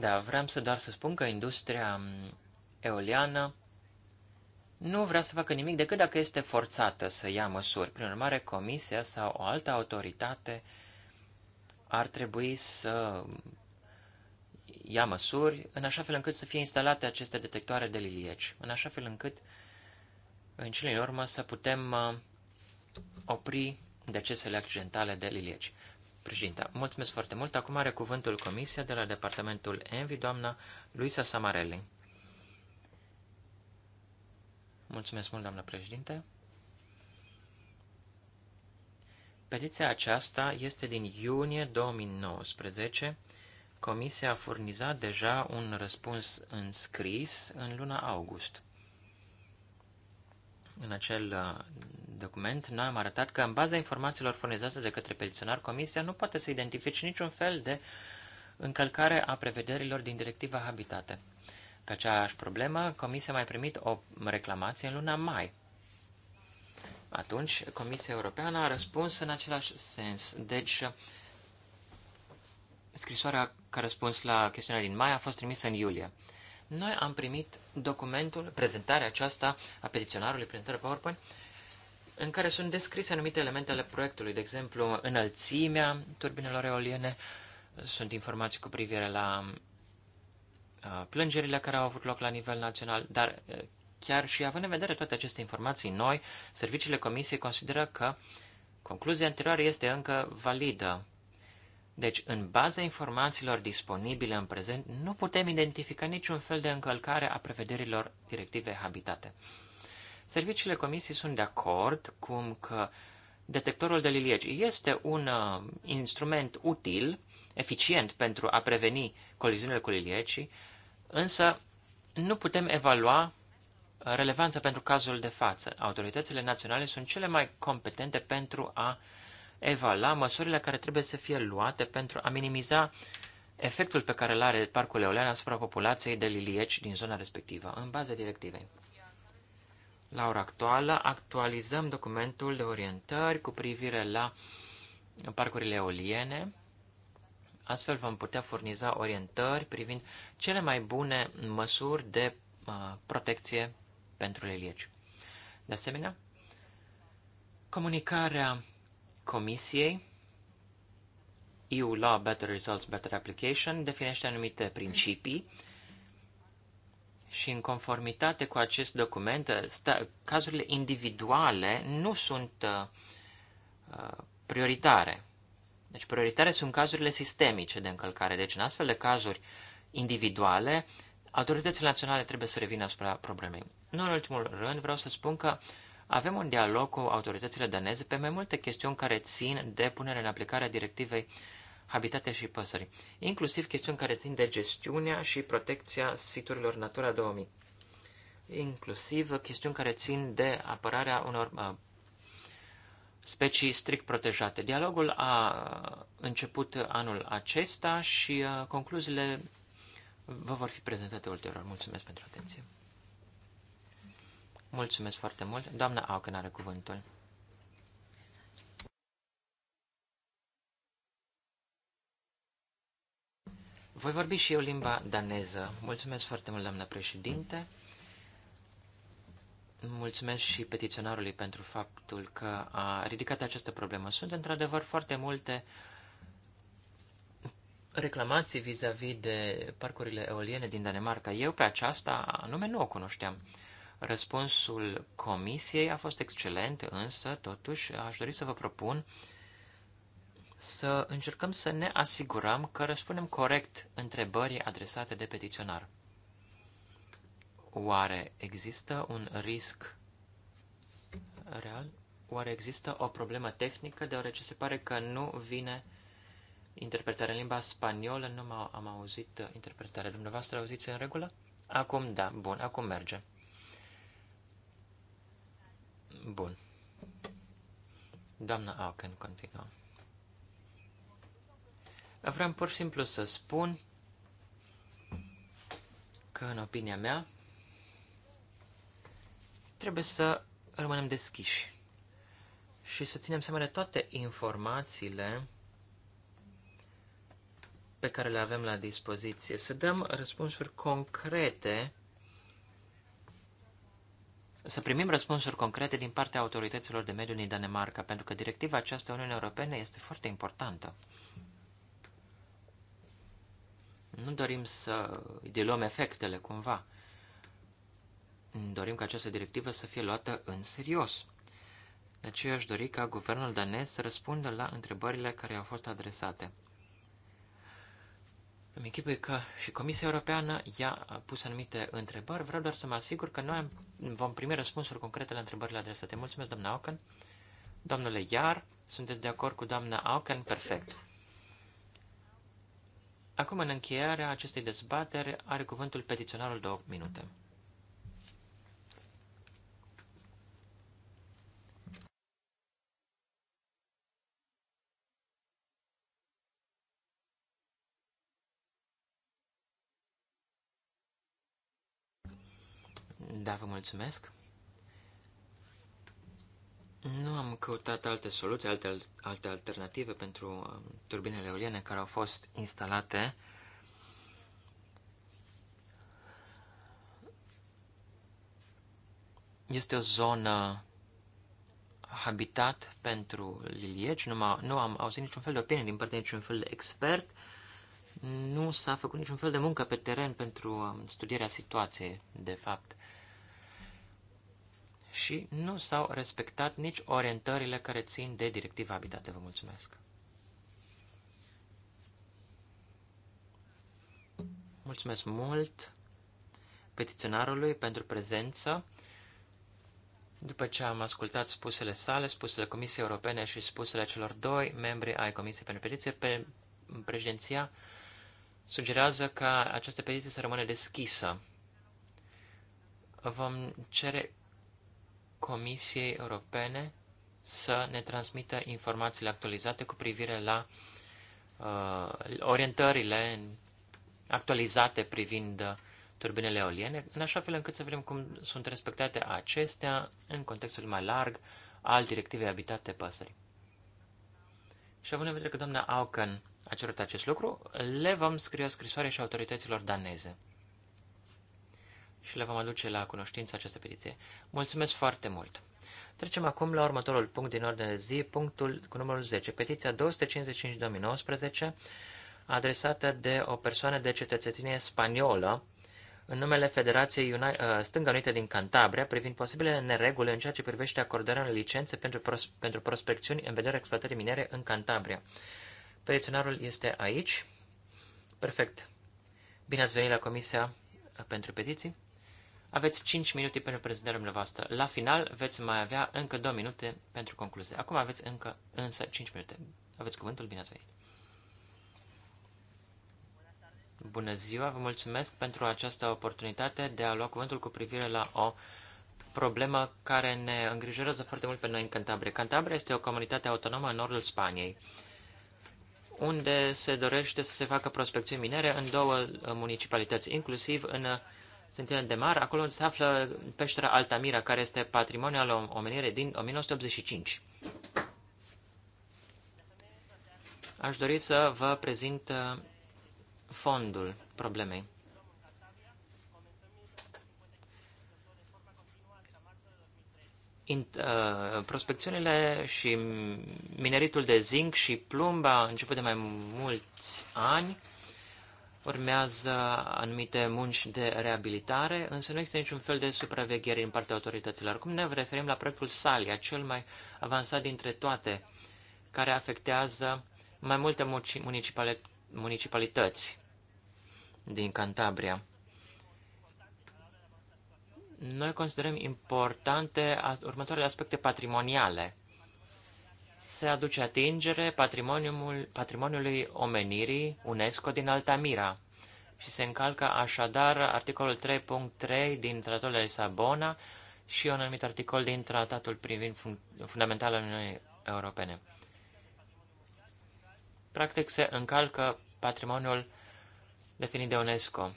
Da, vreau să doar să spun că industria eoliană nu vrea să facă nimic decât dacă este forțată să ia măsuri. Prin urmare, comisia sau o altă autoritate ar trebui să ia măsuri în așa fel încât să fie instalate aceste detectoare de lilieci, în așa fel încât în cele din urmă să putem uh, opri decesele accidentale de lilieci. Președinta, mulțumesc foarte mult. Acum are cuvântul Comisia de la Departamentul Envi, doamna Luisa Samarelli. Mulțumesc mult, doamnă președinte. Petiția aceasta este din iunie 2019. Comisia a furnizat deja un răspuns înscris în luna august. În acel uh, document, noi am arătat că, în baza informațiilor furnizate de către petiționar, Comisia nu poate să identifice niciun fel de încălcare a prevederilor din directiva Habitate. Pe aceeași problemă, Comisia a mai primit o reclamație în luna mai. Atunci, Comisia Europeană a răspuns în același sens. Deci, scrisoarea care a răspuns la chestiunea din mai a fost trimisă în iulie. Noi am primit documentul, prezentarea aceasta a petiționarului prin PowerPoint, în care sunt descrise anumite elemente ale proiectului, de exemplu, înălțimea turbinelor eoliene, sunt informații cu privire la uh, plângerile care au avut loc la nivel național, dar uh, chiar și având în vedere toate aceste informații noi, serviciile comisiei consideră că concluzia anterioară este încă validă. Deci, în baza informațiilor disponibile în prezent, nu putem identifica niciun fel de încălcare a prevederilor directive Habitate. Serviciile Comisiei sunt de acord cum că detectorul de lilieci este un uh, instrument util, eficient pentru a preveni coliziunile cu liliecii, însă nu putem evalua relevanța pentru cazul de față. Autoritățile naționale sunt cele mai competente pentru a uh, evala măsurile care trebuie să fie luate pentru a minimiza efectul pe care îl are parcul eolian asupra populației de lilieci din zona respectivă, în baza directivei. La ora actuală, actualizăm documentul de orientări cu privire la parcurile eoliene. Astfel vom putea furniza orientări privind cele mai bune măsuri de uh, protecție pentru lilieci. De asemenea, comunicarea Comisiei, EU Law Better Results Better Application definește anumite principii și în conformitate cu acest document, cazurile individuale nu sunt uh, uh, prioritare. Deci prioritare sunt cazurile sistemice de încălcare. Deci în astfel de cazuri individuale, autoritățile naționale trebuie să revină asupra problemei. Nu în ultimul rând vreau să spun că uh, avem un dialog cu autoritățile daneze pe mai multe chestiuni care țin de punerea în aplicare a directivei habitate și păsări, inclusiv chestiuni care țin de gestiunea și protecția siturilor Natura 2000, inclusiv chestiuni care țin de apărarea unor uh, specii strict protejate. Dialogul a uh, început anul acesta și uh, concluziile vă vor fi prezentate ulterior. Mulțumesc pentru atenție! Mulțumesc foarte mult. Doamna Aucă are cuvântul. Voi vorbi și eu limba daneză. Mulțumesc foarte mult, doamna președinte. Mulțumesc și petiționarului pentru faptul că a ridicat această problemă. Sunt într-adevăr foarte multe reclamații vis-a-vis -vis de parcurile eoliene din Danemarca. Eu pe aceasta anume nu o cunoșteam. Răspunsul comisiei a fost excelent, însă, totuși, aș dori să vă propun să încercăm să ne asigurăm că răspundem corect întrebării adresate de petiționar. Oare există un risc real? Oare există o problemă tehnică, deoarece se pare că nu vine interpretarea în limba spaniolă, nu am auzit interpretarea. Dumneavoastră auziți în regulă? Acum da, bun, acum merge. Bun. Doamna Auken, continuă. Vreau pur și simplu să spun că, în opinia mea, trebuie să rămânem deschiși și să ținem seama de toate informațiile pe care le avem la dispoziție, să dăm răspunsuri concrete să primim răspunsuri concrete din partea autorităților de mediu din Danemarca, pentru că directiva aceasta Uniunii Europene este foarte importantă. Nu dorim să diluăm efectele cumva. Dorim ca această directivă să fie luată în serios. De aceea aș dori ca guvernul danez să răspundă la întrebările care au fost adresate. Îmi închipui că și Comisia Europeană i-a pus anumite întrebări. Vreau doar să mă asigur că noi vom primi răspunsuri concrete la întrebările adresate. Mulțumesc, doamna Auken. Domnule Iar, sunteți de acord cu doamna Auken? Perfect. Acum, în încheierea acestei dezbateri, are cuvântul petiționarul două minute. Da, vă mulțumesc. Nu am căutat alte soluții, alte, alte alternative pentru um, turbinele eoliene care au fost instalate Este o zonă habitat pentru lilieci, nu, am nu am auzit niciun fel de opinie din partea niciun fel de expert, nu s-a făcut niciun fel de muncă pe teren pentru um, studierea situației, de fapt și nu s-au respectat nici orientările care țin de directiva abitate. Vă mulțumesc! Mulțumesc mult petiționarului pentru prezență. După ce am ascultat spusele sale, spusele Comisiei Europene și spusele celor doi membri ai Comisiei pentru Petiție, pe președinția sugerează ca această petiție să rămână deschisă. Vom cere Comisiei Europene să ne transmită informațiile actualizate cu privire la uh, orientările actualizate privind uh, turbinele eoliene, în așa fel încât să vedem cum sunt respectate acestea în contextul mai larg al directivei Abitate Păsări. Și având în vedere că doamna Auken a cerut acest lucru, le vom scrie o scrisoare și autorităților daneze și le vom aduce la cunoștință această petiție. Mulțumesc foarte mult! Trecem acum la următorul punct din ordine de zi, punctul cu numărul 10, petiția 255-2019, adresată de o persoană de cetățenie spaniolă în numele Federației Uni uh, Stânga Unită din Cantabria privind posibilele nereguli în ceea ce privește acordarea unei licențe pentru, pros- pentru prospecțiuni în vederea exploatării minere în Cantabria. Petiționarul este aici. Perfect. Bine ați venit la Comisia pentru Petiții. Aveți 5 minute pentru prezentarea dumneavoastră. La final veți mai avea încă 2 minute pentru concluzie. Acum aveți încă însă 5 minute. Aveți cuvântul, bine ați venit. Bună ziua, vă mulțumesc pentru această oportunitate de a lua cuvântul cu privire la o problemă care ne îngrijorează foarte mult pe noi în Cantabria. Cantabria este o comunitate autonomă în nordul Spaniei, unde se dorește să se facă prospecție minere în două municipalități, inclusiv în Centine de Mar, acolo se află peștera Altamira, care este patrimoniul al omenirii din 1985. Aș dori să vă prezint uh, fondul problemei. Uh, prospecțiunile și mineritul de zinc și plumb a început de mai mulți ani urmează anumite munci de reabilitare, însă nu există niciun fel de supraveghere în partea autorităților. Cum ne referim la proiectul Salia, cel mai avansat dintre toate, care afectează mai multe municipalități din Cantabria. Noi considerăm importante următoarele aspecte patrimoniale – se aduce atingere patrimoniul, patrimoniului omenirii UNESCO din Altamira și se încalcă așadar articolul 3.3 din Tratatul de Lisabona și un anumit articol din Tratatul privind fun- fundamental al Uniunii Europene. Practic se încalcă patrimoniul definit de UNESCO.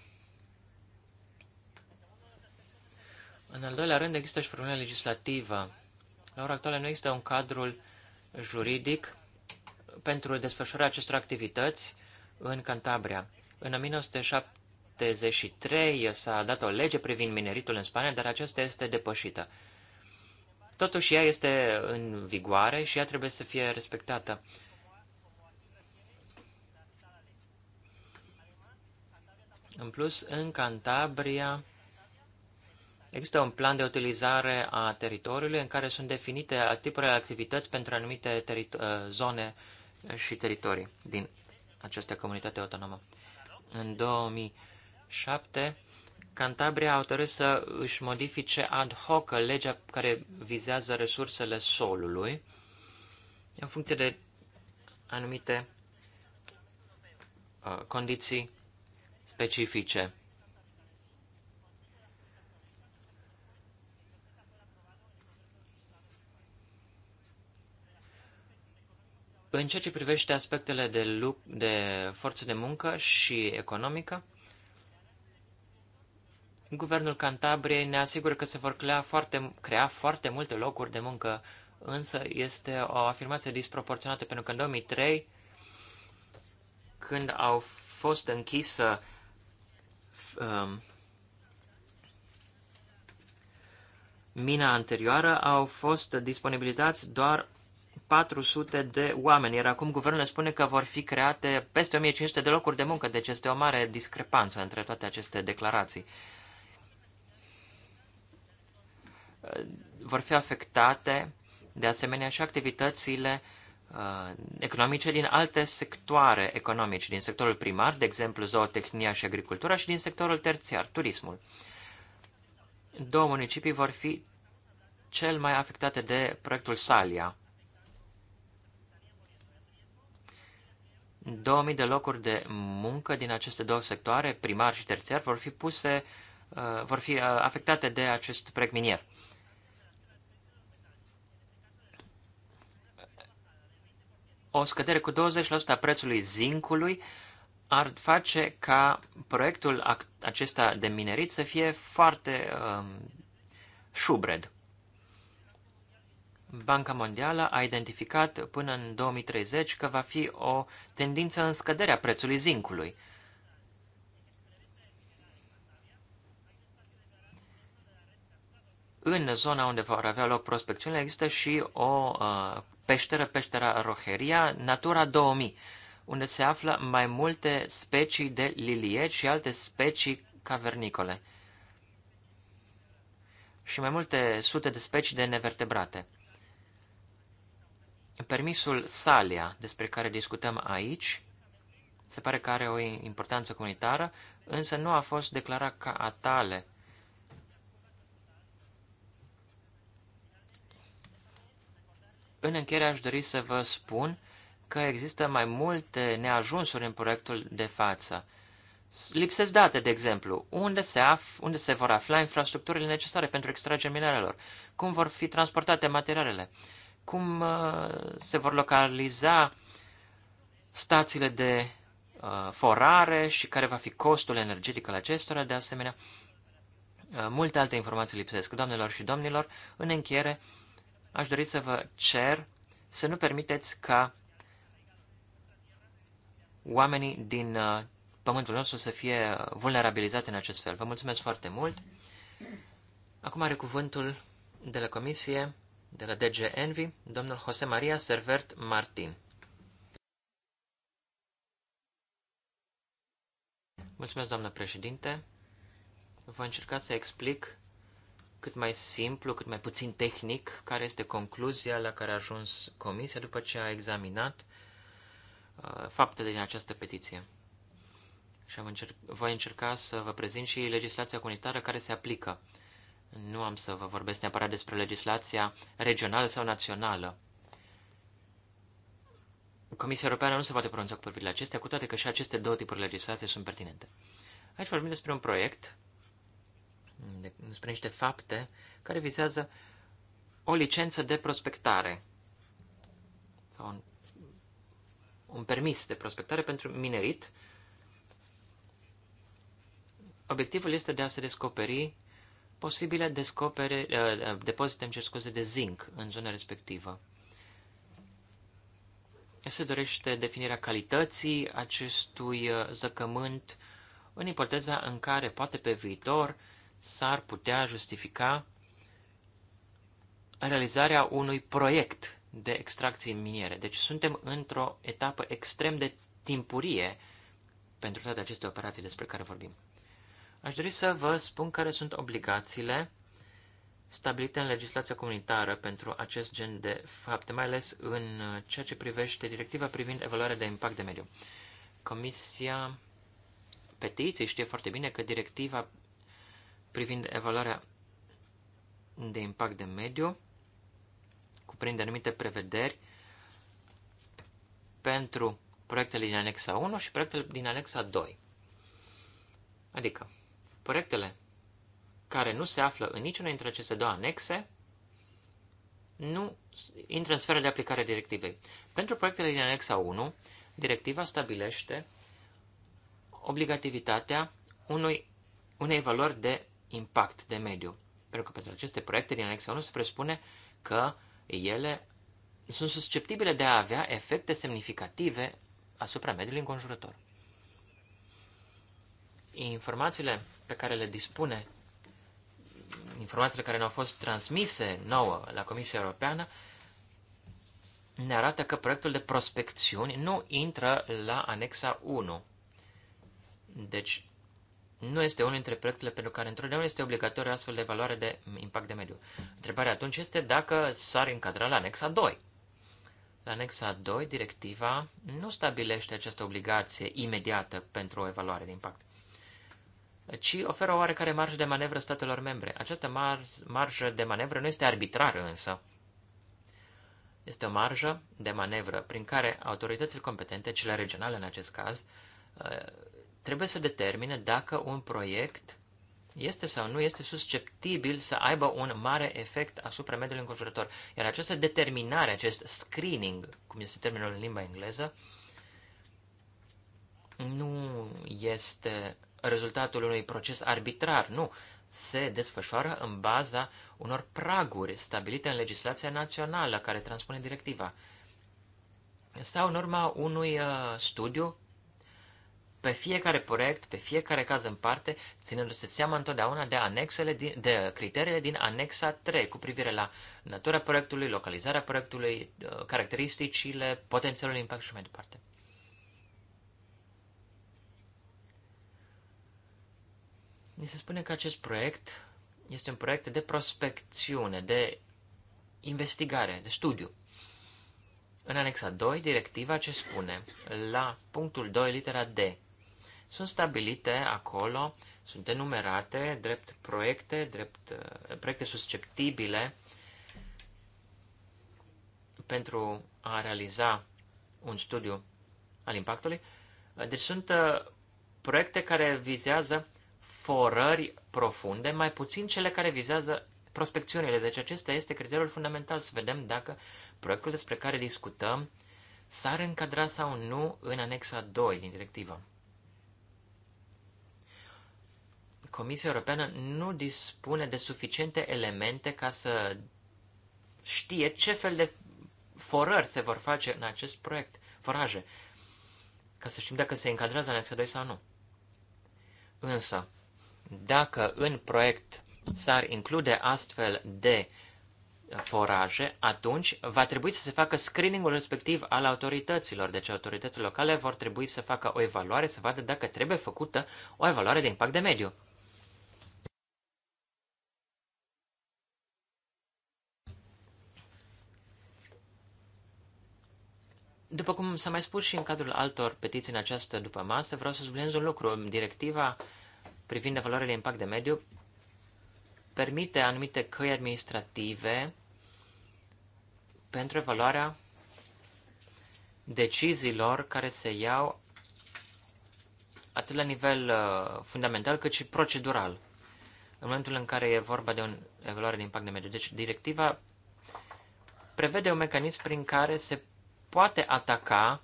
În al doilea rând, există și problema legislativă. La ora actuală nu există un cadru juridic pentru desfășurarea acestor activități în Cantabria. În 1973 s-a dat o lege privind mineritul în Spania, dar aceasta este depășită. Totuși, ea este în vigoare și ea trebuie să fie respectată. În plus, în Cantabria Există un plan de utilizare a teritoriului în care sunt definite tipurile de activități pentru anumite uh, zone și teritorii din această comunitate autonomă. În 2007, Cantabria a hotărât să își modifice ad hoc legea care vizează resursele solului în funcție de anumite uh, condiții specifice. În ceea ce privește aspectele de, luc- de forță de muncă și economică, guvernul Cantabriei ne asigură că se vor crea foarte, crea foarte multe locuri de muncă, însă este o afirmație disproporționată pentru că în 2003, când au fost închisă um, mina anterioară, au fost disponibilizați doar 400 de oameni, iar acum guvernul ne spune că vor fi create peste 1500 de locuri de muncă, deci este o mare discrepanță între toate aceste declarații. Vor fi afectate, de asemenea, și activitățile uh, economice din alte sectoare economice, din sectorul primar, de exemplu zootehnia și agricultura, și din sectorul terțiar, turismul. Două municipii vor fi cel mai afectate de proiectul Salia. 2000 de locuri de muncă din aceste două sectoare, primar și terțiar, vor fi puse, uh, vor fi uh, afectate de acest proiect minier. O scădere cu 20% a prețului zincului ar face ca proiectul acesta de minerit să fie foarte um, șubred. Banca Mondială a identificat până în 2030 că va fi o tendință în scăderea prețului zincului. În zona unde vor avea loc prospecțiunile există și o uh, peșteră, peștera Roheria, Natura 2000, unde se află mai multe specii de lilieci și alte specii cavernicole și mai multe sute de specii de nevertebrate. Permisul Salia, despre care discutăm aici, se pare că are o importanță comunitară, însă nu a fost declarat ca atale. În încheiere aș dori să vă spun că există mai multe neajunsuri în proiectul de față. Lipsesc date, de exemplu, unde se, af- unde se vor afla infrastructurile necesare pentru extragerea mineralelor, cum vor fi transportate materialele cum uh, se vor localiza stațiile de uh, forare și care va fi costul energetic al acestora, de asemenea. Uh, multe alte informații lipsesc. Doamnelor și domnilor, în încheiere, aș dori să vă cer să nu permiteți ca oamenii din pământul nostru să fie vulnerabilizați în acest fel. Vă mulțumesc foarte mult. Acum are cuvântul de la comisie de la DG Envy, domnul José María Servert Martin. Mulțumesc, doamnă președinte. Voi încerca să explic cât mai simplu, cât mai puțin tehnic, care este concluzia la care a ajuns comisia după ce a examinat uh, faptele din această petiție. Și am încerc, voi încerca să vă prezint și legislația comunitară care se aplică. Uh, nu am să vă vorbesc neapărat despre legislația regională sau națională. Comisia Europeană nu se poate pronunța cu privire la acestea, cu toate că și aceste două tipuri de legislație sunt pertinente. Aici vorbim despre un proiect, despre niște fapte care vizează o licență de prospectare sau un, un permis de prospectare pentru minerit. Obiectivul este de a se descoperi posibile descopere, uh, uh, depozite, îmi cer scuze, de zinc în zona respectivă. Se dorește definirea calității acestui uh, zăcământ în ipoteza în care poate pe viitor s-ar putea justifica realizarea unui proiect de extracție miniere. Deci suntem într-o etapă extrem de timpurie pentru toate aceste operații despre care vorbim. Aș dori să vă spun care sunt obligațiile stabilite în legislația comunitară pentru acest gen de fapte, mai ales în ceea ce privește directiva privind evaluarea de impact de mediu. Comisia Petiției știe foarte bine că directiva privind evaluarea de impact de mediu cuprinde anumite prevederi pentru proiectele din anexa 1 și proiectele din anexa 2. Adică, Proiectele care nu se află în niciuna dintre aceste două anexe nu intră în sfera de aplicare a directivei. Pentru proiectele din anexa 1, directiva stabilește obligativitatea unui, unei valori de impact de mediu. Pentru că pentru aceste proiecte din anexa 1 se presupune că ele sunt susceptibile de a avea efecte semnificative asupra mediului înconjurător informațiile pe care le dispune, informațiile care ne-au fost transmise nouă la Comisia Europeană, ne arată că proiectul de prospecțiuni nu intră la anexa 1. Deci, nu este unul dintre proiectele pentru care întotdeauna este obligatoriu astfel de evaluare de impact de mediu. Întrebarea atunci este dacă s-ar încadra la anexa 2. La anexa 2, directiva nu stabilește această obligație imediată pentru o evaluare de impact ci oferă oarecare marjă de manevră statelor membre. Această mar- marjă de manevră nu este arbitrară însă. Este o marjă de manevră prin care autoritățile competente, cele regionale în acest caz, uh, trebuie să determine dacă un proiect este sau nu este susceptibil să aibă un mare efect asupra mediului înconjurător. Iar această determinare, acest screening, cum este termenul în limba engleză, nu este rezultatul unui proces arbitrar, nu. Se desfășoară în baza unor praguri stabilite în legislația națională care transpune directiva. Sau în urma unui uh, studiu pe fiecare proiect, pe fiecare caz în parte, ținându-se seama întotdeauna de, anexele din, de criteriile din anexa 3 cu privire la natura proiectului, localizarea proiectului, uh, caracteristicile, potențialul impact și mai departe. Ni se spune că acest proiect este un proiect de prospecțiune, de investigare, de studiu. În anexa 2, directiva ce spune, la punctul 2, litera D, sunt stabilite acolo, sunt enumerate drept proiecte, drept eh, proiecte susceptibile pentru a realiza un studiu al impactului. Deci sunt eh, proiecte care vizează forări profunde, mai puțin cele care vizează prospecțiunile. Deci acesta este criteriul fundamental, să vedem dacă proiectul despre care discutăm s-ar încadra sau nu în anexa 2 din directivă. Comisia Europeană nu dispune de suficiente elemente ca să știe ce fel de forări se vor face în acest proiect, foraje, ca să știm dacă se încadrează în anexa 2 sau nu. Însă, dacă în proiect s-ar include astfel de foraje, atunci va trebui să se facă screeningul respectiv al autorităților. Deci autoritățile locale vor trebui să facă o evaluare, să vadă dacă trebuie făcută o evaluare de impact de mediu. După cum s-a mai spus și în cadrul altor petiții în această după masă, vreau să subliniez un lucru. Directiva privind evaluările impact de mediu permite anumite căi administrative pentru evaluarea deciziilor care se iau atât la nivel uh, fundamental cât și procedural în momentul în care e vorba de o evaluare de impact de mediu. Deci directiva prevede un mecanism prin care se poate ataca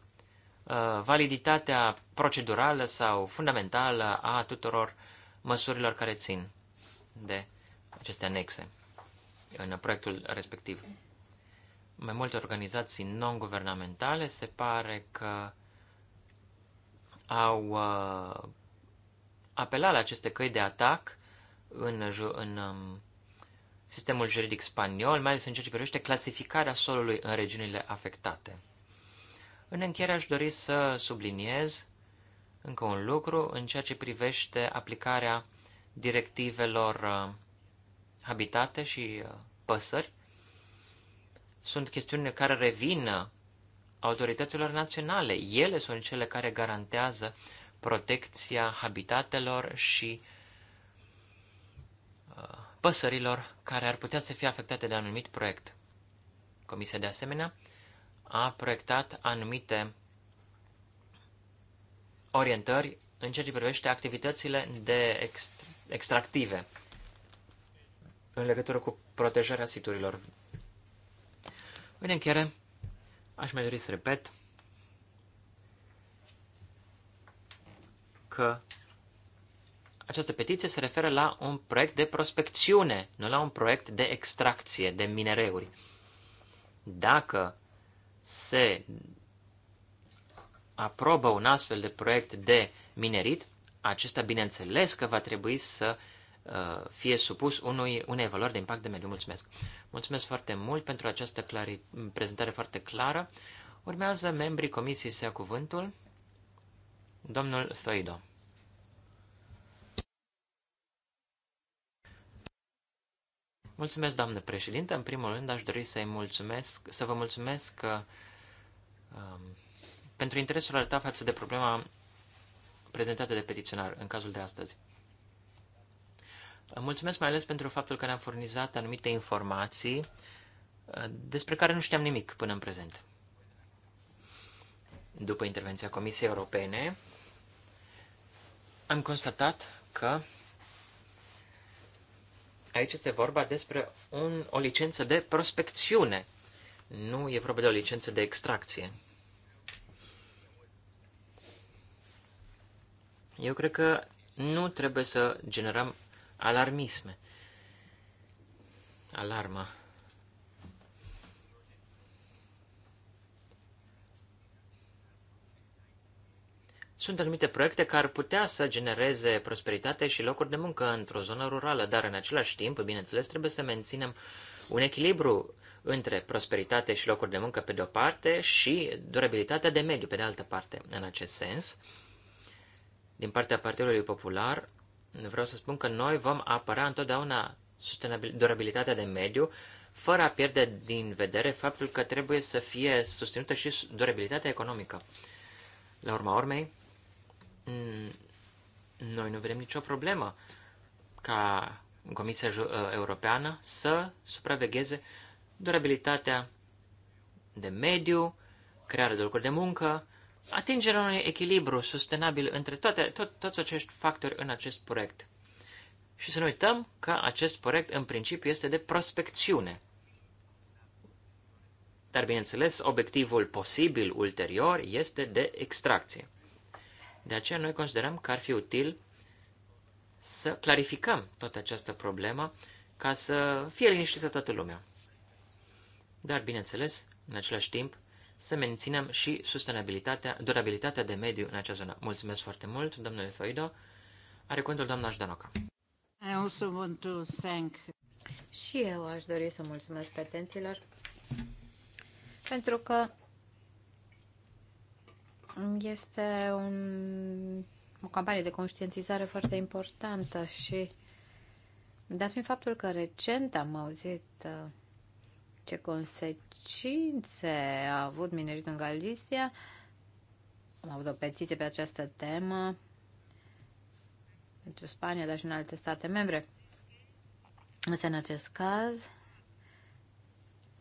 Uh, validitatea procedurală sau fundamentală a tuturor măsurilor care țin de aceste anexe în proiectul respectiv. Mai multe organizații non-guvernamentale se pare că au uh, apelat la aceste căi de atac în, în um, sistemul juridic spaniol, mai ales în ceea ce privește clasificarea solului în regiunile afectate. În încheiere aș dori să subliniez încă un lucru în ceea ce privește aplicarea directivelor uh, habitate și uh, păsări. Sunt chestiuni care revin autorităților naționale. Ele sunt cele care garantează protecția habitatelor și uh, păsărilor care ar putea să fie afectate de anumit proiect. Comisia, de asemenea, a proiectat anumite orientări în ceea ce privește activitățile de extractive în legătură cu protejarea siturilor. În încheiere, aș mai dori să repet că această petiție se referă la un proiect de prospecțiune, nu la un proiect de extracție de minereuri. Dacă se aprobă un astfel de proiect de minerit, acesta bineînțeles că va trebui să uh, fie supus unui, unei valori de impact de mediu. Mulțumesc! Mulțumesc foarte mult pentru această clari, prezentare foarte clară. Urmează membrii comisiei să ia cuvântul. Domnul Stoido. Mulțumesc, doamnă președinte. În primul rând, aș dori să-i mulțumesc, să vă mulțumesc că, um, pentru interesul arătat față de problema prezentată de petiționar în cazul de astăzi. Mulțumesc mai ales pentru faptul că ne-am furnizat anumite informații uh, despre care nu știam nimic până în prezent. După intervenția Comisiei Europene, am constatat că Aici este vorba despre un, o licență de prospecțiune. Nu e vorba de o licență de extracție. Eu cred că nu trebuie să generăm alarmisme. Alarma. Sunt anumite proiecte care ar putea să genereze prosperitate și locuri de muncă într-o zonă rurală, dar în același timp, bineînțeles, trebuie să menținem un echilibru între prosperitate și locuri de muncă pe de o parte și durabilitatea de mediu pe de altă parte. În acest sens, din partea Partidului Popular, vreau să spun că noi vom apăra întotdeauna durabilitatea de mediu, fără a pierde din vedere faptul că trebuie să fie susținută și durabilitatea economică. La urma urmei, Mm, noi nu vedem nicio problemă ca Comisia uh, Europeană să supravegheze durabilitatea de mediu, crearea de locuri de muncă, atingerea unui echilibru sustenabil între toate, tot, toți acești factori în acest proiect. Și să nu uităm că acest proiect în principiu este de prospecțiune. Dar bineînțeles, obiectivul posibil ulterior este de extracție. De aceea noi considerăm că ar fi util să clarificăm toată această problemă ca să fie liniștită toată lumea. Dar, bineînțeles, în același timp, să menținem și sustenabilitatea, durabilitatea de mediu în acea zonă. Mulțumesc foarte mult, domnule Foido. Are cuvântul doamna Jdanoca. I also want to thank... Și eu aș dori să mulțumesc petenților pentru că este un, o campanie de conștientizare foarte importantă și dat fiind faptul că recent am auzit uh, ce consecințe a avut mineritul în Galicia, am avut o petiție pe această temă pentru Spania, dar și în alte state membre. Însă, în acest caz,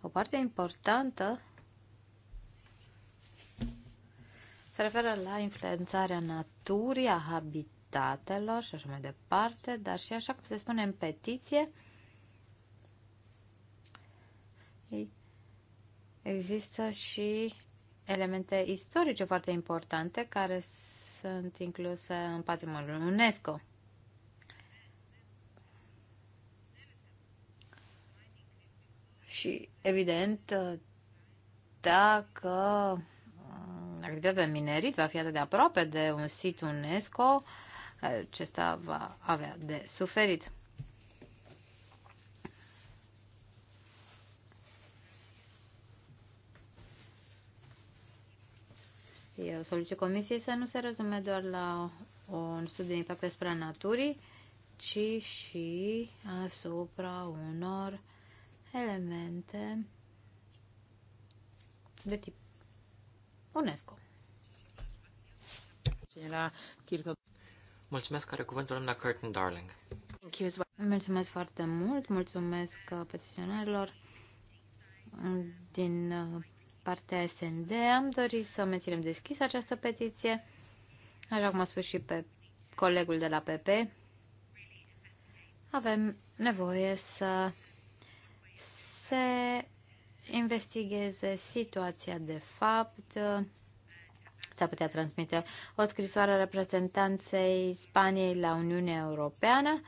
o parte importantă se referă la influențarea naturii, a habitatelor și așa mai departe, dar și așa cum se spune în petiție, există și elemente istorice foarte importante care sunt incluse în patrimoniul UNESCO. Și, evident, dacă activitatea de minerit va fi atât de aproape de un sit UNESCO, acesta va avea de suferit. Eu solicit comisiei să nu se rezume doar la un studiu de impact asupra naturii, ci și asupra unor elemente de tip UNESCO. Mulțumesc, are cuvântul doamna Curtin Darling. Mulțumesc foarte mult, mulțumesc uh, petiționarilor din uh, partea SND. Am dorit să menținem deschis această petiție, așa cum a spus și pe colegul de la PP. Avem nevoie să se investigheze situația de fapt. S-a putea transmite o scrisoare a reprezentanței Spaniei la Uniunea Europeană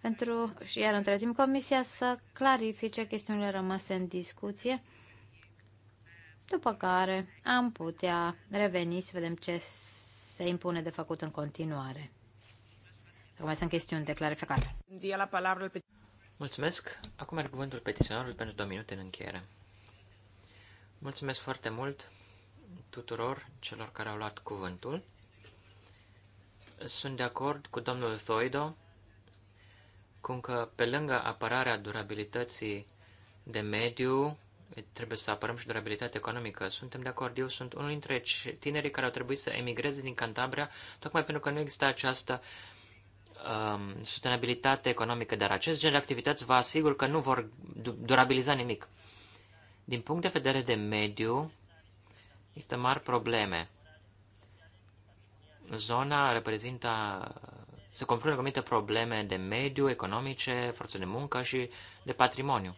pentru, și iar între timp, Comisia să clarifice chestiunile rămase în discuție, după care am putea reveni să vedem ce se impune de făcut în continuare. Acum sunt chestiuni de clarificare. Mulțumesc. Acum are cuvântul petiționarului pentru două minute în încheiere. Mulțumesc foarte mult tuturor celor care au luat cuvântul. Sunt de acord cu domnul Thoido cum că pe lângă apărarea durabilității de mediu, trebuie să apărăm și durabilitatea economică. Suntem de acord. Eu sunt unul dintre tinerii care au trebuit să emigreze din Cantabria, tocmai pentru că nu există această um, sustenabilitate economică. Dar acest gen de activități vă asigur că nu vor durabiliza nimic. Din punct de vedere de mediu, există mari probleme. Zona reprezintă, se confruntă cu multe probleme de mediu, economice, forță de muncă și de patrimoniu.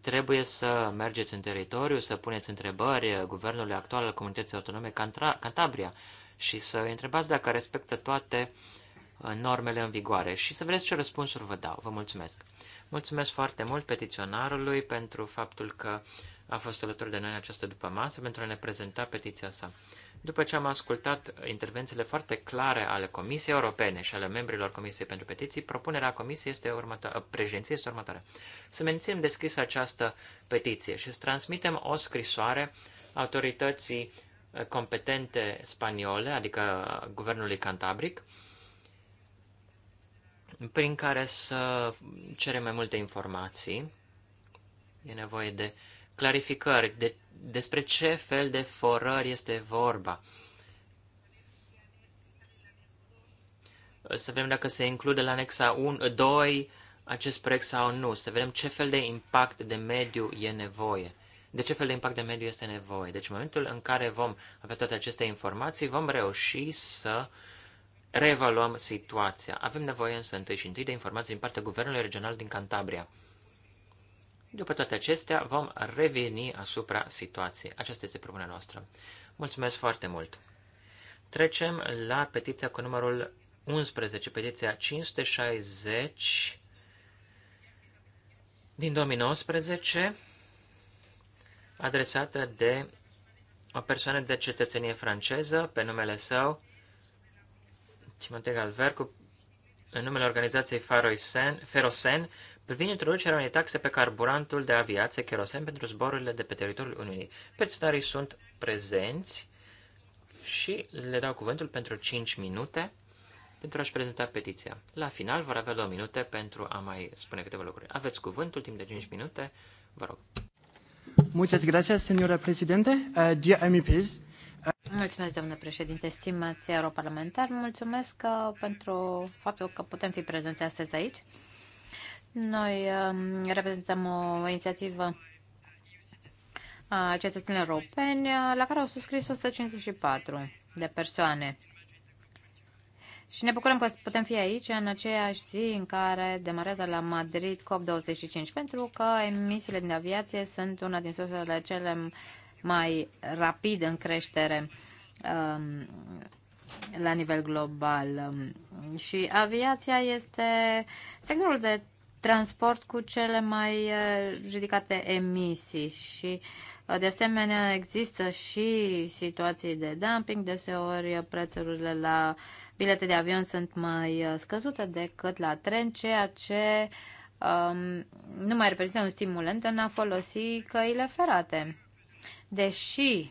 Trebuie să mergeți în teritoriu, să puneți întrebări guvernului actual al Comunității Autonome Cantabria și să îi întrebați dacă respectă toate uh, normele în vigoare și să vedeți ce răspunsuri vă dau. Vă mulțumesc! Mulțumesc foarte mult petiționarului pentru faptul că a fost alături de noi în această după masă pentru a ne prezenta petiția sa. După ce am ascultat intervențiile foarte clare ale Comisiei Europene și ale membrilor Comisiei pentru Petiții, propunerea Comisiei este următoare, ă, președinției este următoare. Să menținem deschisă această petiție și să transmitem o scrisoare autorității ă, competente spaniole, adică guvernului Cantabric, prin care să cerem mai multe informații. E nevoie de clarificări de, despre ce fel de forări este vorba. Să vedem dacă se include la anexa 1, 2 acest proiect sau nu. Să vedem ce fel de impact de mediu e nevoie. De ce fel de impact de mediu este nevoie. Deci în momentul în care vom avea toate aceste informații, vom reuși să uh, reevaluăm situația. Avem nevoie însă întâi și întâi de informații din partea Guvernului Regional din Cantabria. După toate acestea, vom reveni asupra situației. Aceasta este propunerea noastră. Mulțumesc foarte mult! Trecem la petiția cu numărul 11, petiția 560 din 2019, adresată de o persoană de cetățenie franceză pe numele său, întreg al cu, în numele organizației Faroisen, Ferosen privind introducerea unei taxe pe carburantul de aviație kerosen pentru zborurile de pe teritoriul Uniunii. Petiționarii sunt prezenți și le dau cuvântul pentru 5 minute pentru a-și prezenta petiția. La final vor avea 2 minute pentru a mai spune câteva lucruri. Aveți cuvântul timp de 5 minute, vă rog. Muchas gracias, señora presidente. Uh, dear MEPs, Mulțumesc, domnule președinte, stimați europarlamentari. Mulțumesc uh, pentru faptul că putem fi prezenți astăzi aici. Noi um, reprezentăm o inițiativă a cetățenilor europeni uh, la care au suscris 154 de persoane. Și ne bucurăm că putem fi aici în aceeași zi în care demarează la Madrid COP25, pentru că emisiile din aviație sunt una din sursele cele mai rapid în creștere um, la nivel global. Um, și aviația este sectorul de transport cu cele mai uh, ridicate emisii și uh, de asemenea există și situații de dumping, deseori uh, prețurile la bilete de avion sunt mai scăzute decât la tren, ceea ce um, nu mai reprezintă un stimulant în a folosi căile ferate deși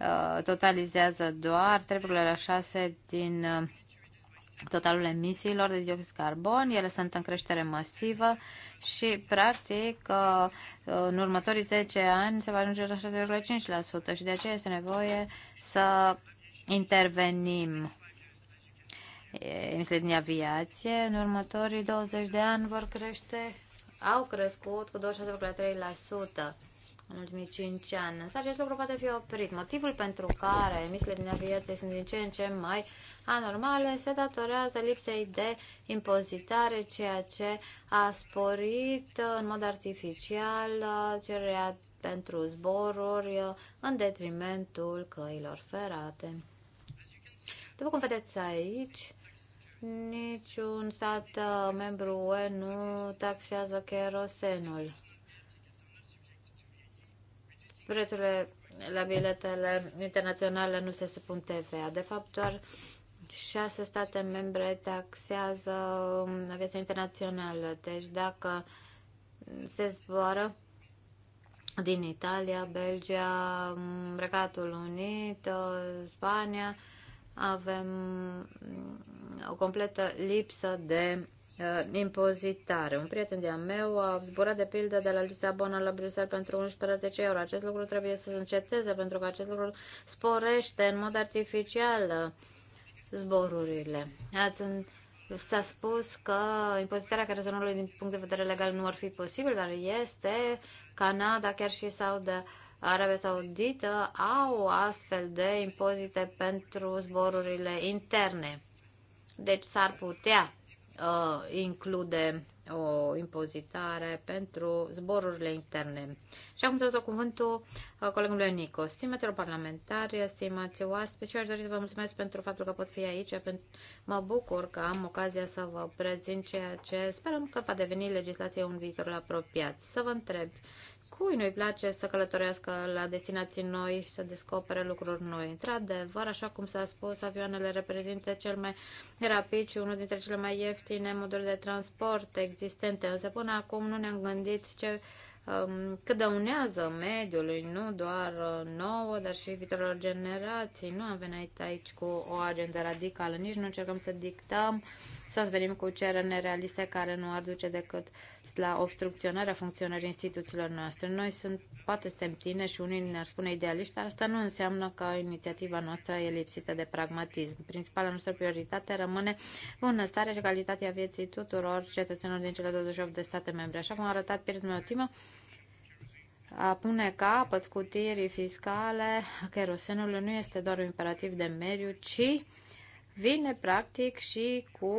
uh, totalizează doar 3,6 din uh, totalul emisiilor de dioxid carbon. Ele sunt în creștere masivă și, practic, uh, în următorii 10 ani se va ajunge la 6,5% și de aceea este nevoie să intervenim. Emisiile din aviație în următorii 20 de ani vor crește, au crescut cu 26,3% în ultimii 5 ani. Însă acest lucru poate fi oprit. Motivul pentru care emisiile din aviație sunt din ce în ce mai anormale se datorează lipsei de impozitare, ceea ce a sporit în mod artificial cererea pentru zboruri în detrimentul căilor ferate. După cum vedeți aici, niciun stat membru UE nu taxează kerosenul prețurile la biletele internaționale nu se supun TVA. De fapt, doar șase state membre taxează um, aviația internațională. Deci dacă se zboară din Italia, Belgia, um, Regatul Unit, uh, Spania, avem um, o completă lipsă de Uh, impozitare. Un prieten de-a meu a zburat de pildă de la Lisabona la Bruxelles pentru 11 euro. Acest lucru trebuie să se înceteze pentru că acest lucru sporește în mod artificial uh, zborurile. Ați S-a spus că impozitarea cazonului din punct de vedere legal nu ar fi posibil, dar este Canada, chiar și sau de Arabia Saudită au astfel de impozite pentru zborurile interne. Deci s-ar putea uh, include o impozitare pentru zborurile interne. Și acum să dau cuvântul uh, colegului Nico. Stimați parlamentari, stimați oaspeți, și aș dori să vă mulțumesc pentru faptul că pot fi aici. Mă bucur că am ocazia să vă prezint ceea ce sperăm că va deveni legislație un viitor apropiat. Să vă întreb Cui nu-i place să călătorească la destinații noi și să descopere lucruri noi? Într-adevăr, așa cum s-a spus, avioanele reprezintă cel mai rapid și unul dintre cele mai ieftine moduri de transport existente, însă până acum nu ne-am gândit ce um, cât dăunează mediului, nu doar nouă, dar și viitorilor generații. Nu am venit aici cu o agendă radicală, nici nu încercăm să dictăm, să venim cu cereri nerealiste care nu ar duce decât la obstrucționarea funcționării instituțiilor noastre. Noi sunt, poate suntem tine și unii ne-ar spune idealiști, dar asta nu înseamnă că inițiativa noastră e lipsită de pragmatism. Principala noastră prioritate rămâne bunăstarea și calitatea vieții tuturor cetățenilor din cele 28 de state membre. Așa cum a arătat meu timp, a pune capăt scutirii fiscale a cherosenului nu este doar un imperativ de mediu, ci vine practic și cu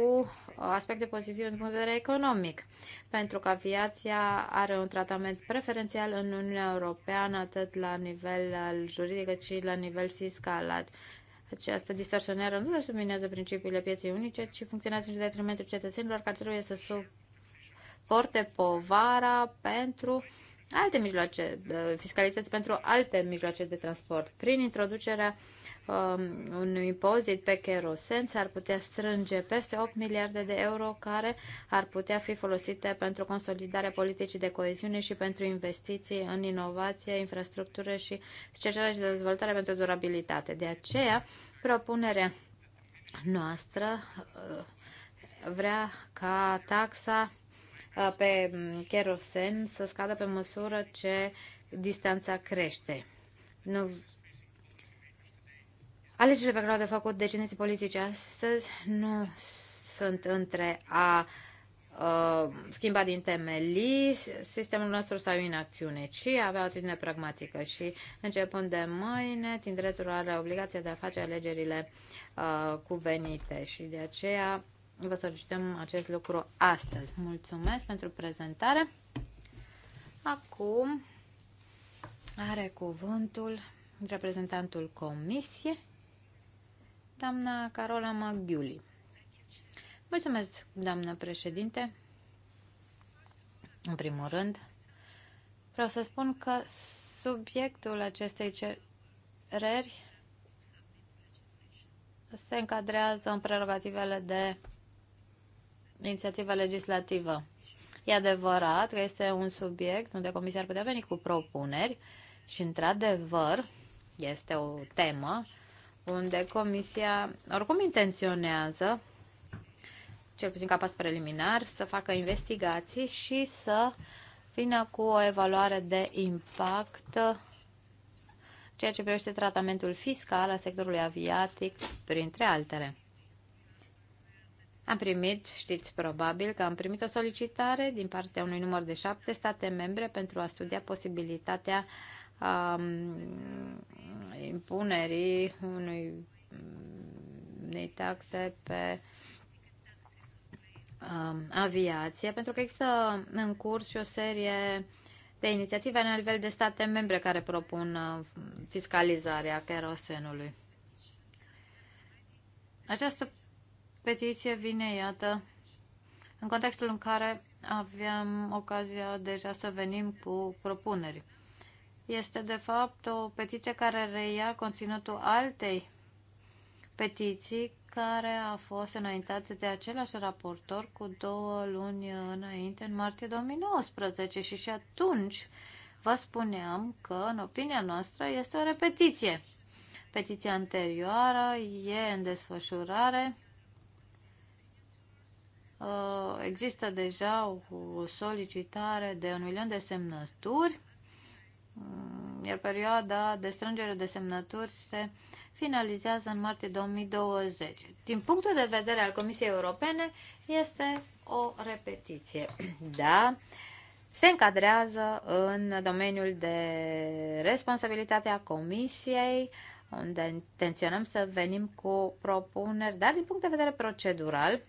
aspecte pozitive din punct de vedere economic, pentru că aviația are un tratament preferențial în Uniunea Europeană, atât la nivel al juridic cât și la nivel fiscal. Această distorsionare nu doar subminează principiile pieței unice, ci funcționează și în detrimentul cetățenilor care trebuie să suporte povara pentru alte mijloace, fiscalități pentru alte mijloace de transport. Prin introducerea Um, un impozit pe kerosen s-ar putea strânge peste 8 miliarde de euro care ar putea fi folosite pentru consolidarea politicii de coeziune și pentru investiții în inovație, infrastructură și cercetare și dezvoltare pentru durabilitate. De aceea, propunerea noastră uh, vrea ca taxa uh, pe kerosen um, să scadă pe măsură ce distanța crește. Nu Alegerile pe care le-au de făcut decineții politici astăzi nu sunt între a uh, schimba din temelii sistemul nostru sau acțiune, ci avea o atitudine pragmatică și începând de mâine, tindretul are obligația de a face alegerile uh, cuvenite și de aceea vă solicităm acest lucru astăzi. Mulțumesc pentru prezentare. Acum are cuvântul reprezentantul comisiei doamna Carola Maghiuli. Mulțumesc, doamnă președinte. În primul rând, vreau să spun că subiectul acestei cereri se încadrează în prerogativele de inițiativă legislativă. E adevărat că este un subiect unde Comisia ar putea veni cu propuneri și, într-adevăr, este o temă unde Comisia oricum intenționează, cel puțin ca pas preliminar, să facă investigații și să vină cu o evaluare de impact ceea ce privește tratamentul fiscal al sectorului aviatic, printre altele. Am primit, știți probabil că am primit o solicitare din partea unui număr de șapte state membre pentru a studia posibilitatea um, impunerii unui, unei taxe pe um, aviație, pentru că există în curs și o serie de inițiative la nivel de state membre care propun uh, fiscalizarea kerosenului. Această petiție vine, iată, în contextul în care avem ocazia deja să venim cu propuneri este de fapt o petiție care reia conținutul altei petiții care a fost înaintată de același raportor cu două luni înainte, în martie 2019. Și și atunci vă spuneam că, în opinia noastră, este o repetiție. Petiția anterioară e în desfășurare. Uh, există deja o solicitare de un milion de semnături Mm, iar perioada de strângere de semnături se finalizează în martie 2020. Din punctul de vedere al Comisiei Europene, este o repetiție. Da, se încadrează în domeniul de responsabilitate a Comisiei, unde intenționăm să venim cu propuneri, dar din punct de vedere procedural,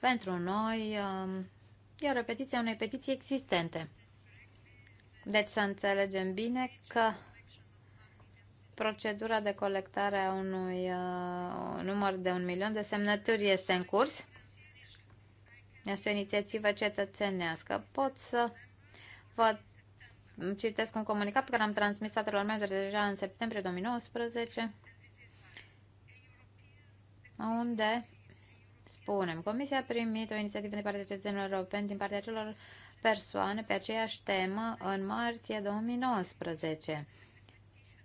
pentru noi um, e o repetiție a unei petiții existente. Deci să înțelegem bine că procedura de colectare a unui uh, număr de un milion de semnături este în curs. Este o inițiativă cetățenească. Pot să vă citesc un comunicat pe care am transmis statelor membre deja în septembrie 2019, unde spunem, Comisia a primit o inițiativă din partea cetățenilor europeni, din partea celor persoane pe aceeași temă în martie 2019.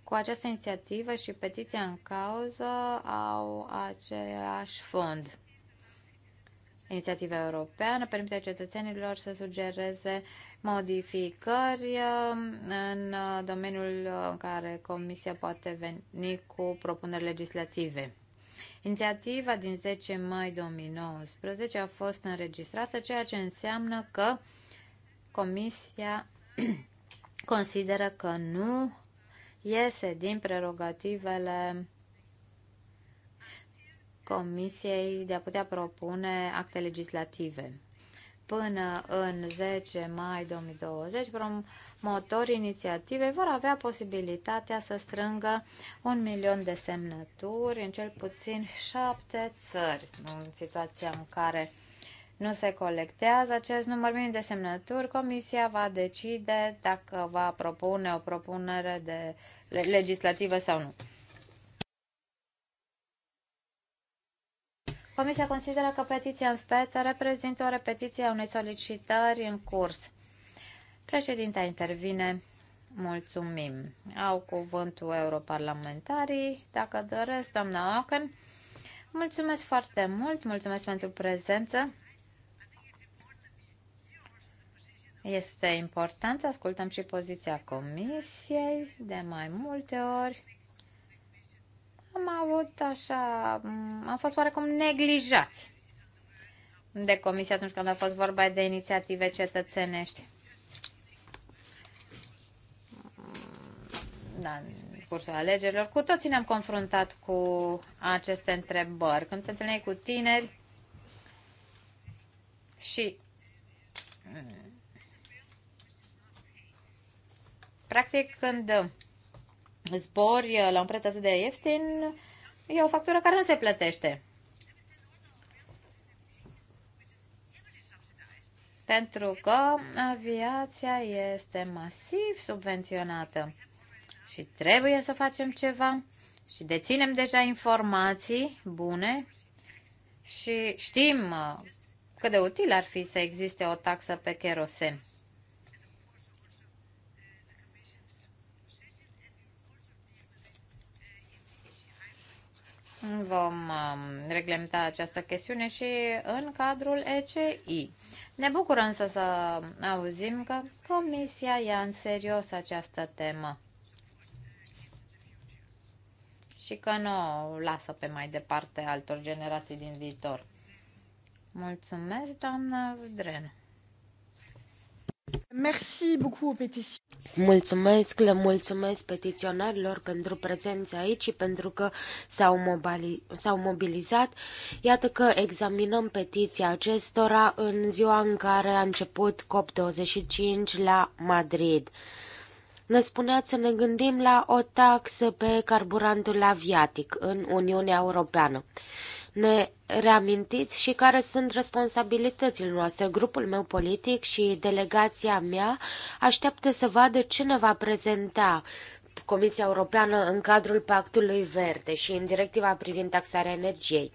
Cu această inițiativă și petiția în cauză au același fond. Inițiativa europeană permite cetățenilor să sugereze modificări um, în uh, domeniul uh, în care Comisia poate veni cu propuneri legislative. Inițiativa din 10 mai 2019 a fost înregistrată, ceea ce înseamnă că Comisia consideră că nu iese din prerogativele Comisiei de a putea propune acte legislative. Până în 10 mai 2020, promotorii inițiativei vor avea posibilitatea să strângă un milion de semnături în cel puțin șapte țări, în situația în care nu se colectează acest număr minim de semnături, Comisia va decide dacă va propune o propunere de legislativă sau nu. Comisia consideră că petiția în spetă reprezintă o repetiție a unei solicitări în curs. Președinta intervine. Mulțumim. Au cuvântul europarlamentarii. Dacă doresc, doamna Ocken. Mulțumesc foarte mult, mulțumesc pentru prezență. Este important să ascultăm și poziția comisiei. De mai multe ori am avut așa, am fost oarecum neglijați de comisie atunci când a fost vorba de inițiative cetățenești. Da, în cursul alegerilor, cu toții ne-am confruntat cu aceste întrebări. Când te întâlneai cu tineri și Practic, când zbori la un preț atât de ieftin, e o factură care nu se plătește. Pentru că aviația este masiv subvenționată și trebuie să facem ceva și deținem deja informații bune și știm cât de util ar fi să existe o taxă pe kerosen. vom um, reglementa această chestiune și în cadrul ECI. Ne bucură însă să auzim că Comisia ia în serios această temă și că nu o lasă pe mai departe altor generații din viitor. Mulțumesc, doamnă Dren. Merci beaucoup Mulțumesc, le mulțumesc petiționarilor pentru prezența aici și pentru că s-au, mobilizat. Iată că examinăm petiția acestora în ziua în care a început COP25 la Madrid. Ne spuneați să ne gândim la o taxă pe carburantul aviatic în Uniunea Europeană ne reamintiți și care sunt responsabilitățile noastre. Grupul meu politic și delegația mea așteaptă să vadă ce ne va prezenta Comisia Europeană în cadrul Pactului Verde și în directiva privind taxarea energiei.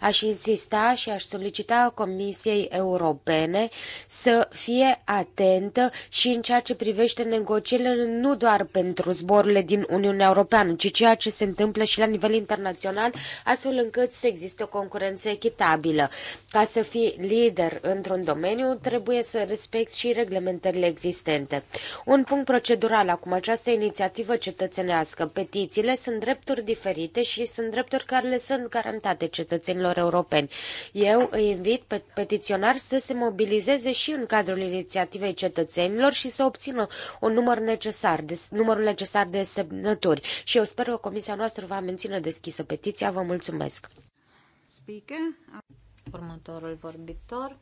Aș insista și aș solicita Comisiei Europene să fie atentă și în ceea ce privește negocierile nu doar pentru zborurile din Uniunea Europeană, ci ceea ce se întâmplă și la nivel internațional, astfel încât să existe o concurență echitabilă. Ca să fii lider într-un domeniu, trebuie să respecti și reglementările existente. Un punct procedural acum această inițiativă cetățenească. Petițiile sunt drepturi diferite și sunt drepturi care le sunt garantate cetățenilor europeni. Eu îi invit pe petiționari să se mobilizeze și în cadrul inițiativei cetățenilor și să obțină un număr necesar, de, numărul necesar de semnături. Și eu sper că comisia noastră va menține deschisă petiția. Vă mulțumesc! Speaker. Următorul vorbitor.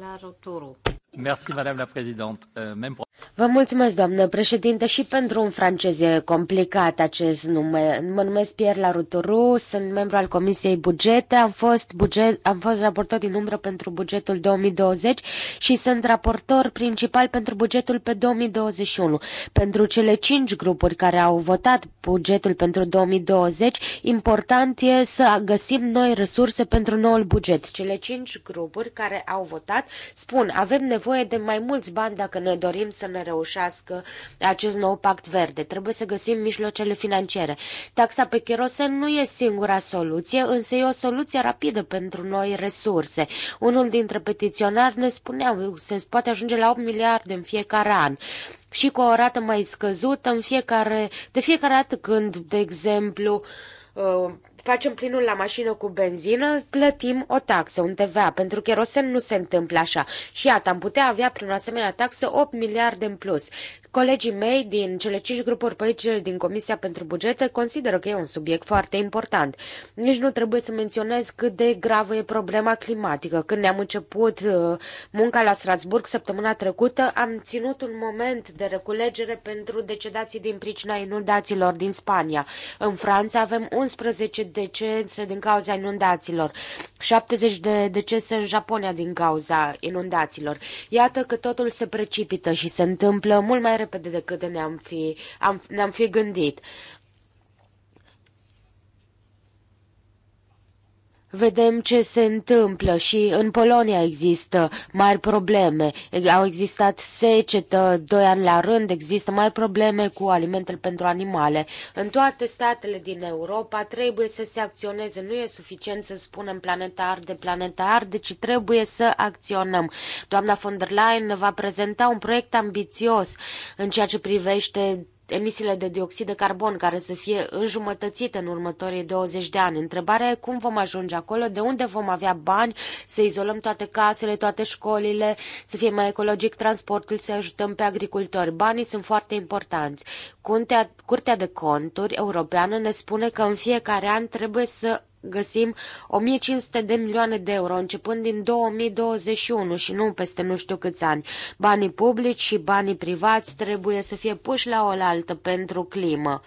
la Roturu. Euh, Vă mulțumesc, doamnă președinte, și pentru un francez e complicat acest nume. Mă numesc Pierre Laruturu, sunt membru al Comisiei Bugete, am fost, buget, am fost raportor din umbră pentru bugetul 2020 și sunt raportor principal pentru bugetul pe 2021. Pentru cele cinci grupuri care au votat bugetul pentru 2020, important e să găsim noi resurse pentru noul buget. Cele cinci grupuri care au votat spun, avem nevoie nevoie de mai mulți bani dacă ne dorim să ne reușească acest nou pact verde. Trebuie să găsim mijlocele financiare. Taxa pe cherosen nu e singura soluție, însă e o soluție rapidă pentru noi resurse. Unul dintre petiționari ne spunea se poate ajunge la 8 miliarde în fiecare an și cu o rată mai scăzută în fiecare, de fiecare dată când, de exemplu, uh, facem plinul la mașină cu benzină, plătim o taxă, un TVA. Pentru că kerosen nu se întâmplă așa. Și iată, am putea avea prin o asemenea taxă 8 miliarde în plus. Colegii mei din cele cinci grupuri politice din Comisia pentru Bugete consideră că e un subiect foarte important. Nici nu trebuie să menționez cât de gravă e problema climatică. Când ne-am început uh, munca la Strasburg săptămâna trecută, am ținut un moment de reculegere pentru decedații din pricina inundațiilor din Spania. În Franța avem 11 decese din cauza inundațiilor, 70 de decese în Japonia din cauza inundațiilor. Iată că totul se precipită și se întâmplă mult mai repede repede decât ne-am fi, am, ne-am fi gândit. vedem ce se întâmplă și în Polonia există mari probleme. Au existat secetă doi ani la rând, există mari probleme cu alimentele pentru animale. În toate statele din Europa trebuie să se acționeze. Nu e suficient să spunem planeta arde, planeta arde, ci trebuie să acționăm. Doamna von der Leyen va prezenta un proiect ambițios în ceea ce privește emisiile de dioxid de carbon care să fie înjumătățite în următorii 20 de ani. Întrebarea e cum vom ajunge acolo, de unde vom avea bani să izolăm toate casele, toate școlile, să fie mai ecologic transportul, să ajutăm pe agricultori. Banii sunt foarte importanți. Curtea, Curtea de Conturi Europeană ne spune că în fiecare an trebuie să găsim 1500 de milioane de euro începând din 2021 și nu peste nu știu câți ani. Banii publici și banii privați trebuie să fie puși la oaltă pentru climă.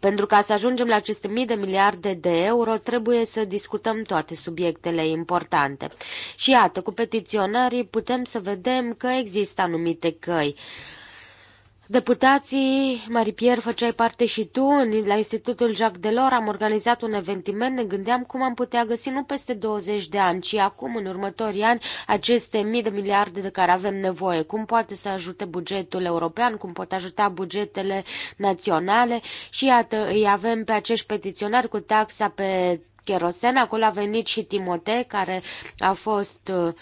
Pentru ca să ajungem la aceste mii de miliarde de euro, trebuie să discutăm toate subiectele importante. Și iată, cu petiționarii putem să vedem că există anumite căi. Uh, Deputații, Marie-Pierre, făceai parte și tu la Institutul Jacques Delors, am organizat un eveniment, ne gândeam cum am putea găsi nu peste 20 de ani, ci acum, în următorii ani, aceste mii de miliarde de care avem nevoie, cum poate să ajute bugetul european, cum pot ajuta bugetele naționale și iată, îi avem pe acești petiționari cu taxa pe cherosen, acolo a venit și Timote, care a fost uh,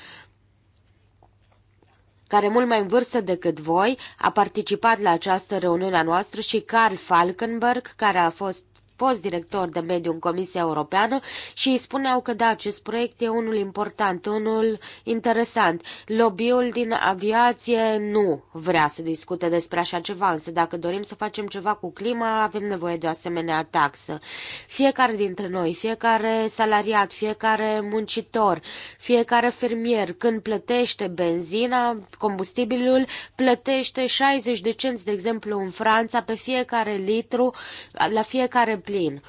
care mult mai în vârstă decât voi a participat la această reuniune a noastră și Karl Falkenberg, care a fost fost director de mediu în Comisia Europeană și îi spuneau că da, acest proiect e unul important, unul interesant. Lobby-ul din aviație nu vrea să discute despre așa ceva, însă dacă dorim să facem ceva cu clima, avem nevoie de o asemenea taxă. Fiecare dintre noi, fiecare salariat, fiecare muncitor, fiecare fermier, când plătește benzina, combustibilul, plătește 60 de cenți, de exemplu, în Franța, pe fiecare litru, la fiecare plin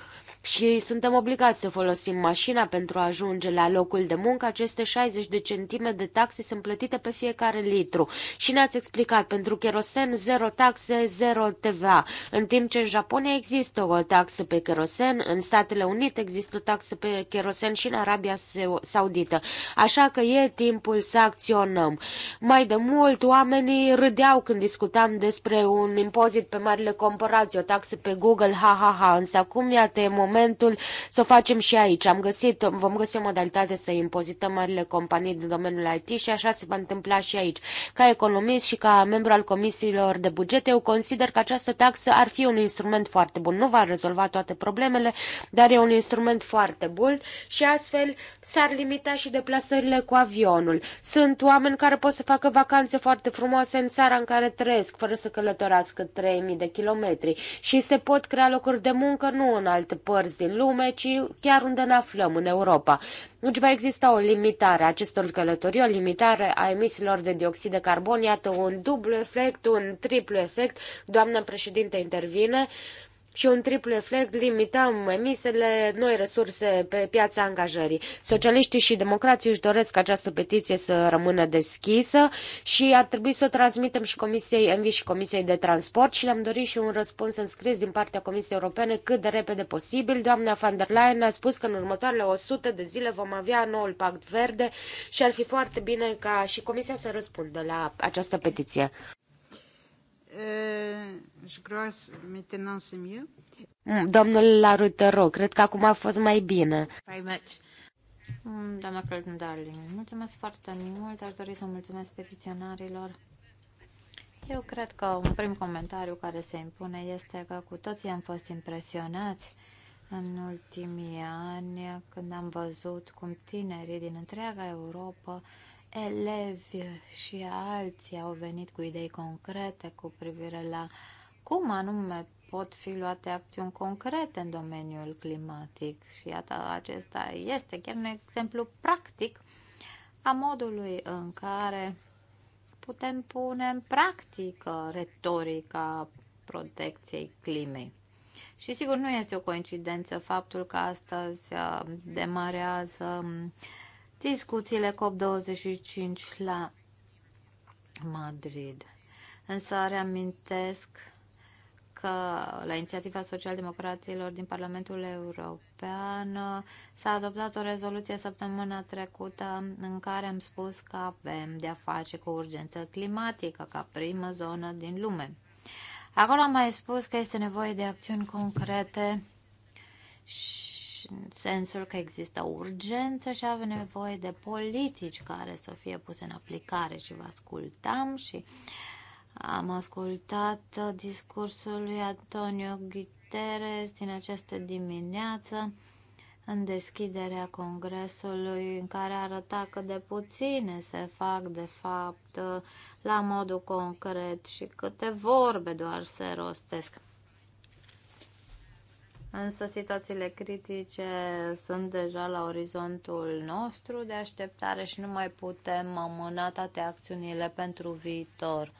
și suntem obligați să folosim mașina pentru a ajunge la locul de muncă. Aceste 60 de centime de taxe sunt plătite pe fiecare litru. Și ne-ați explicat, pentru kerosen, zero taxe, zero TVA. În timp ce în Japonia există o taxă pe kerosen, în Statele Unite există o taxă pe kerosen și în Arabia Saudită. Așa că e timpul să acționăm. Mai de mult, oamenii râdeau când discutam despre un impozit pe marile comparații, o taxă pe Google, ha, ha, ha, însă acum iată e moment momentul să o facem și aici. Am găsit, vom găsi o modalitate să impozităm marile companii din domeniul IT și așa se va întâmpla și aici. Ca economist și ca membru al comisiilor de buget, eu consider că această taxă ar fi un instrument foarte bun. Nu va rezolva toate problemele, dar e un instrument foarte bun și astfel s-ar limita și deplasările cu avionul. Sunt oameni care pot să facă vacanțe foarte frumoase în țara în care trăiesc, fără să călătorească 3000 de kilometri și se pot crea locuri de muncă nu în alte părți părți din lume, ci chiar unde ne aflăm, în Europa. Deci va exista o limitare a acestor călătorii, o limitare a emisiilor de dioxid de carbon, iată un dublu efect, un triplu efect, doamna președinte intervine, uh, și un triplu efect, limităm emisele, noi resurse pe piața angajării. Socialiștii și democrații își doresc această petiție să rămână deschisă și ar trebui să o transmitem și Comisiei Envi și Comisiei de Transport și le-am dorit și un răspuns înscris din partea Comisiei Europene cât de repede posibil. Doamna van der Leyen a spus că în următoarele 100 de zile vom avea noul pact verde și ar fi foarte bine ca și Comisia să răspundă la această petiție. Eh, mm, domnul te rog, cred că acum a fost mai bine. Very much. Mm, doamna Clinton Darling, mulțumesc foarte mult. Aș dori să mulțumesc petiționarilor. Eu cred că un prim comentariu care se impune este că cu toții am fost impresionați în ultimii ani când am văzut cum tinerii din întreaga Europa elevi și alții au venit cu idei concrete cu privire la cum anume pot fi luate acțiuni concrete în domeniul climatic. Și iată, acesta este chiar un exemplu practic a modului în care putem pune în practică retorica protecției climei. Și sigur nu este o coincidență faptul că astăzi uh, demarează um, discuțiile COP25 la Madrid. Însă reamintesc că la inițiativa socialdemocraților din Parlamentul European s-a adoptat o rezoluție săptămâna trecută în care am spus că avem de-a face cu urgență climatică ca primă zonă din lume. Acolo am mai spus că este nevoie de acțiuni concrete și în sensul că există urgență și avem nevoie de politici care să fie puse în aplicare și vă ascultam și am ascultat discursul lui Antonio Guterres din această dimineață în deschiderea congresului în care arăta că de puține se fac de fapt la modul concret și câte vorbe doar se rostesc. Însă situațiile critice sunt deja la orizontul nostru de așteptare și nu mai putem amâna toate acțiunile pentru viitor.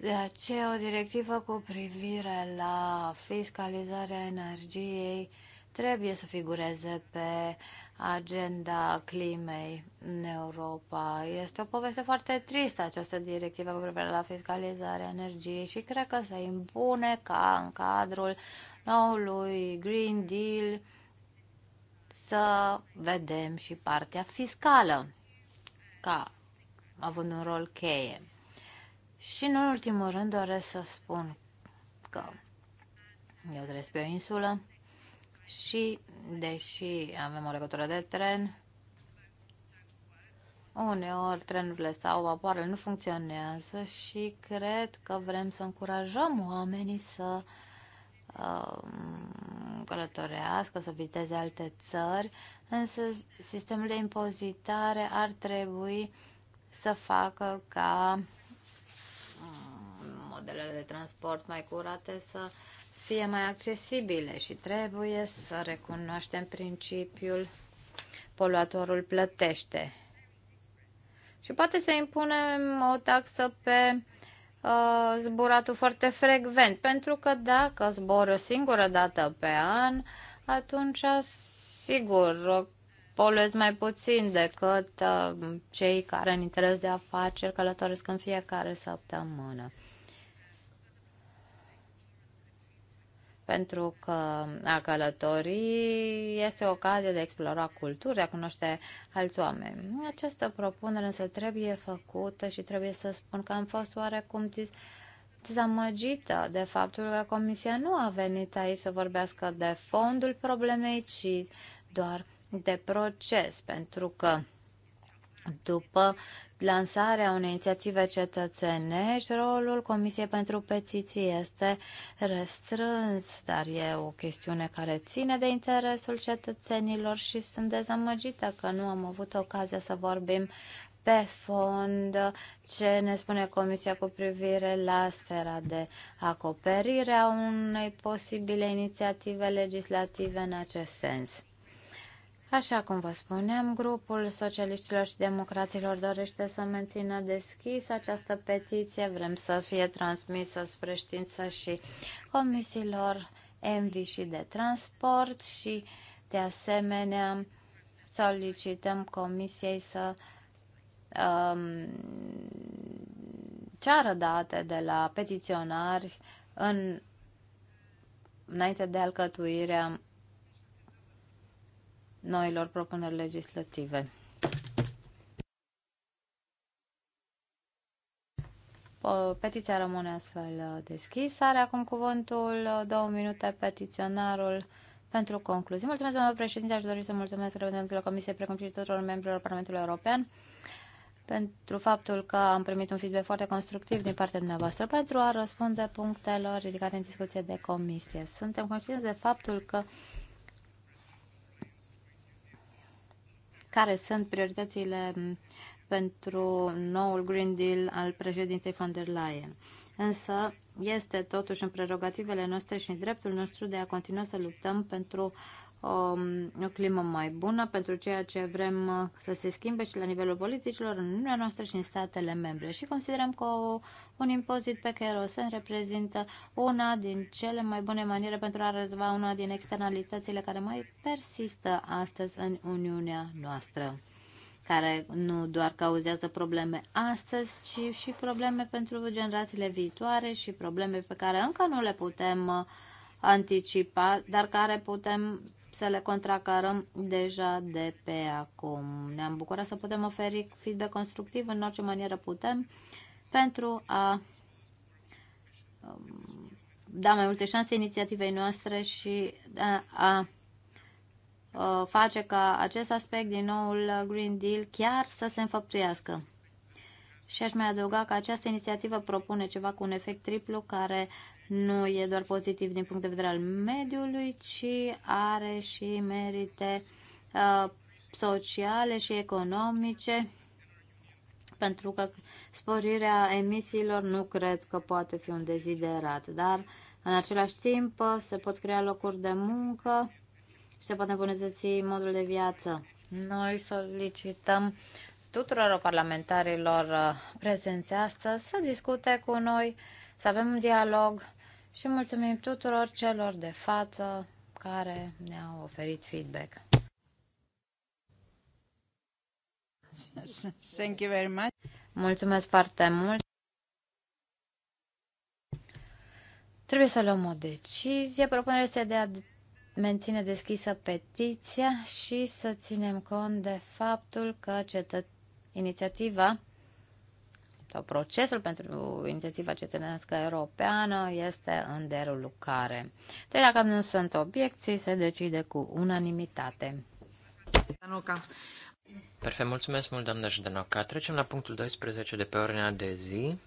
De aceea, o directivă cu privire la fiscalizarea energiei trebuie să figureze pe agenda climei în Europa. Este o poveste foarte tristă această directivă cu privire la fiscalizarea energiei și cred că se impune ca în cadrul noului Green Deal să vedem și partea fiscală ca având un rol cheie. Și în ultimul rând doresc să spun că eu trăiesc pe o insulă și, deși avem o legătură de tren, uneori trenurile sau vapoarele nu funcționează și cred că vrem să încurajăm oamenii să Um, călătorească, să viteze alte țări, însă sistemul de impozitare ar trebui să facă ca um, modelele de transport mai curate să fie mai accesibile și trebuie să recunoaștem principiul poluatorul plătește. Și poate să impunem o taxă pe Uh, zburatul foarte frecvent, pentru că dacă zbori o singură dată pe an, atunci, sigur, poluezi mai puțin decât uh, cei care în interes de afaceri călătoresc în fiecare săptămână. pentru că a călători este o ocazie de a explora culturi, de a cunoaște alți oameni. Această propunere însă trebuie făcută și trebuie să spun că am fost oarecum dezamăgită de faptul că Comisia nu a venit aici să vorbească de fondul problemei, ci doar de proces, pentru că după lansarea unei inițiative cetățenești, rolul Comisiei pentru Petiții este restrâns, dar e o chestiune care ține de interesul cetățenilor și sunt dezamăgită că nu am avut ocazia să vorbim pe fond ce ne spune Comisia cu privire la sfera de acoperire a unei posibile inițiative legislative în acest sens. Așa cum vă spuneam, grupul socialiștilor și democraților dorește să mențină deschis această petiție. Vrem să fie transmisă spre știință și comisiilor MV și de transport și, de asemenea, solicităm comisiei să um, ceară date de la petiționari în, înainte de alcătuirea noilor propuneri legislative. Petiția rămâne astfel uh, deschisă. Are acum cuvântul uh, două minute petiționarul pentru concluzii. Mulțumesc, domnule președinte, aș dori să mulțumesc reprezentanților Comisiei, precum și tuturor membrilor Parlamentului European pentru faptul că am primit un feedback foarte constructiv din partea dumneavoastră pentru a răspunde punctelor ridicate în discuție de comisie. Suntem conștienți de faptul că care sunt prioritățile mm, pentru noul Green Deal al președintei von der Leyen. Însă este totuși în prerogativele noastre și în dreptul nostru de a continua să luptăm pentru o climă mai bună pentru ceea ce vrem uh, să se schimbe și la nivelul politicilor în Uniunea noastră și în statele membre. Și considerăm că o, un impozit pe kerosen reprezintă una din cele mai bune maniere pentru a rezolva una din externalitățile care mai persistă astăzi în Uniunea noastră care nu doar cauzează probleme astăzi, ci și probleme pentru generațiile viitoare și probleme pe care încă nu le putem uh, anticipa, dar care putem să le contracarăm deja de pe acum. Ne-am bucurat să putem oferi feedback constructiv în orice manieră putem pentru a um, da mai multe șanse inițiativei noastre și a, a, uh, a face ca acest aspect din noul Green Deal chiar să se înfăptuiască. Și aș mai adăuga că această inițiativă propune ceva cu un efect triplu care nu e doar pozitiv din punct de vedere al mediului, ci are și merite uh, sociale și economice, pentru că sporirea emisiilor nu cred că poate fi un deziderat, dar în același timp se pot crea locuri de muncă și se poate îmbunătăți modul de viață. Noi solicităm tuturor parlamentarilor uh, prezenți astăzi să discute cu noi, să avem un dialog și mulțumim tuturor celor de față care ne-au oferit feedback. Thank you very much. Mulțumesc foarte mult. Trebuie să luăm o decizie. Propunerea este de a menține deschisă petiția și să ținem cont de faptul că cetă... inițiativa sau deci, procesul pentru inițiativa cetățenească europeană este în derulucare. Deci dacă nu sunt obiecții, se decide cu unanimitate. Perfect, mulțumesc mult, doamna Jdenoca. Trecem la punctul 12 de pe ordinea de zi.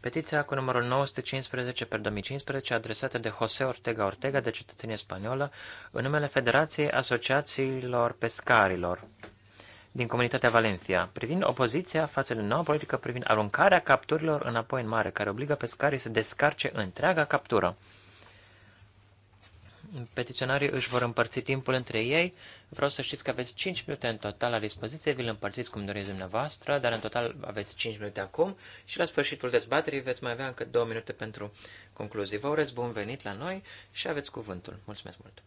Petiția cu numărul 915 per 2015 adresată de José Ortega Ortega de cetățenie spaniolă în numele Federației Asociațiilor Pescarilor din Comunitatea Valencia, privind opoziția față de noua politică privind aruncarea capturilor înapoi în mare, care obligă pescarii să descarce întreaga captură. Petiționarii își vor împărți timpul între ei. Vreau să știți că aveți 5 minute în total la dispoziție, vi-l împărțiți cum doriți dumneavoastră, dar în total aveți 5 minute acum și la sfârșitul dezbaterii veți mai avea încă 2 minute pentru concluzii. Vă urez bun venit la noi și aveți cuvântul. Mulțumesc mult!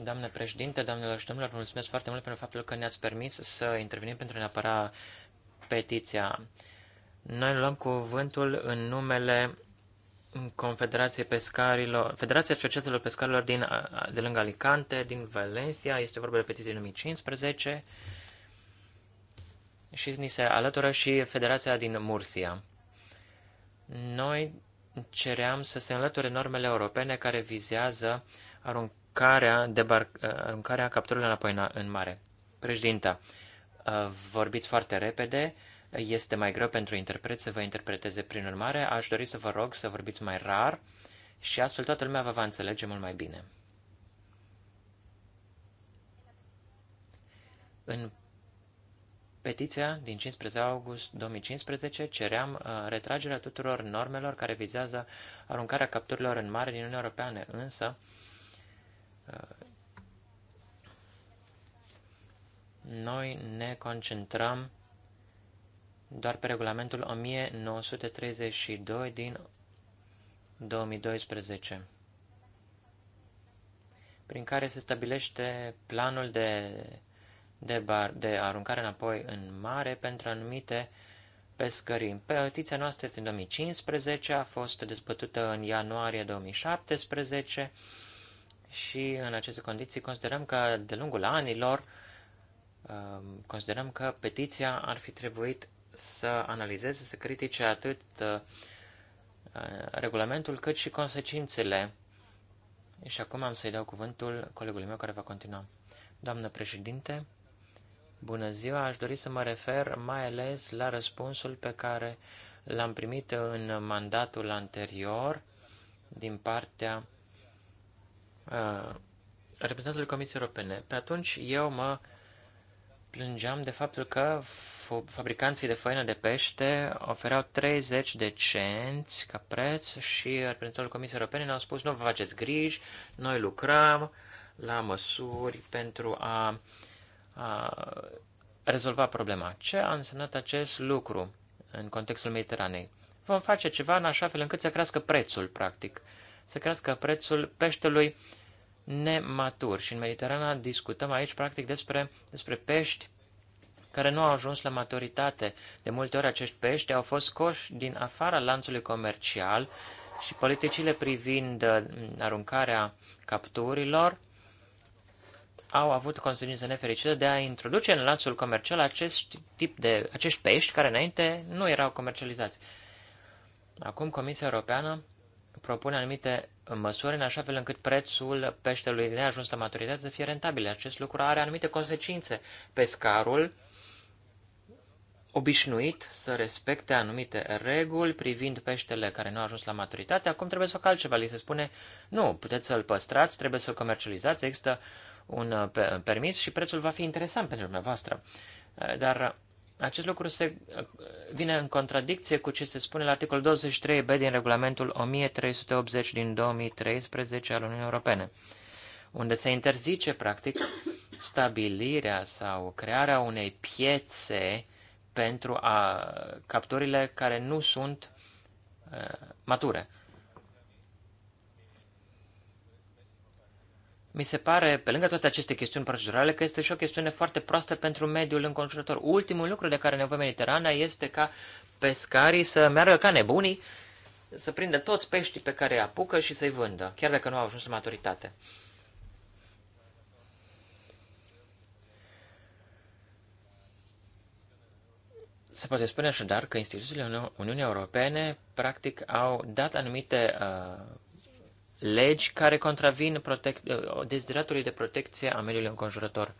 Doamne președinte, doamnelor și domnilor, mulțumesc foarte mult pentru faptul că ne-ați permis să intervenim pentru a ne apăra petiția. Noi luăm cuvântul în numele Confederației Pescarilor, Federația Cercetelor Pescarilor din, de lângă Alicante, din Valencia, este vorba de petiție 2015 și ni se alătură și Federația din Murcia. Noi ceream să se înlăture normele europene care vizează aruncarea aruncarea, debar- uh, aruncarea capturilor înapoi în, în mare. Președinta, uh, vorbiți foarte repede, este mai greu pentru interpret să vă interpreteze prin urmare, aș dori să vă rog să vorbiți mai rar și astfel toată lumea vă va înțelege mult mai bine. În petiția din 15 august 2015 ceream uh, retragerea tuturor normelor care vizează aruncarea capturilor în mare din Uniunea Europeană, însă uh, noi ne concentrăm doar pe regulamentul 1932 din 2012, prin care se stabilește planul de, de, bar, de aruncare înapoi în mare pentru anumite pescării. Petiția noastră este în 2015, a fost dezbătută în ianuarie 2017 și în aceste condiții considerăm că de lungul anilor um, considerăm că petiția ar fi trebuit să analizeze, să critique atât uh, regulamentul cât și consecințele. Și acum am să-i dau cuvântul colegului meu care va continua. Doamnă președinte, bună ziua, aș dori să mă refer mai ales la răspunsul pe care l-am primit în mandatul anterior din partea uh, reprezentantului Comisiei Europene. Pe atunci eu mă plângeam de faptul că fabricanții de făină de pește ofereau 30 de cenți ca preț și reprezentantul Comisiei Europene ne-au spus nu vă faceți griji, noi lucrăm la măsuri pentru a, a rezolva problema. Ce a însemnat acest lucru în contextul Mediteranei? Vom face ceva în așa fel încât să crească prețul, practic să crească prețul peștelui nematur. Și în Mediterana discutăm aici practic despre, despre pești care nu au ajuns la maturitate. De multe ori acești pești au fost scoși din afara lanțului comercial și politicile privind uh, aruncarea capturilor au avut consecințe nefericite de a introduce în lanțul comercial acest tip de acești pești care înainte nu erau comercializați. Acum Comisia Europeană propune anumite măsuri în așa fel încât prețul peștelui neajuns la maturitate să fie rentabil. Acest lucru are anumite consecințe. Pescarul obișnuit să respecte anumite reguli privind peștele care nu a ajuns la maturitate, acum trebuie să facă altceva. Li se spune, nu, puteți să-l păstrați, trebuie să-l comercializați, există un uh, permis și prețul va fi interesant pentru dumneavoastră. Uh, dar acest lucru se, vine în contradicție cu ce se spune la articolul 23b din regulamentul 1380 din 2013 al Uniunii Europene, unde se interzice, practic, stabilirea sau crearea unei piețe pentru a capturile care nu sunt uh, mature. Mi se pare, pe lângă toate aceste chestiuni procedurale, că este și o chestiune foarte proastă pentru mediul înconjurător. Ultimul lucru de care nevoie Mediterana este ca pescarii să meargă ca nebunii, să prindă toți peștii pe care îi apucă și să-i vândă, chiar dacă nu au ajuns la maturitate. Se poate spune așadar că instituțiile Uniunii Europene practic au dat anumite uh, legi care contravin protec- uh, dezideratului de protecție a mediului înconjurător.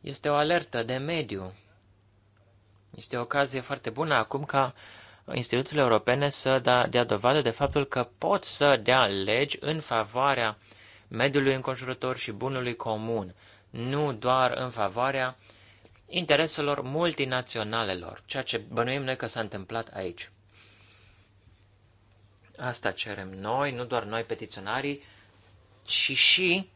Este o alertă de mediu. Este o ocazie foarte bună acum ca instituțiile europene să da, dea dovadă de faptul că pot să dea legi în favoarea mediului înconjurător și bunului comun, nu doar în favoarea intereselor multinaționalelor, ceea ce bănuim noi că s-a întâmplat aici. Asta cerem noi, nu doar noi petiționarii, ci și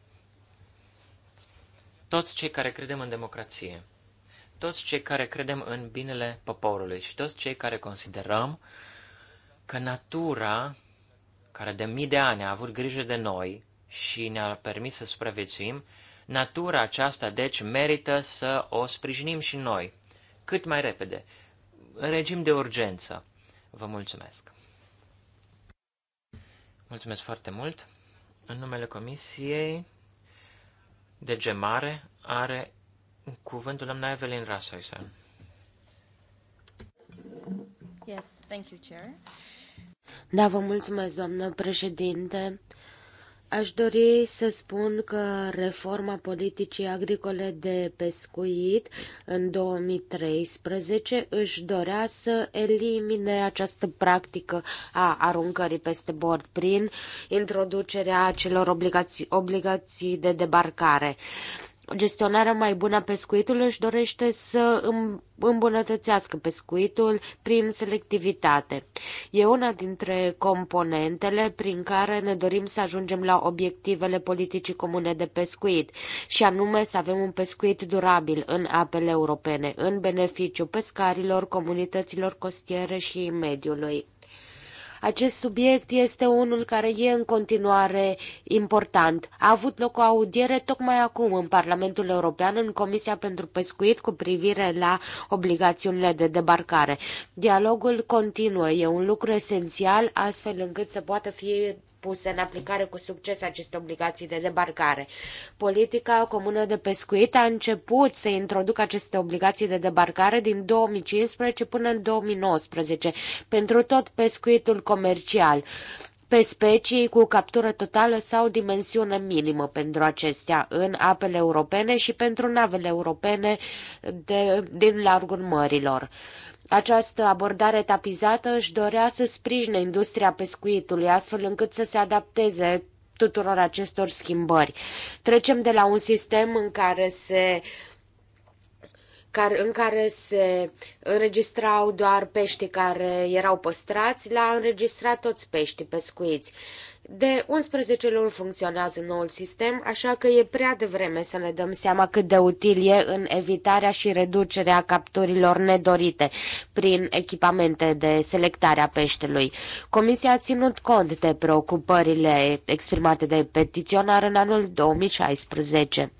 toți cei care credem în democrație, toți cei care credem în binele poporului și toți cei care considerăm că natura, care de mii de ani a avut grijă de noi și ne-a permis să supraviețuim, natura aceasta, deci, merită să o sprijinim și noi, cât mai repede, în regim de urgență. Vă mulțumesc! Mulțumesc foarte mult. În numele Comisiei de Gemare are cuvântul doamna Evelyn Rasoisen. Yes, thank you, Chair. Da, vă mulțumesc, doamnă președinte. Aș dori să spun că reforma politicii agricole de pescuit în 2013 își dorea să elimine această practică a aruncării peste bord prin introducerea acelor obligații, obligații de debarcare. Uh, gestionare mai bună a pescuitului își dorește să îmbunătățească pescuitul prin selectivitate. E una dintre componentele prin care ne dorim să ajungem la obiectivele politicii comune de pescuit și anume să avem un pescuit durabil în apele europene, în beneficiu pescarilor, comunităților costiere și mediului. Acest subiect este unul care e în continuare important. A avut loc o audiere tocmai acum în Parlamentul European, în Comisia pentru Pescuit, cu privire la obligațiunile de debarcare. Dialogul continuă, e un lucru esențial, astfel încât să poată fi puse în aplicare cu succes aceste obligații de debarcare. Politica comună de pescuit a început să introducă aceste obligații de debarcare din 2015 până în 2019 pentru tot pescuitul comercial pe specii cu captură totală sau dimensiune minimă pentru acestea în apele europene și pentru navele europene de, din largul mărilor. Această abordare tapizată își dorea să sprijine industria pescuitului, astfel încât să se adapteze tuturor acestor schimbări. Trecem de la un sistem în care se în care se înregistrau doar pești care erau păstrați, la a înregistrat toți peștii pescuiți. De 11 luni funcționează noul sistem, așa că e prea devreme să ne dăm seama cât de util e în evitarea și reducerea capturilor nedorite prin echipamente de selectare a peștelui. Comisia a ținut cont de preocupările exprimate de petiționar în anul 2016.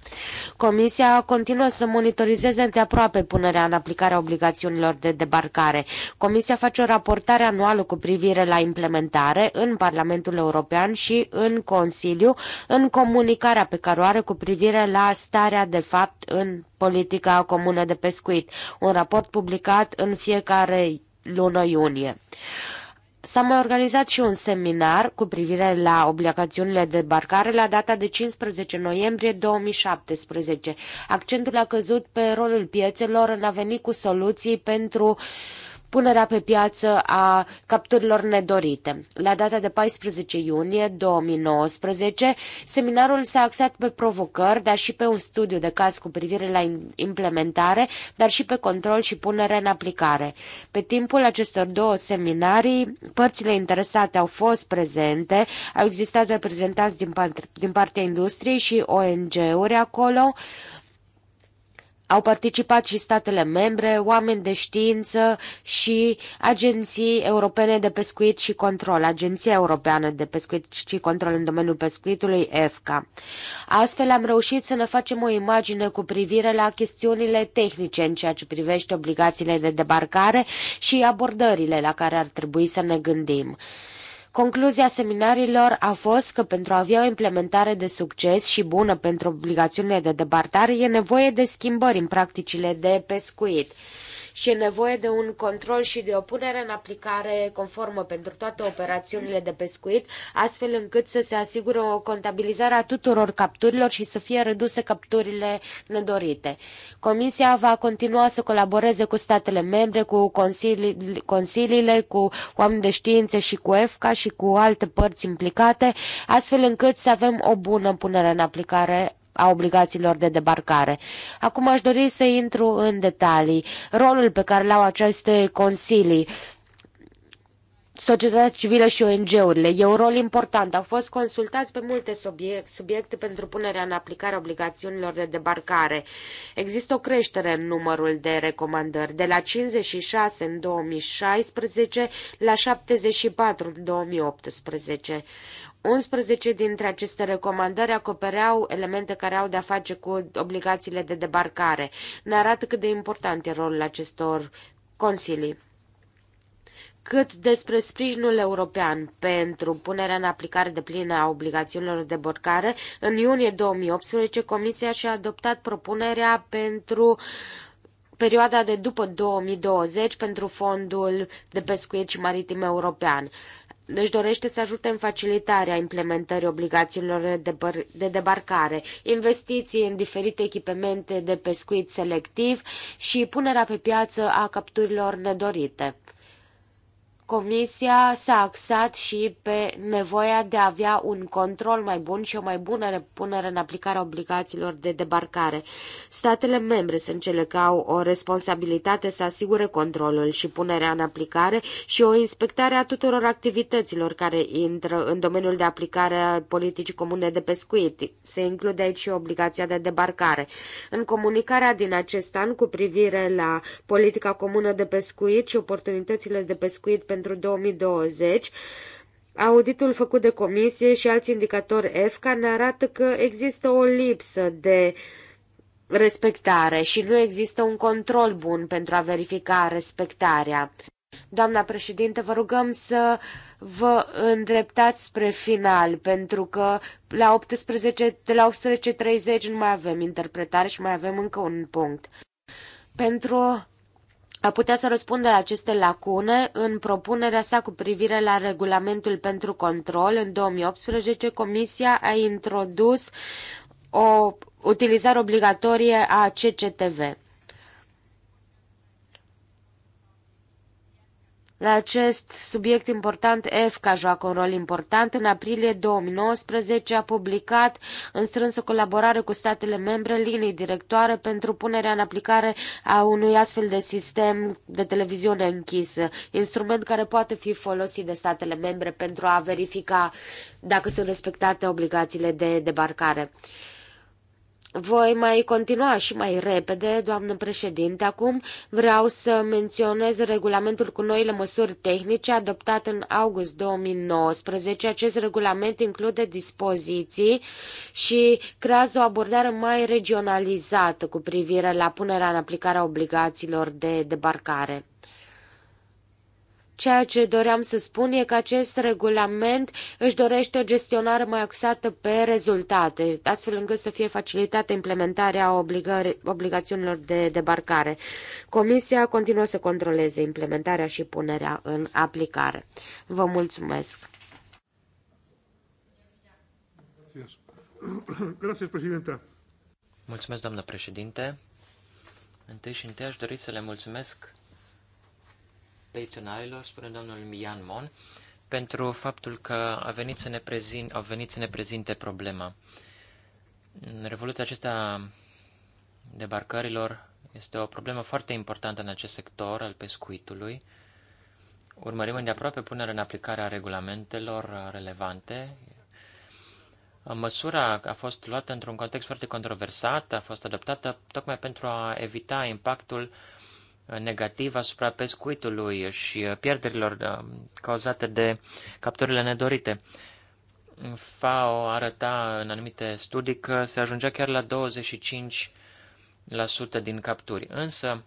Comisia continuă să monitorizeze aproape punerea în aplicare a obligațiunilor de debarcare. Comisia face o raportare anuală cu privire la implementare în Parlamentul European European și în Consiliu în comunicarea pe care o are cu privire la starea de fapt în politica comună de pescuit, un raport publicat în fiecare lună iunie. S-a mai organizat și un seminar cu privire la obligațiunile de barcare la data de 15 noiembrie 2017. Accentul a căzut pe rolul piețelor în a veni cu soluții pentru uh, punerea pe piață a capturilor nedorite. La data de 14 iunie 2019, seminarul s-a axat pe provocări, dar și pe un studiu de caz cu privire la implementare, dar și pe control și punere în aplicare. Pe timpul acestor două seminarii, părțile interesate au fost prezente, au existat reprezentanți din, part- din partea industriei și ONG-uri acolo, au participat și statele membre, oameni de știință și agenții europene de pescuit și control, Agenția Europeană de Pescuit și Control în domeniul pescuitului, EFCA. Astfel am reușit să ne facem o imagine cu privire la chestiunile tehnice în ceea ce privește obligațiile de debarcare și abordările la care ar trebui să ne gândim. Concluzia seminariilor a fost că pentru a avea o implementare de succes și bună pentru obligațiunile de debartare e nevoie de schimbări în practicile de pescuit și e nevoie de un control și de o punere în aplicare conformă pentru toate operațiunile de pescuit, astfel încât să se asigure o contabilizare a tuturor capturilor și să fie reduse capturile nedorite. Comisia va continua să colaboreze cu statele membre, cu consili, consiliile, cu oameni de știință și cu EFCA și cu alte părți implicate, astfel încât să avem o bună punere în aplicare a obligațiilor de debarcare. Acum aș dori să intru în detalii. Rolul pe care l-au aceste consilii societatea civilă și ONG-urile. E un rol important. Au fost consultați pe multe subiect, subiecte pentru punerea în aplicare obligațiunilor de debarcare. Există o creștere în numărul de recomandări, de la 56 în 2016 la 74 în 2018. 11 dintre aceste recomandări acopereau elemente care au de-a face cu obligațiile de debarcare. Ne arată cât de important e rolul acestor consilii cât despre sprijinul european pentru punerea în aplicare de plină a obligațiunilor de borcare, în iunie 2018 Comisia și-a adoptat propunerea pentru perioada de după 2020 pentru fondul de pescuit și maritim european își dorește să ajute în facilitarea implementării obligațiilor de, debarcare, investiții în diferite echipamente de pescuit selectiv și punerea pe piață a capturilor nedorite. Comisia s-a axat și pe nevoia de a avea un control mai bun și o mai bună punere în aplicare a obligațiilor de debarcare. Statele membre sunt cele care au o responsabilitate să asigure controlul și punerea în aplicare și o inspectare a tuturor activităților care intră în domeniul de aplicare al politicii comune de pescuit. Se include aici și obligația de debarcare. În comunicarea din acest an cu privire la politica comună de pescuit și oportunitățile de pescuit pentru pentru 2020, auditul făcut de comisie și alți indicatori EFCA ne arată că există o lipsă de respectare și nu există un control bun pentru a verifica respectarea. Doamna președinte, vă rugăm să vă îndreptați spre final, pentru că la 18, de la 18.30 nu mai avem interpretare și mai avem încă un punct. Pentru a putea să răspundă la aceste lacune în propunerea sa cu privire la regulamentul pentru control. În 2018, Comisia a introdus o utilizare obligatorie a CCTV. La acest subiect important, EFCA joacă un rol important. În aprilie 2019 a publicat, în strânsă colaborare cu statele membre, linii directoare pentru punerea în aplicare a unui astfel de sistem de televiziune închisă, instrument care poate fi folosit de statele membre pentru a verifica dacă sunt respectate obligațiile de debarcare. Voi mai continua și mai repede, doamnă președinte. Acum vreau să menționez regulamentul cu noile măsuri tehnice adoptat în august 2019. Acest regulament include dispoziții și creează o abordare mai regionalizată cu privire la punerea în aplicare a obligațiilor de debarcare. Ceea ce doream să spun e că acest regulament își dorește o gestionare mai axată pe rezultate, astfel încât să fie facilitată implementarea obligațiunilor de debarcare. Comisia continuă să controleze implementarea și punerea în aplicare. Vă mulțumesc! Mulțumesc, doamnă președinte. Întâi și întâi aș dori să le mulțumesc peiționarilor, spune domnul Mian Mon, pentru faptul că a venit să ne prezin, au venit să ne prezinte problema. Revoluția acesta debarcărilor este o problemă foarte importantă în acest sector al pescuitului. Urmărim îndeaproape punerea în aplicare a regulamentelor relevante. Măsura a fost luată într-un context foarte controversat, a fost adoptată tocmai pentru a evita impactul negativ asupra pescuitului și uh, pierderilor uh, cauzate de capturile nedorite. FAO arăta în anumite studii că se ajungea chiar la 25% din capturi. Însă,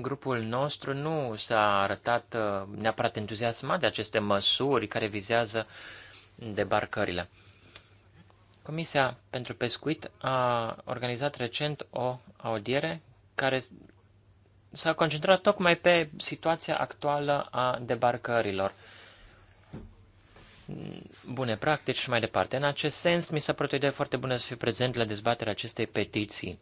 grupul nostru nu s-a arătat uh, neapărat entuziasmat de aceste măsuri care vizează debarcările. Comisia pentru Pescuit a organizat recent o audiere care s-a concentrat tocmai pe situația actuală a debarcărilor, bune practici și mai departe. În acest sens, mi s-a părut o idee foarte bună să fiu prezent la dezbaterea acestei petiții.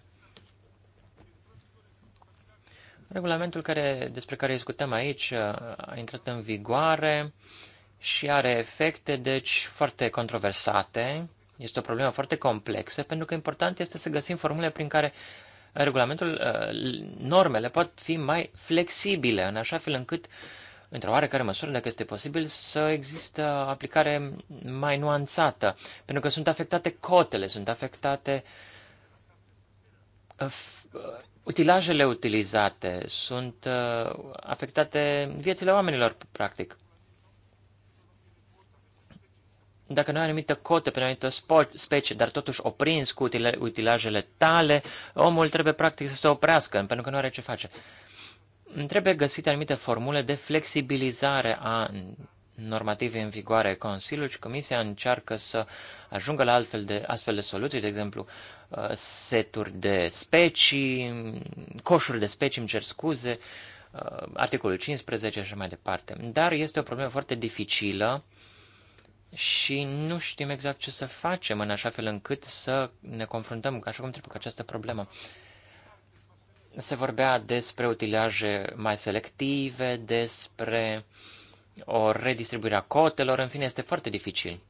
Regulamentul care, despre care discutăm aici uh, a intrat în vigoare și are efecte, deci, foarte controversate. Este o problemă foarte complexă, pentru că important este să găsim formule prin care regulamentul, uh, normele pot fi mai flexibile, în așa fel încât, într-o oarecare măsură, dacă este posibil, să există aplicare mai nuanțată, pentru că sunt afectate cotele, sunt afectate uh, uh, utilajele utilizate, sunt afectate viețile oamenilor, practic dacă nu ai anumită cotă pe anumită specie, dar totuși oprins cu utilajele tale, omul trebuie practic să se oprească, pentru că nu are ce face. Trebuie găsite anumite formule de flexibilizare a normative în vigoare. Consiliul și Comisia încearcă să ajungă la altfel de, astfel de soluții, de exemplu, uh, seturi de specii, coșuri de specii, îmi cer scuze, uh, articolul 15 și mai departe. Dar este o problemă foarte dificilă și nu știm exact ce să facem în așa fel încât să ne confruntăm, așa cum trebuie, cu această problemă. Se vorbea despre utilaje mai selective, despre o redistribuire a cotelor, în fine, este foarte dificil.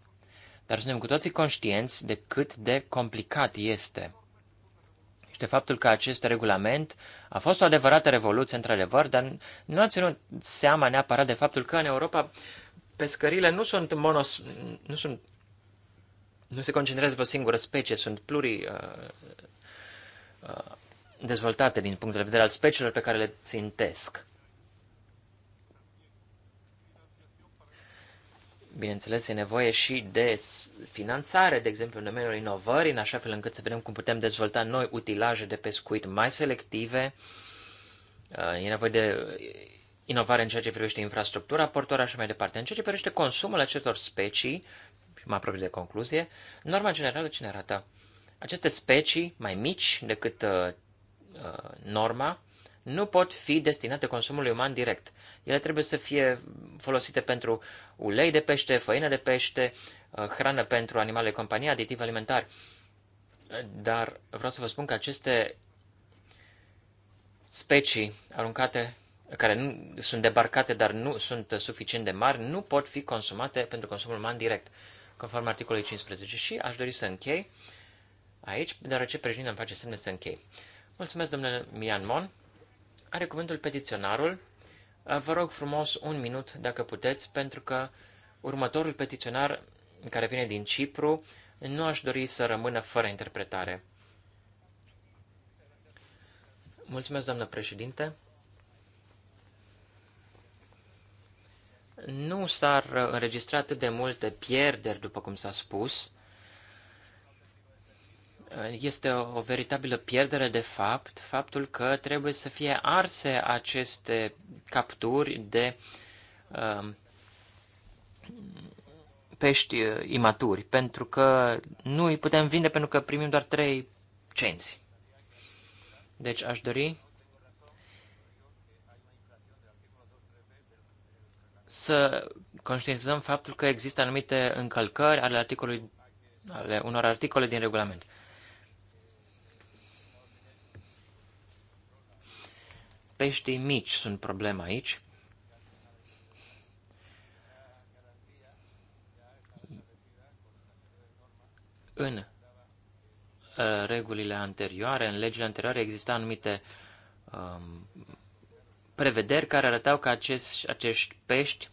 Dar suntem cu toții conștienți de cât de complicat este și de faptul că acest regulament a fost o adevărată revoluție, într-adevăr, dar nu a ținut seama neapărat de faptul că în Europa pescările nu sunt monos... nu sunt... nu se concentrează pe o singură specie, sunt pluri... Uh, uh, dezvoltate din punctul de vedere al speciilor pe care le țintesc. Bineînțeles, e nevoie și de finanțare, de exemplu, în domeniul inovării, în așa fel încât să vedem cum putem dezvolta noi utilaje de pescuit mai selective. Uh, e nevoie de inovare în ceea ce privește infrastructura portoară și mai departe. În ceea ce privește consumul acestor specii, mă apropii de concluzie, norma generală cine arată? Aceste specii mai mici decât uh, uh, norma nu pot fi destinate consumului uman direct. Ele trebuie să fie folosite pentru ulei de pește, făină de pește, uh, hrană pentru animale companie, aditiv alimentar. Dar vreau să vă spun că aceste specii aruncate care nu, sunt debarcate, dar nu sunt suficient de mari, nu pot fi consumate pentru consumul uman direct, conform articolului 15. Și aș dori să închei aici, deoarece președintele îmi face semne să închei. Mulțumesc, domnule Mianmon. Are cuvântul petiționarul. Vă rog frumos un minut, dacă puteți, pentru că următorul petiționar care vine din Cipru nu aș dori să rămână fără interpretare. Mulțumesc, doamnă președinte. nu s-ar înregistra atât de multe pierderi, după cum s-a spus. Este o veritabilă pierdere de fapt, faptul că trebuie să fie arse aceste capturi de um, uh, pești imaturi, pentru că nu îi putem vinde pentru că primim doar 3 cenți. Deci aș dori să conștientizăm faptul că există anumite încălcări ale, articolului, ale unor articole din regulament. Peștii mici sunt problema aici. În uh, regulile anterioare, în legile anterioare, exista anumite um, prevederi care arătau că acest acești pești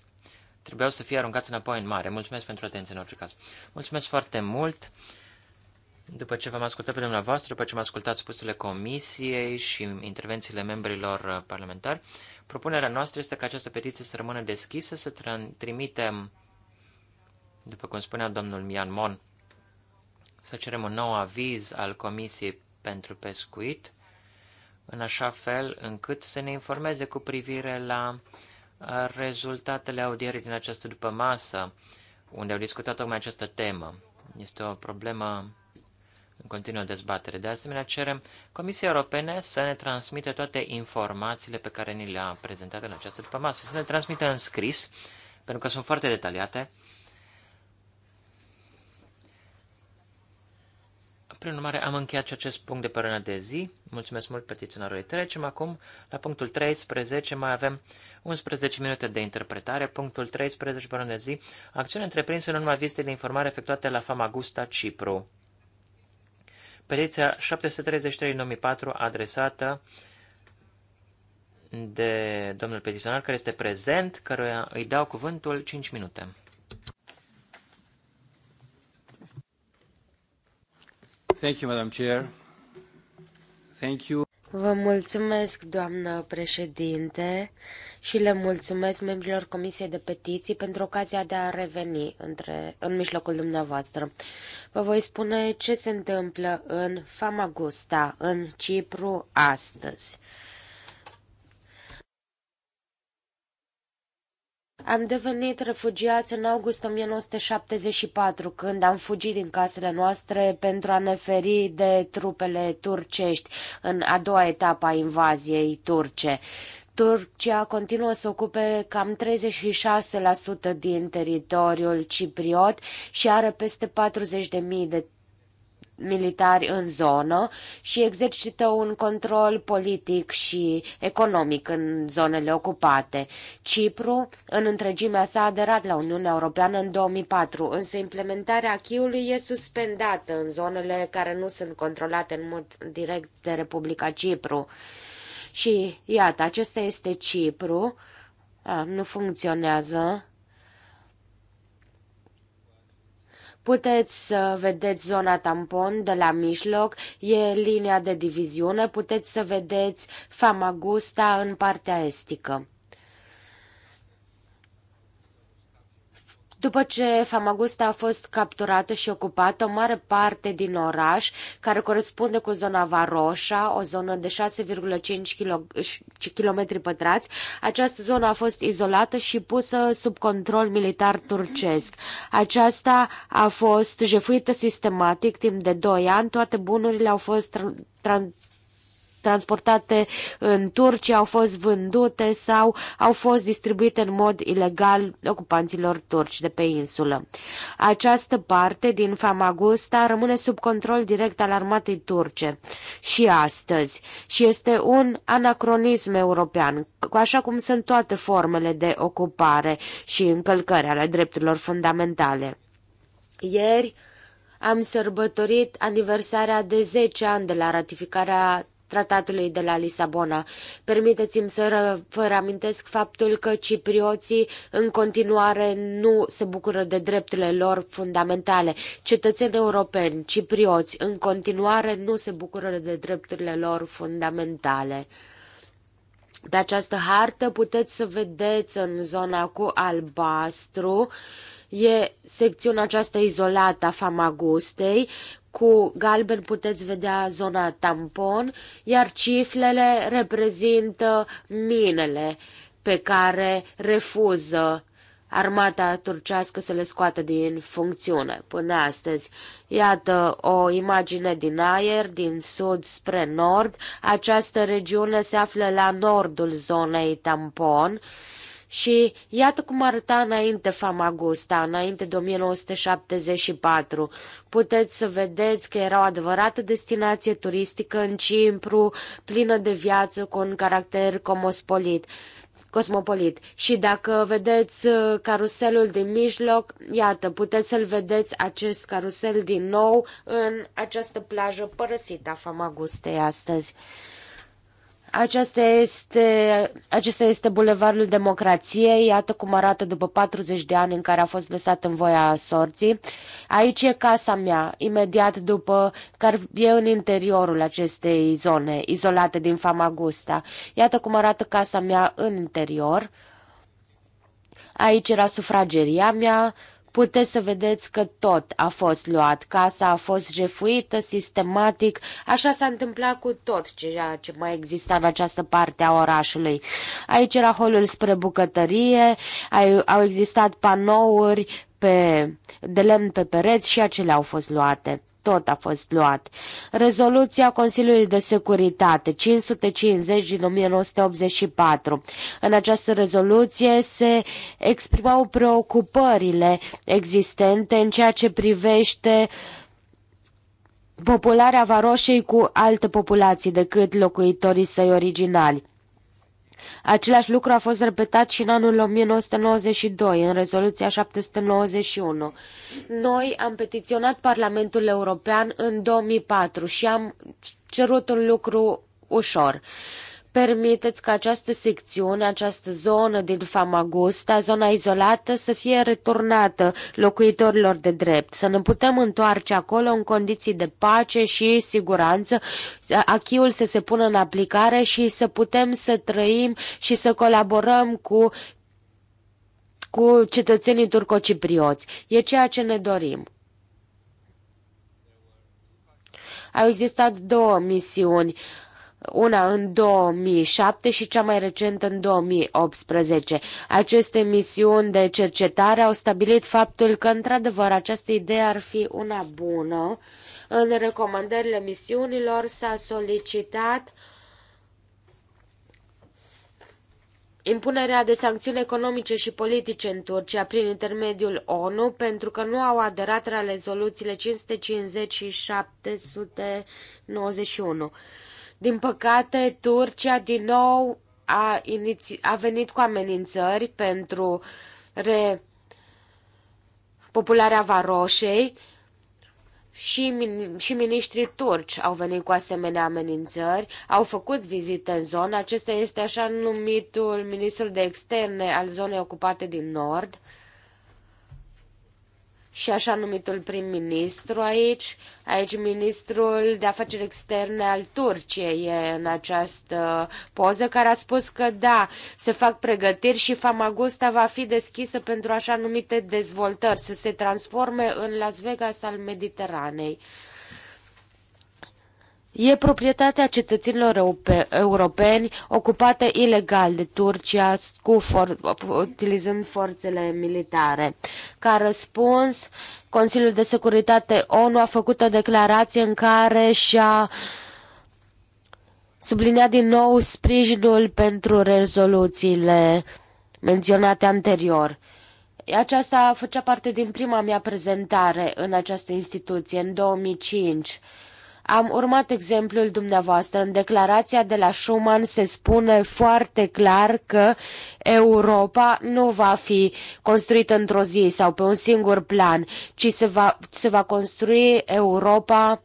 trebuiau să fie aruncați înapoi în mare. Mulțumesc pentru atenție în orice caz. Mulțumesc foarte mult! După ce v-am ascultat pe dumneavoastră, după ce am ascultat spusele comisiei și intervențiile membrilor parlamentari, propunerea noastră este ca această petiție să rămână deschisă, să trimitem, după cum spunea domnul Mian Mon, să cerem un nou aviz al Comisiei pentru Pescuit în așa fel încât să ne informeze cu privire la uh, rezultatele audierii din această după masă, unde au discutat tocmai această temă. Este o problemă în continuă dezbatere. De asemenea, cerem Comisiei Europene să ne transmită toate informațiile pe care ni le-a prezentat în această după masă, să ne transmită în scris, pentru că sunt foarte detaliate, Prin urmare, am încheiat și acest punct de părână de zi. Mulțumesc mult petiționarului. Trecem acum la punctul 13. Mai avem 11 minute de interpretare. Punctul 13 părână de zi. Acțiune întreprinsă în urma vizitei de informare efectuate la Famagusta, Cipru. Petiția 733-2004 adresată de domnul petiționar care este prezent, căruia îi dau cuvântul 5 minute. Vă mulțumesc, doamnă președinte, și le mulțumesc membrilor Comisiei de Petiții pentru ocazia de a reveni între, în mijlocul dumneavoastră. Vă voi spune ce se întâmplă în Famagusta, în Cipru, astăzi. Am devenit refugiați în august 1974, când am fugit din casele noastre pentru a ne feri de trupele turcești în a doua etapă a invaziei turce. Turcia continuă să ocupe cam 36% din teritoriul cipriot și are peste 40.000 de militari în zonă și exercită un control politic și economic în zonele ocupate. Cipru, în întregimea sa, a aderat la Uniunea Europeană în 2004, însă implementarea acquis e suspendată în zonele care nu sunt controlate în mod direct de Republica Cipru. Și iată, acesta este Cipru. A, nu funcționează. Puteți să vedeți zona tampon de la mijloc, e linia de diviziune, puteți să vedeți Famagusta în partea estică. După ce Famagusta a fost capturată și ocupată, o mare parte din oraș, care corespunde cu zona Varoșa, o zonă de 6,5 km pătrați, această zonă a fost izolată și pusă sub control militar turcesc. Aceasta a fost jefuită sistematic timp de 2 ani, toate bunurile au fost tra- tra- transportate în Turcia, au fost vândute sau au fost distribuite în mod ilegal ocupanților turci de pe insulă. Această parte din Famagusta rămâne sub control direct al armatei turce și astăzi și este un anacronism european, așa cum sunt toate formele de ocupare și încălcări ale drepturilor fundamentale. Ieri, am sărbătorit aniversarea de 10 ani de la ratificarea tratatului de la Lisabona. Permiteți-mi să vă reamintesc faptul că ciprioții în continuare nu se bucură de drepturile lor fundamentale. Cetățeni europeni, ciprioți, în continuare nu se bucură de drepturile lor fundamentale. Pe această hartă puteți să vedeți în zona cu albastru e secțiunea aceasta izolată a Famagustei, cu galben puteți vedea zona tampon, iar ciflele reprezintă minele pe care refuză armata turcească să le scoată din funcțiune până astăzi. Iată o imagine din aer, din sud spre nord. Această regiune se află la nordul zonei tampon. Și iată cum arăta înainte Famagusta, înainte de 1974. Puteți să vedeți că era o adevărată destinație turistică în Cimpru, plină de viață, cu un caracter cosmopolit. Cosmopolit. Și dacă vedeți uh, caruselul din mijloc, iată, puteți să-l vedeți acest carusel din nou în această plajă părăsită a Famagustei astăzi. Aceasta este, acesta este bulevardul democrației, iată cum arată după 40 de ani în care a fost lăsat în voia sorții. Aici e casa mea, imediat după care e în interiorul acestei zone, izolate din Famagusta. Iată cum arată casa mea în interior. Aici era sufrageria mea, puteți să vedeți că tot a fost luat. Casa a fost jefuită sistematic. Așa s-a întâmplat cu tot ceea ce mai exista în această parte a orașului. Aici era holul spre bucătărie, au existat panouri pe, de lemn pe pereți și acele au fost luate tot a fost luat. Rezoluția Consiliului de Securitate 550 din 1984. În această rezoluție se exprimau preocupările existente în ceea ce privește popularea Varoșei cu alte populații decât locuitorii săi originali. Același lucru a fost repetat și în anul 1992, în rezoluția 791. Noi am petiționat Parlamentul European în 2004 și am cerut un lucru ușor Permiteți ca această secțiune, această zonă din Famagusta, zona izolată, să fie returnată locuitorilor de drept, să ne putem întoarce acolo în condiții de pace și siguranță, achiul să se pună în aplicare și să putem să trăim și să colaborăm cu cu cetățenii turcociprioți. E ceea ce ne dorim. Au existat două misiuni uh, una în 2007 și cea mai recentă în 2018. Aceste misiuni de cercetare au stabilit faptul că, într-adevăr, această idee ar fi una bună. În recomandările misiunilor s-a solicitat impunerea de sancțiuni economice și politice în Turcia prin intermediul ONU pentru că nu au aderat la rezoluțiile 550 și 791. Din păcate, Turcia din nou a, iniți- a venit cu amenințări pentru re- popularea Varoșei și, min- și miniștrii turci au venit cu asemenea amenințări, au făcut vizite în zonă. Acesta este așa numitul ministrul de externe al zonei ocupate din nord și așa numitul prim-ministru aici. Aici ministrul de afaceri externe al Turciei e în această poză, care a spus că da, se fac pregătiri și Famagusta va fi deschisă pentru așa numite dezvoltări, să se transforme în Las Vegas al Mediteranei. E proprietatea cetățenilor europeni ocupată ilegal de Turcia cu for, utilizând forțele militare. Ca răspuns, Consiliul de Securitate ONU a făcut o declarație în care și-a subliniat din nou sprijinul pentru rezoluțiile menționate anterior. Aceasta făcea parte din prima mea prezentare în această instituție, în 2005. Am urmat exemplul dumneavoastră. În declarația de la Schuman se spune foarte clar că Europa nu va fi construită într-o zi sau pe un singur plan, ci se va, se va construi Europa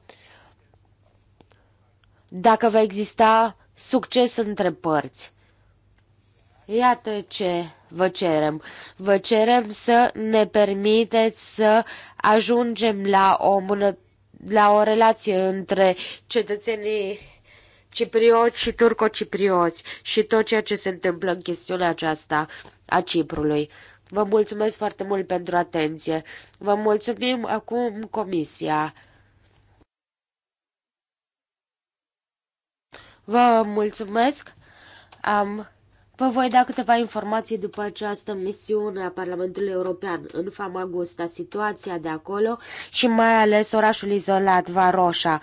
dacă va exista succes între părți. Iată ce vă cerem. Vă cerem să ne permiteți să ajungem la o îmbunătățire la o relație între cetățenii ciprioți și turco-ciprioți și tot ceea ce se întâmplă în chestiunea aceasta a Ciprului. Vă mulțumesc foarte mult pentru atenție. Vă mulțumim acum comisia. Vă mulțumesc. Am Vă voi da câteva informații după această misiune a Parlamentului European în Famagusta, situația de acolo și mai ales orașul izolat, Varoșa.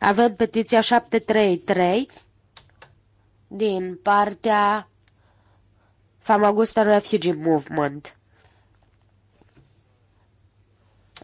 Avem petiția 733 din partea Famagusta Refugee Movement.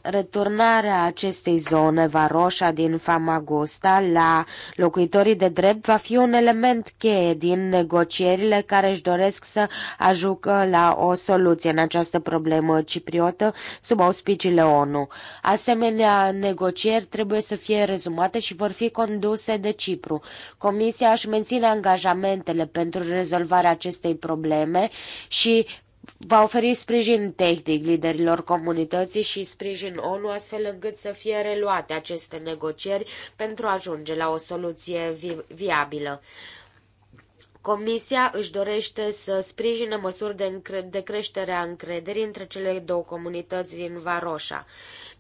Returnarea acestei zone varoșa din Famagosta la locuitorii de drept va fi un element cheie din negocierile care își doresc să ajucă la o soluție în această problemă cipriotă sub auspiciile ONU. Asemenea, negocieri trebuie să fie rezumate și vor fi conduse de Cipru. Comisia își menține angajamentele pentru rezolvarea acestei probleme și va oferi sprijin tehnic liderilor comunității și sprijin ONU astfel încât să fie reluate aceste negocieri pentru a ajunge la o soluție vi viabilă. Comisia își dorește să sprijine măsuri de, de creștere a încrederii între cele două comunități din Varoșa.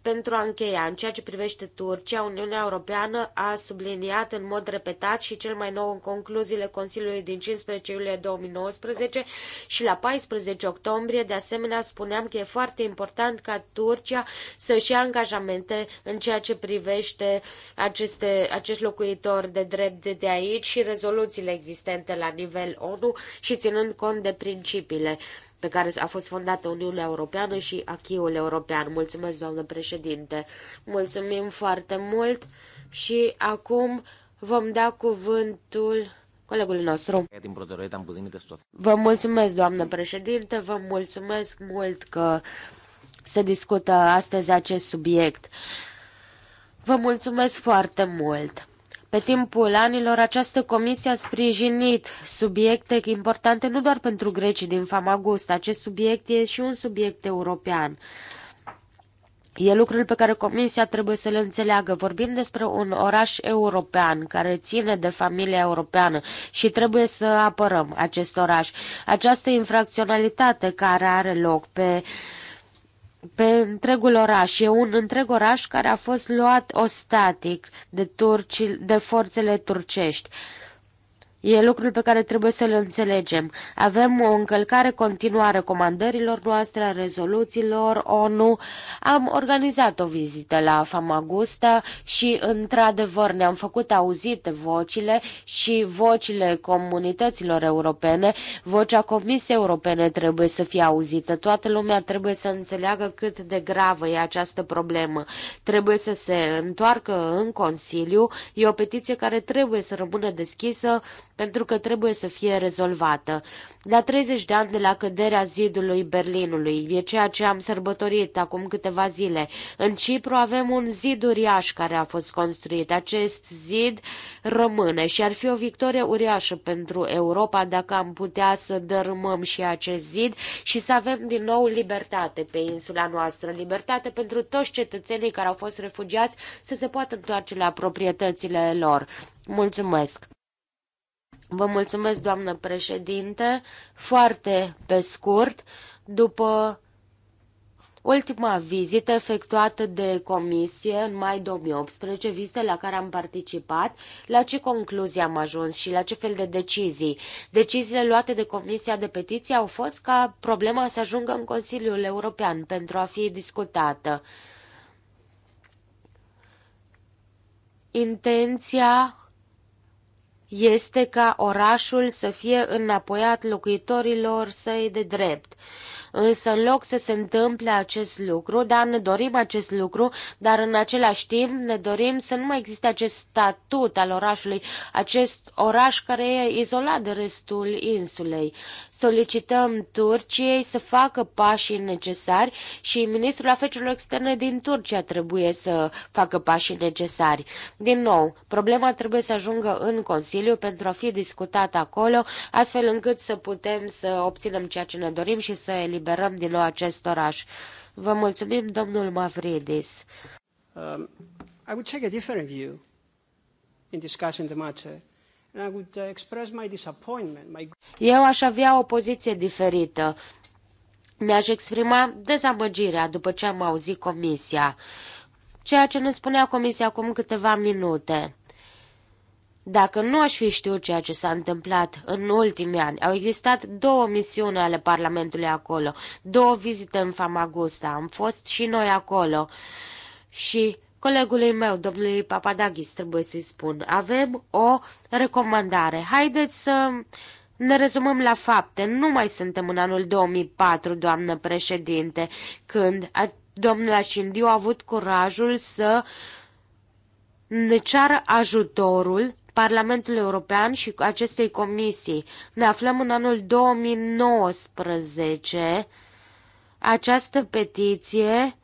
Pentru a încheia, în ceea ce privește Turcia, Uniunea Europeană a subliniat în mod repetat și cel mai nou în concluziile Consiliului din 15 iulie 2019 și la 14 octombrie, de asemenea, spuneam că e foarte important ca Turcia să-și ia angajamente în ceea ce privește aceste, acești locuitori de drept de, de aici și rezoluțiile existente la nivel ONU și ținând cont de principiile pe care a fost fondată Uniunea Europeană și Achiul European. Mulțumesc, doamnă președinte! Mulțumim foarte mult și acum vom da cuvântul colegului nostru. Vă mulțumesc, doamnă președinte, vă mulțumesc mult că se discută astăzi acest subiect. Vă mulțumesc foarte mult! Pe timpul anilor, această comisie a sprijinit subiecte importante nu doar pentru grecii din Famagust. Acest subiect e și un subiect european. E lucrul pe care Comisia trebuie să le înțeleagă. Vorbim despre un oraș european care ține de familia europeană și trebuie să apărăm acest oraș. Această infracționalitate care are loc pe uh, pe întregul oraș. E un întreg oraș care a fost luat ostatic de, turci, de forțele turcești. E lucrul pe care trebuie să-l înțelegem. Avem o încălcare continuă a recomandărilor noastre, a rezoluțiilor ONU. Am organizat o vizită la Famagusta și, într-adevăr, ne-am făcut auzite vocile și vocile comunităților europene. Vocea Comisiei Europene trebuie să fie auzită. Toată lumea trebuie să înțeleagă cât de gravă e această problemă. Trebuie să se întoarcă în Consiliu. E o petiție care trebuie să rămână deschisă pentru că trebuie să fie rezolvată. La 30 de ani de la căderea zidului Berlinului, e ceea ce am sărbătorit acum câteva zile. În Cipru avem un zid uriaș care a fost construit. Acest zid rămâne și ar fi o victorie uriașă pentru Europa dacă am putea să dărâmăm și acest zid și să avem din nou libertate pe insula noastră. Libertate pentru toți cetățenii care au fost refugiați să se poată întoarce la proprietățile lor. Mulțumesc! Vă mulțumesc, doamnă președinte. Foarte pe scurt, după ultima vizită efectuată de comisie în mai 2018, vizită la care am participat, la ce concluzii am ajuns și la ce fel de decizii? Deciziile luate de Comisia de Petiții au fost ca problema să ajungă în Consiliul European pentru a fi discutată. Intenția este ca orașul să fie înapoiat locuitorilor săi de drept. Însă în loc să se întâmple acest lucru, dar ne dorim acest lucru, dar în același timp ne dorim să nu mai existe acest statut al orașului, acest oraș care e izolat de restul insulei. Solicităm Turciei să facă pașii necesari și ministrul afacerilor externe din Turcia trebuie să facă pașii necesari. Din nou, problema trebuie să ajungă în Consiliu pentru a fi discutată acolo, astfel încât să putem să obținem ceea ce ne dorim și să eliberăm eliberăm din nou acest oraș. Vă mulțumim, domnul Mavridis. Um, I would take a different view in discussing the matter. Uh, Eu aș avea o poziție diferită. Mi-aș exprima dezamăgirea după ce am auzit comisia, ceea ce ne spunea comisia acum câteva minute. Dacă nu aș fi știut ceea ce s-a întâmplat în ultimii ani, au existat două misiuni ale Parlamentului acolo, două vizite în Famagusta, am fost și noi acolo. Și colegului meu, domnului Papadagis, trebuie să-i spun, avem o recomandare. Haideți să ne rezumăm la fapte. Nu mai suntem în anul 2004, doamnă președinte, când a, domnul Ascindiu a avut curajul să ne ceară ajutorul Parlamentului European și acestei comisii. Ne aflăm în anul 2019. Această petiție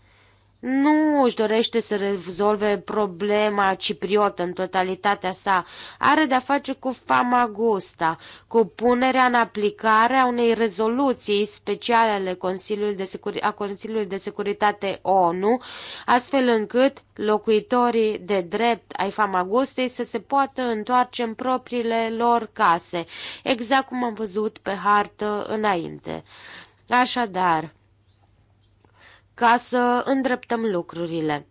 nu își dorește să rezolve problema cipriotă în totalitatea sa. Are de-a face cu Famagusta, cu punerea în aplicare a unei rezoluții speciale ale Consiliului de a Consiliului de Securitate ONU, astfel încât locuitorii de drept ai Famagustei să se poată întoarce în propriile lor case, exact cum am văzut pe hartă înainte. Așadar, ca să îndreptăm lucrurile.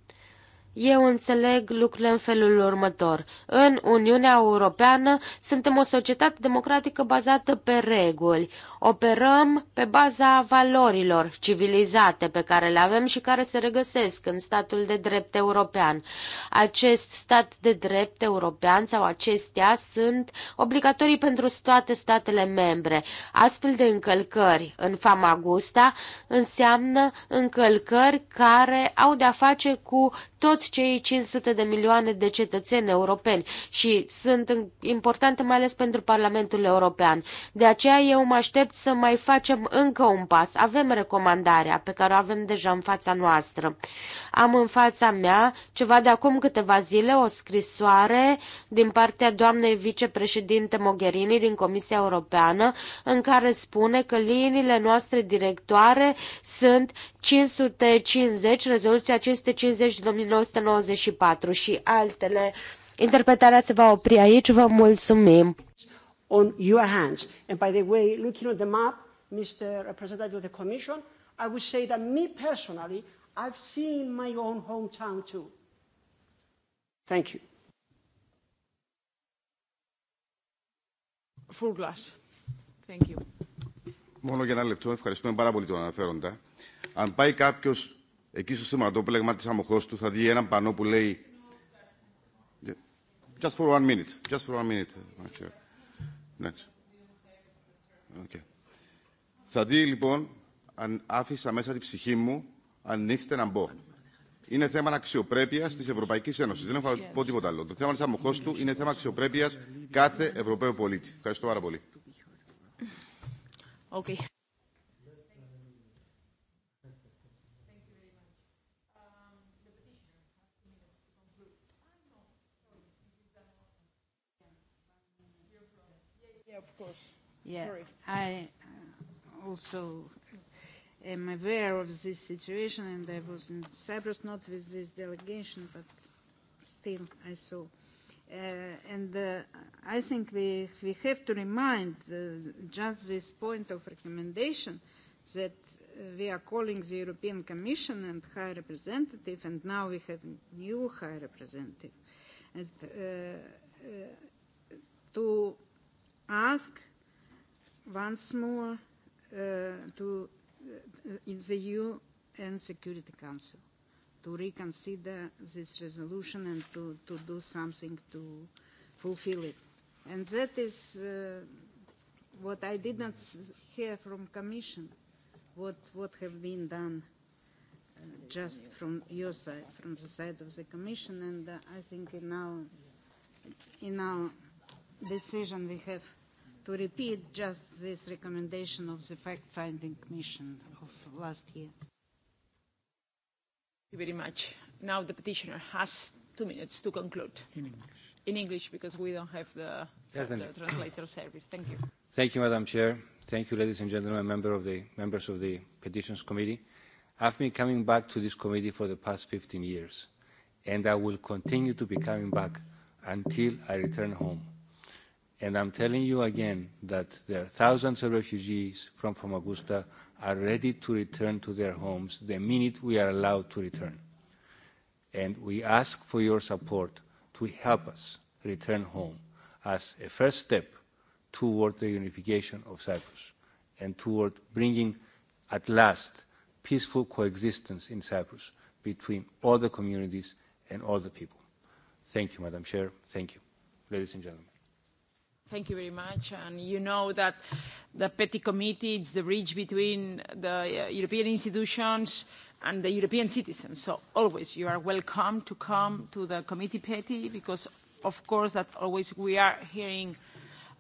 Eu înțeleg lucrurile în felul următor. În Uniunea Europeană suntem o societate democratică bazată pe reguli. Operăm pe baza valorilor civilizate pe care le avem și care se regăsesc în statul de drept european. Acest stat de drept european sau acestea sunt obligatorii pentru toate statele membre. Astfel de încălcări în gusta înseamnă încălcări care au de-a face cu toți toți cei 500 de milioane de cetățeni europeni și sunt importante mai ales pentru Parlamentul European. De aceea eu mă aștept să mai facem încă un pas. Avem recomandarea pe care o avem deja în fața noastră. Am în fața mea ceva de acum câteva zile, o scrisoare din partea doamnei vicepreședinte Mogherini din Comisia Europeană, în care spune că liniile noastre directoare sunt 550, rezoluția 550 din 19 194 și altele. Interpretarea se va opri aici. Vă mulțumim. On your hands. And by the way, looking at the map, Mr. Representative of the Commission, I would say that me personally, I've seen my own hometown too. Thank you. Full glass. Thank you. Μόνο για ένα λεπτό, ευχαριστούμε πάρα πολύ τον αναφέροντα. Αν πάει κάποιο Εκεί στο σηματόπλεγμα τη αμοχώ του θα δει ένα πανό που λέει Just for one minute. Just for one minute. Next. Okay. Θα δει λοιπόν αν άφησα μέσα τη ψυχή μου ανοίξτε να μπω. Είναι θέμα αξιοπρέπεια τη Ευρωπαϊκή Ένωση. Δεν έχω να πω τίποτα άλλο. Το θέμα τη αμοχώ του είναι θέμα αξιοπρέπεια κάθε Ευρωπαίου πολίτη. Ευχαριστώ πάρα πολύ. Okay. Yeah, of course. Yeah, Sorry. I uh, also am aware of this situation, and I was in Cyprus, not with this delegation, but still I saw. Uh, and uh, I think we, we have to remind uh, just this point of recommendation that uh, we are calling the European Commission and High Representative, and now we have new High Representative, and, uh, uh, to ask once more uh, to uh, in the EU and Security Council to reconsider this resolution and to, to do something to fulfill it. And that is uh, what I did not hear from Commission, what, what have been done uh, just from your side, from the side of the Commission, and uh, I think in our, in our decision we have to repeat just this recommendation of the fact-finding mission of last year. Thank you very much. Now the petitioner has two minutes to conclude. In English. In English, because we don't have the, the translator service. Thank you. Thank you, Madam Chair. Thank you, ladies and gentlemen, member of the, members of the Petitions Committee. I've been coming back to this committee for the past 15 years, and I will continue to be coming back until I return home And I'm telling you again that there are thousands of refugees from Famagusta are ready to return to their homes the minute we are allowed to return. And we ask for your support to help us return home as a first step toward the unification of Cyprus and toward bringing at last peaceful coexistence in Cyprus between all the communities and all the people. Thank you, Madam Chair. Thank you, ladies and gentlemen. Thank you very much. And you know that the Petty committee is the bridge between the uh, European institutions and the European citizens. So always you are welcome to come to the committee Petty, because of course that always we are hearing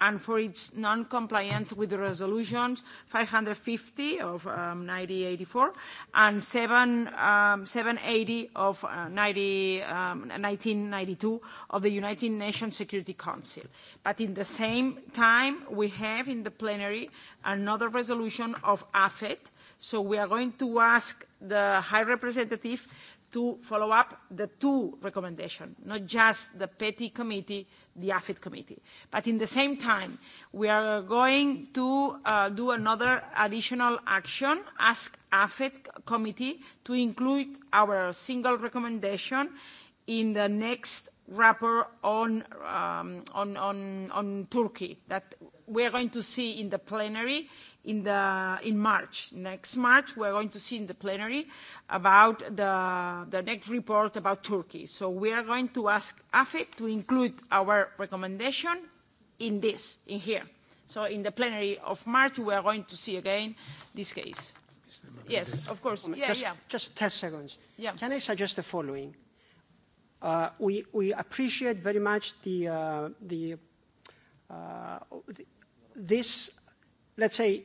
and for its non-compliance with the resolutions 550 of um, 1984 and 7, um, 780 of uh, 90, um, 1992 of the United Nations Security Council. But in the same time, we have in the plenary another resolution of AFET, so we are going to ask the High Representative to follow up the two recommendations, not just the PETI committee, the AFID committee. But in the same time, we are going to uh, do another additional action, ask AFID committee to include our single recommendation in the next rapport on, um, on, on, on Turkey that we are going to see in the plenary in, the, in March. Next March, we are going to see in the plenary about the, the next report about Turkey. So we are going to ask AFIP to include our recommendation in this, in here. So in the plenary of March, we are going to see again this case. Yes, of course. Yeah, just, yeah. Just 10 seconds. Yeah. Can I suggest the following? Uh, we, we appreciate very much the, uh, the, uh, the, this, let's say,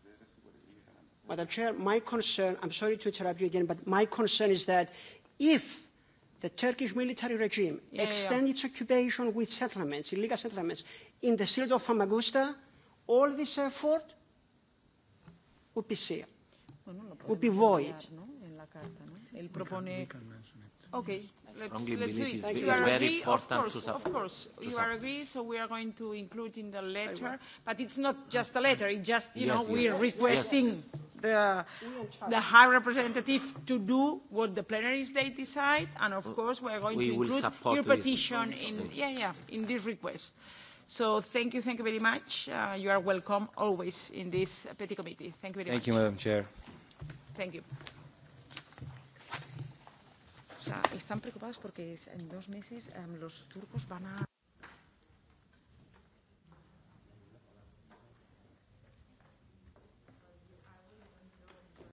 Madam Chair, my concern, I'm sorry to interrupt you again, but my concern is that if the Turkish military regime yeah, extends yeah. its occupation with settlements, illegal settlements, in the city of Famagusta, all this effort would be sealed, bueno, would be void. Okay, let's, let's do it. You are agree, of course, of course. You are agree, so we are going to include in the letter, but it's not just a letter, it's just, you yes, know, yes. we're requesting... Yes the, the High Representative to do what the plenaries they decide, and of course we are going we to include your petition in, yeah, yeah, in this request. So thank you, thank you very much. Uh, you are welcome always in this Petty Committee. Thank you very thank much. Thank you, Madam Chair. Thank you. O sea, están preocupados porque en dos meses um, los turcos van a...